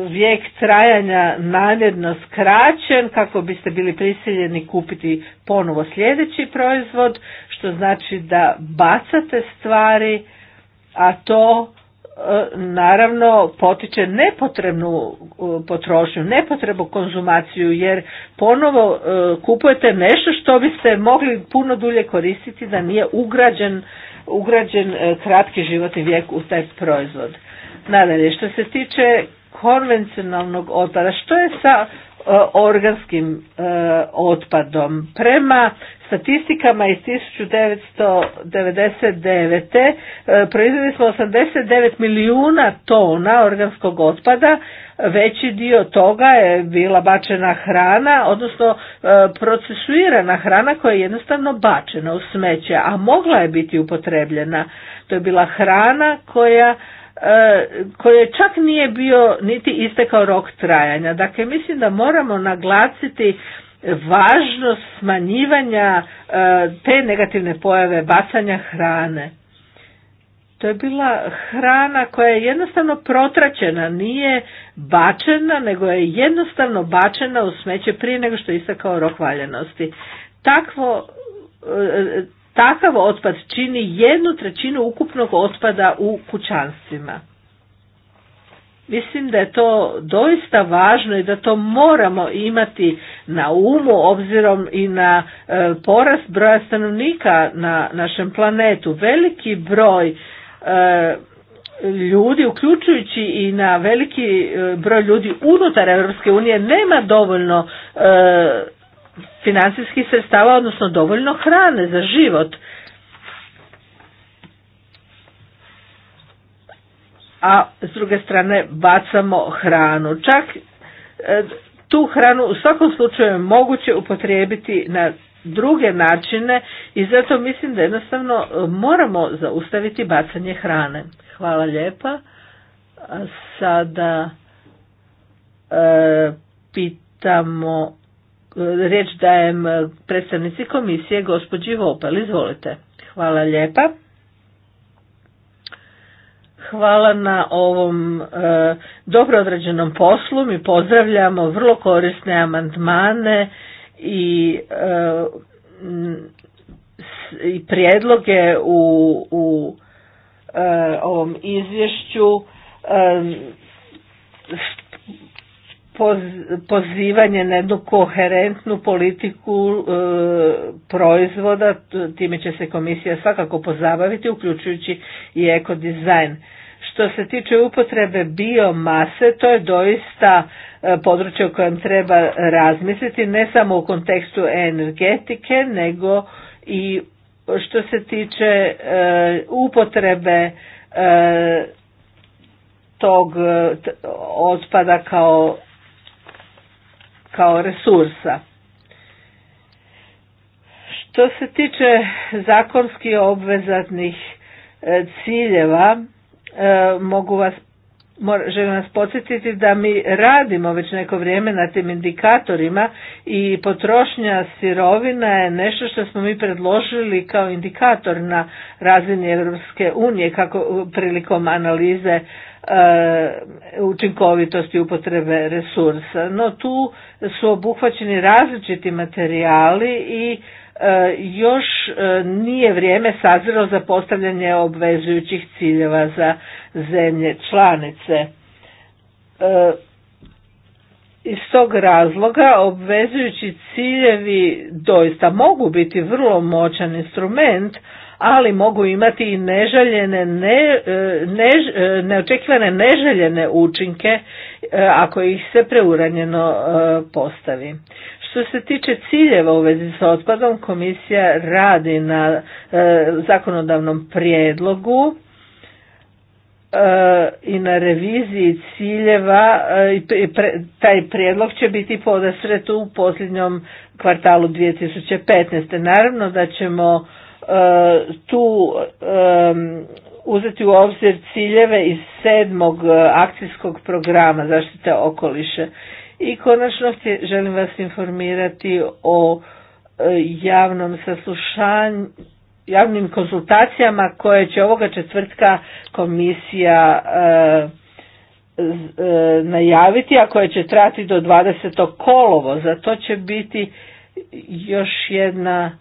vijek trajanja namjerno skraćen kako biste bili prisiljeni kupiti ponovo sljedeći proizvod, što znači da bacate stvari a to e, naravno potiče nepotrebnu e, potrošnju, nepotrebu konzumaciju jer ponovo e, kupujete nešto što biste mogli puno dulje koristiti da nije ugrađen, ugrađen kratki životni vijek u taj proizvod. Nadalje, što se tiče konvencionalnog otpada, što je sa organskim otpadom? Prema statistikama iz 1999. E, proizvodili smo 89 milijuna tona organskog otpada, veći dio toga je bila bačena hrana, odnosno e, procesuirana hrana koja je jednostavno bačena u smeće, a mogla je biti upotrebljena. To je bila hrana koja e, koje čak nije bio niti istekao rok trajanja. Dakle, mislim da moramo naglasiti važnost smanjivanja e, te negativne pojave bacanja hrane. To je bila hrana koja je jednostavno protraćena, nije bačena, nego je jednostavno bačena u smeće prije nego što je istakao rok valjanosti. Takvo, e, takav otpad čini jednu trećinu ukupnog otpada u kućanstvima. Mislim da je to doista važno i da to moramo imati na umu obzirom i na e, porast broja stanovnika na našem planetu. Veliki broj e, ljudi, uključujući i na veliki e, broj ljudi unutar Europske unije, nema dovoljno financijskih sredstava, odnosno dovoljno hrane za život. a s druge strane bacamo hranu. Čak e, tu hranu u svakom slučaju je moguće upotrijebiti na druge načine i zato mislim da jednostavno e, moramo zaustaviti bacanje hrane. Hvala lijepa. Sada e, pitamo, e, riječ dajem predstavnici komisije gospođi Vopel. Izvolite. Hvala lijepa. Hvala na ovom e, dobro određenom poslu. Mi pozdravljamo vrlo korisne amandmane i, e, i prijedloge u, u e, ovom izvješću pozivanje na jednu koherentnu politiku e, proizvoda, time će se komisija svakako pozabaviti, uključujući i ekodizajn. Što se tiče upotrebe biomase, to je doista e, područje o kojem treba razmisliti, ne samo u kontekstu energetike, nego i što se tiče e, upotrebe tog otpada kao kao resursa. Što se tiče zakonski obvezatnih e, ciljeva, e, mogu vas želim vas podsjetiti da mi radimo već neko vrijeme na tim indikatorima i potrošnja sirovina je nešto što smo mi predložili kao indikator na razini Europske unije kako prilikom analize E, učinkovitosti upotrebe resursa. No tu su obuhvaćeni različiti materijali i e, još e, nije vrijeme sazrelo za postavljanje obvezujućih ciljeva za zemlje članice. Iz tog razloga obvezujući ciljevi doista mogu biti vrlo moćan instrument, ali mogu imati i neželjene, ne, e, ne, e, neočekivane neželjene učinke e, ako ih se preuranjeno postavi. Što se tiče ciljeva u vezi sa otpadom, komisija radi na zakonodavnom prijedlogu i na reviziji ciljeva taj prijedlog će biti podasret u posljednjom kvartalu 2015. Naravno da ćemo E, tu e, uzeti u obzir ciljeve iz sedmog e, akcijskog programa zaštite okoliša. I konačno želim vas informirati o javnom saslušanju, javnim konsultacijama koje će ovoga četvrtka komisija najaviti, a koje će trati do 20. kolovo. Za to će biti još jedna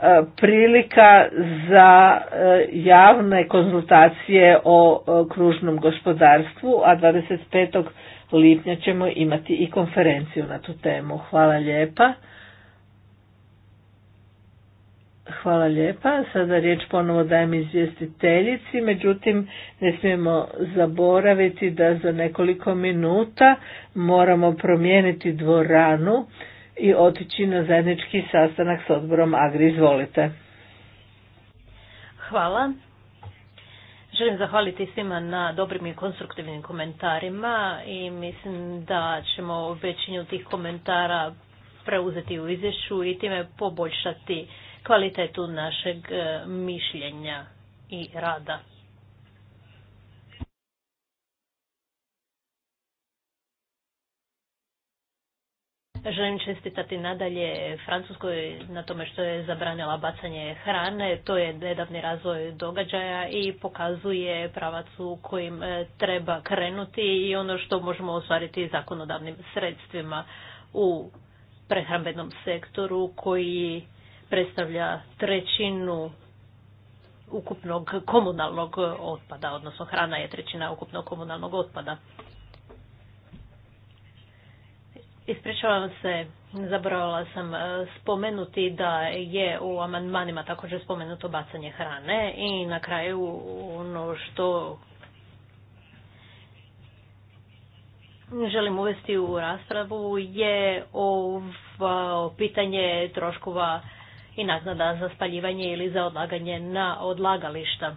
E, prilika za e, javne konzultacije o e, kružnom gospodarstvu, a 25. lipnja ćemo imati i konferenciju na tu temu. Hvala lijepa. Hvala lijepa. Sada riječ ponovo dajem izvjestiteljici, međutim ne smijemo zaboraviti da za nekoliko minuta moramo promijeniti dvoranu i otići na zajednički sastanak s odborom Agri. Izvolite. Hvala. Želim zahvaliti svima na dobrim i konstruktivnim komentarima i mislim da ćemo većinu tih komentara preuzeti u izvješću i time poboljšati kvalitetu našeg e, mišljenja i rada. Želim čestitati nadalje Francuskoj na tome što je zabranila bacanje hrane. To je nedavni razvoj događaja i pokazuje pravac u kojim e, treba krenuti i ono što možemo ostvariti zakonodavnim sredstvima u prehrambenom sektoru koji predstavlja trećinu ukupnog komunalnog otpada, odnosno hrana je trećina ukupnog komunalnog otpada. Ispričavam se, zaboravila sam e, spomenuti da je u amandmanima također spomenuto bacanje hrane i na kraju ono što želim uvesti u raspravu je ovo pitanje troškova i naknada za spaljivanje ili za odlaganje na odlagališta.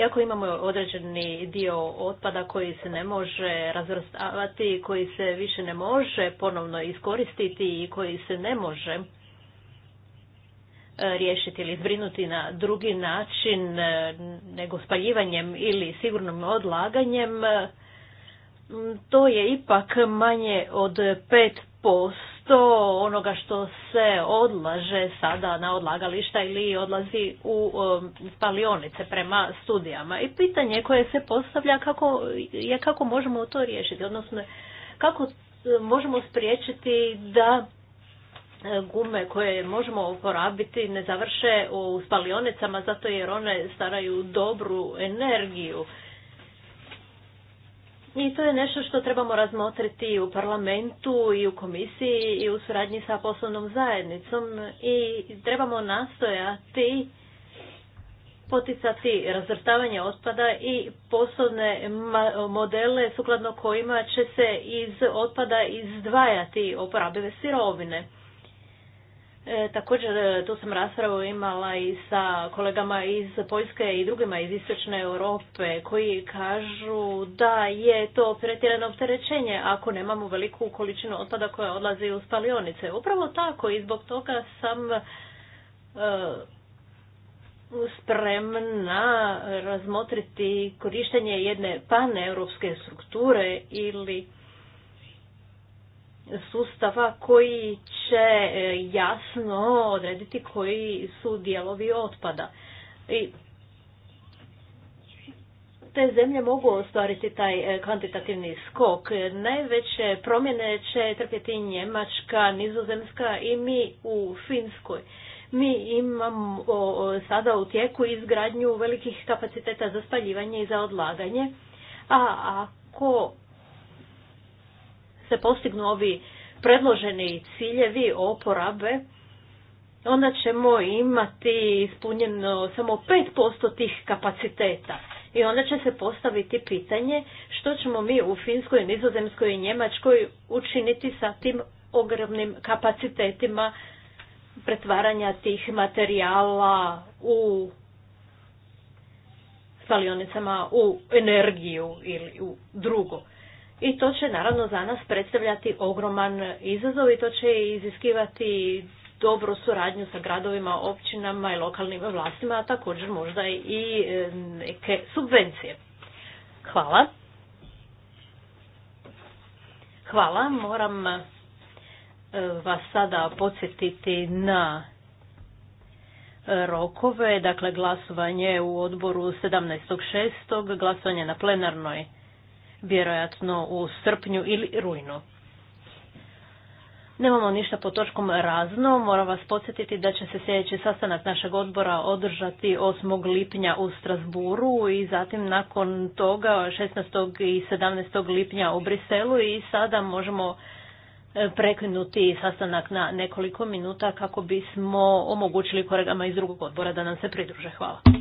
Iako imamo određeni dio otpada koji se ne može razvrstavati, koji se više ne može ponovno iskoristiti i koji se ne može e, riješiti ili zbrinuti na drugi način e, nego spaljivanjem ili sigurnom odlaganjem, e, to je ipak manje od 5% to onoga što se odlaže sada na odlagališta ili odlazi u um, spalionice prema studijama. I pitanje koje se postavlja kako, je kako možemo to riješiti, odnosno kako um, možemo spriječiti da um, gume koje možemo uporabiti ne završe u spalionicama zato jer one staraju dobru energiju i to je nešto što trebamo razmotriti i u parlamentu i u komisiji i u suradnji sa poslovnom zajednicom i trebamo nastojati poticati razvrstavanje otpada i poslovne modele sukladno kojima će se iz otpada izdvajati oporabive sirovine. E, također e, tu sam raspravu imala i sa kolegama iz Poljske i drugima iz Istočne Europe koji kažu da je to pretjerano opterećenje ako nemamo veliku količinu otpada koja odlazi u spalionice. Upravo tako i zbog toga sam e, spremna razmotriti korištenje jedne paneuropske strukture ili sustava koji će e, jasno odrediti koji su dijelovi otpada. I te zemlje mogu ostvariti taj e, kvantitativni skok. Najveće promjene će trpjeti Njemačka, Nizozemska i mi u Finskoj. Mi imamo sada u tijeku izgradnju velikih kapaciteta za spaljivanje i za odlaganje, a ako se postignu ovi predloženi ciljevi oporabe, onda ćemo imati ispunjeno samo 5% tih kapaciteta. I onda će se postaviti pitanje što ćemo mi u Finskoj, Nizozemskoj i Njemačkoj učiniti sa tim ogromnim kapacitetima pretvaranja tih materijala u spalionicama u energiju ili u drugo. I to će naravno za nas predstavljati ogroman izazov i to će iziskivati dobru suradnju sa gradovima, općinama i lokalnim vlastima, a također možda i e, neke subvencije. Hvala. Hvala. Moram e, vas sada podsjetiti na e, rokove, dakle glasovanje u odboru 17.6. glasovanje na plenarnoj vjerojatno u srpnju ili rujnu. Nemamo ništa po točkom razno, moram vas podsjetiti da će se sljedeći sastanak našeg odbora održati 8. lipnja u Strasburu i zatim nakon toga 16. i 17. lipnja u Briselu i sada možemo e, prekinuti sastanak na nekoliko minuta kako bismo omogućili kolegama iz drugog odbora da nam se pridruže. Hvala.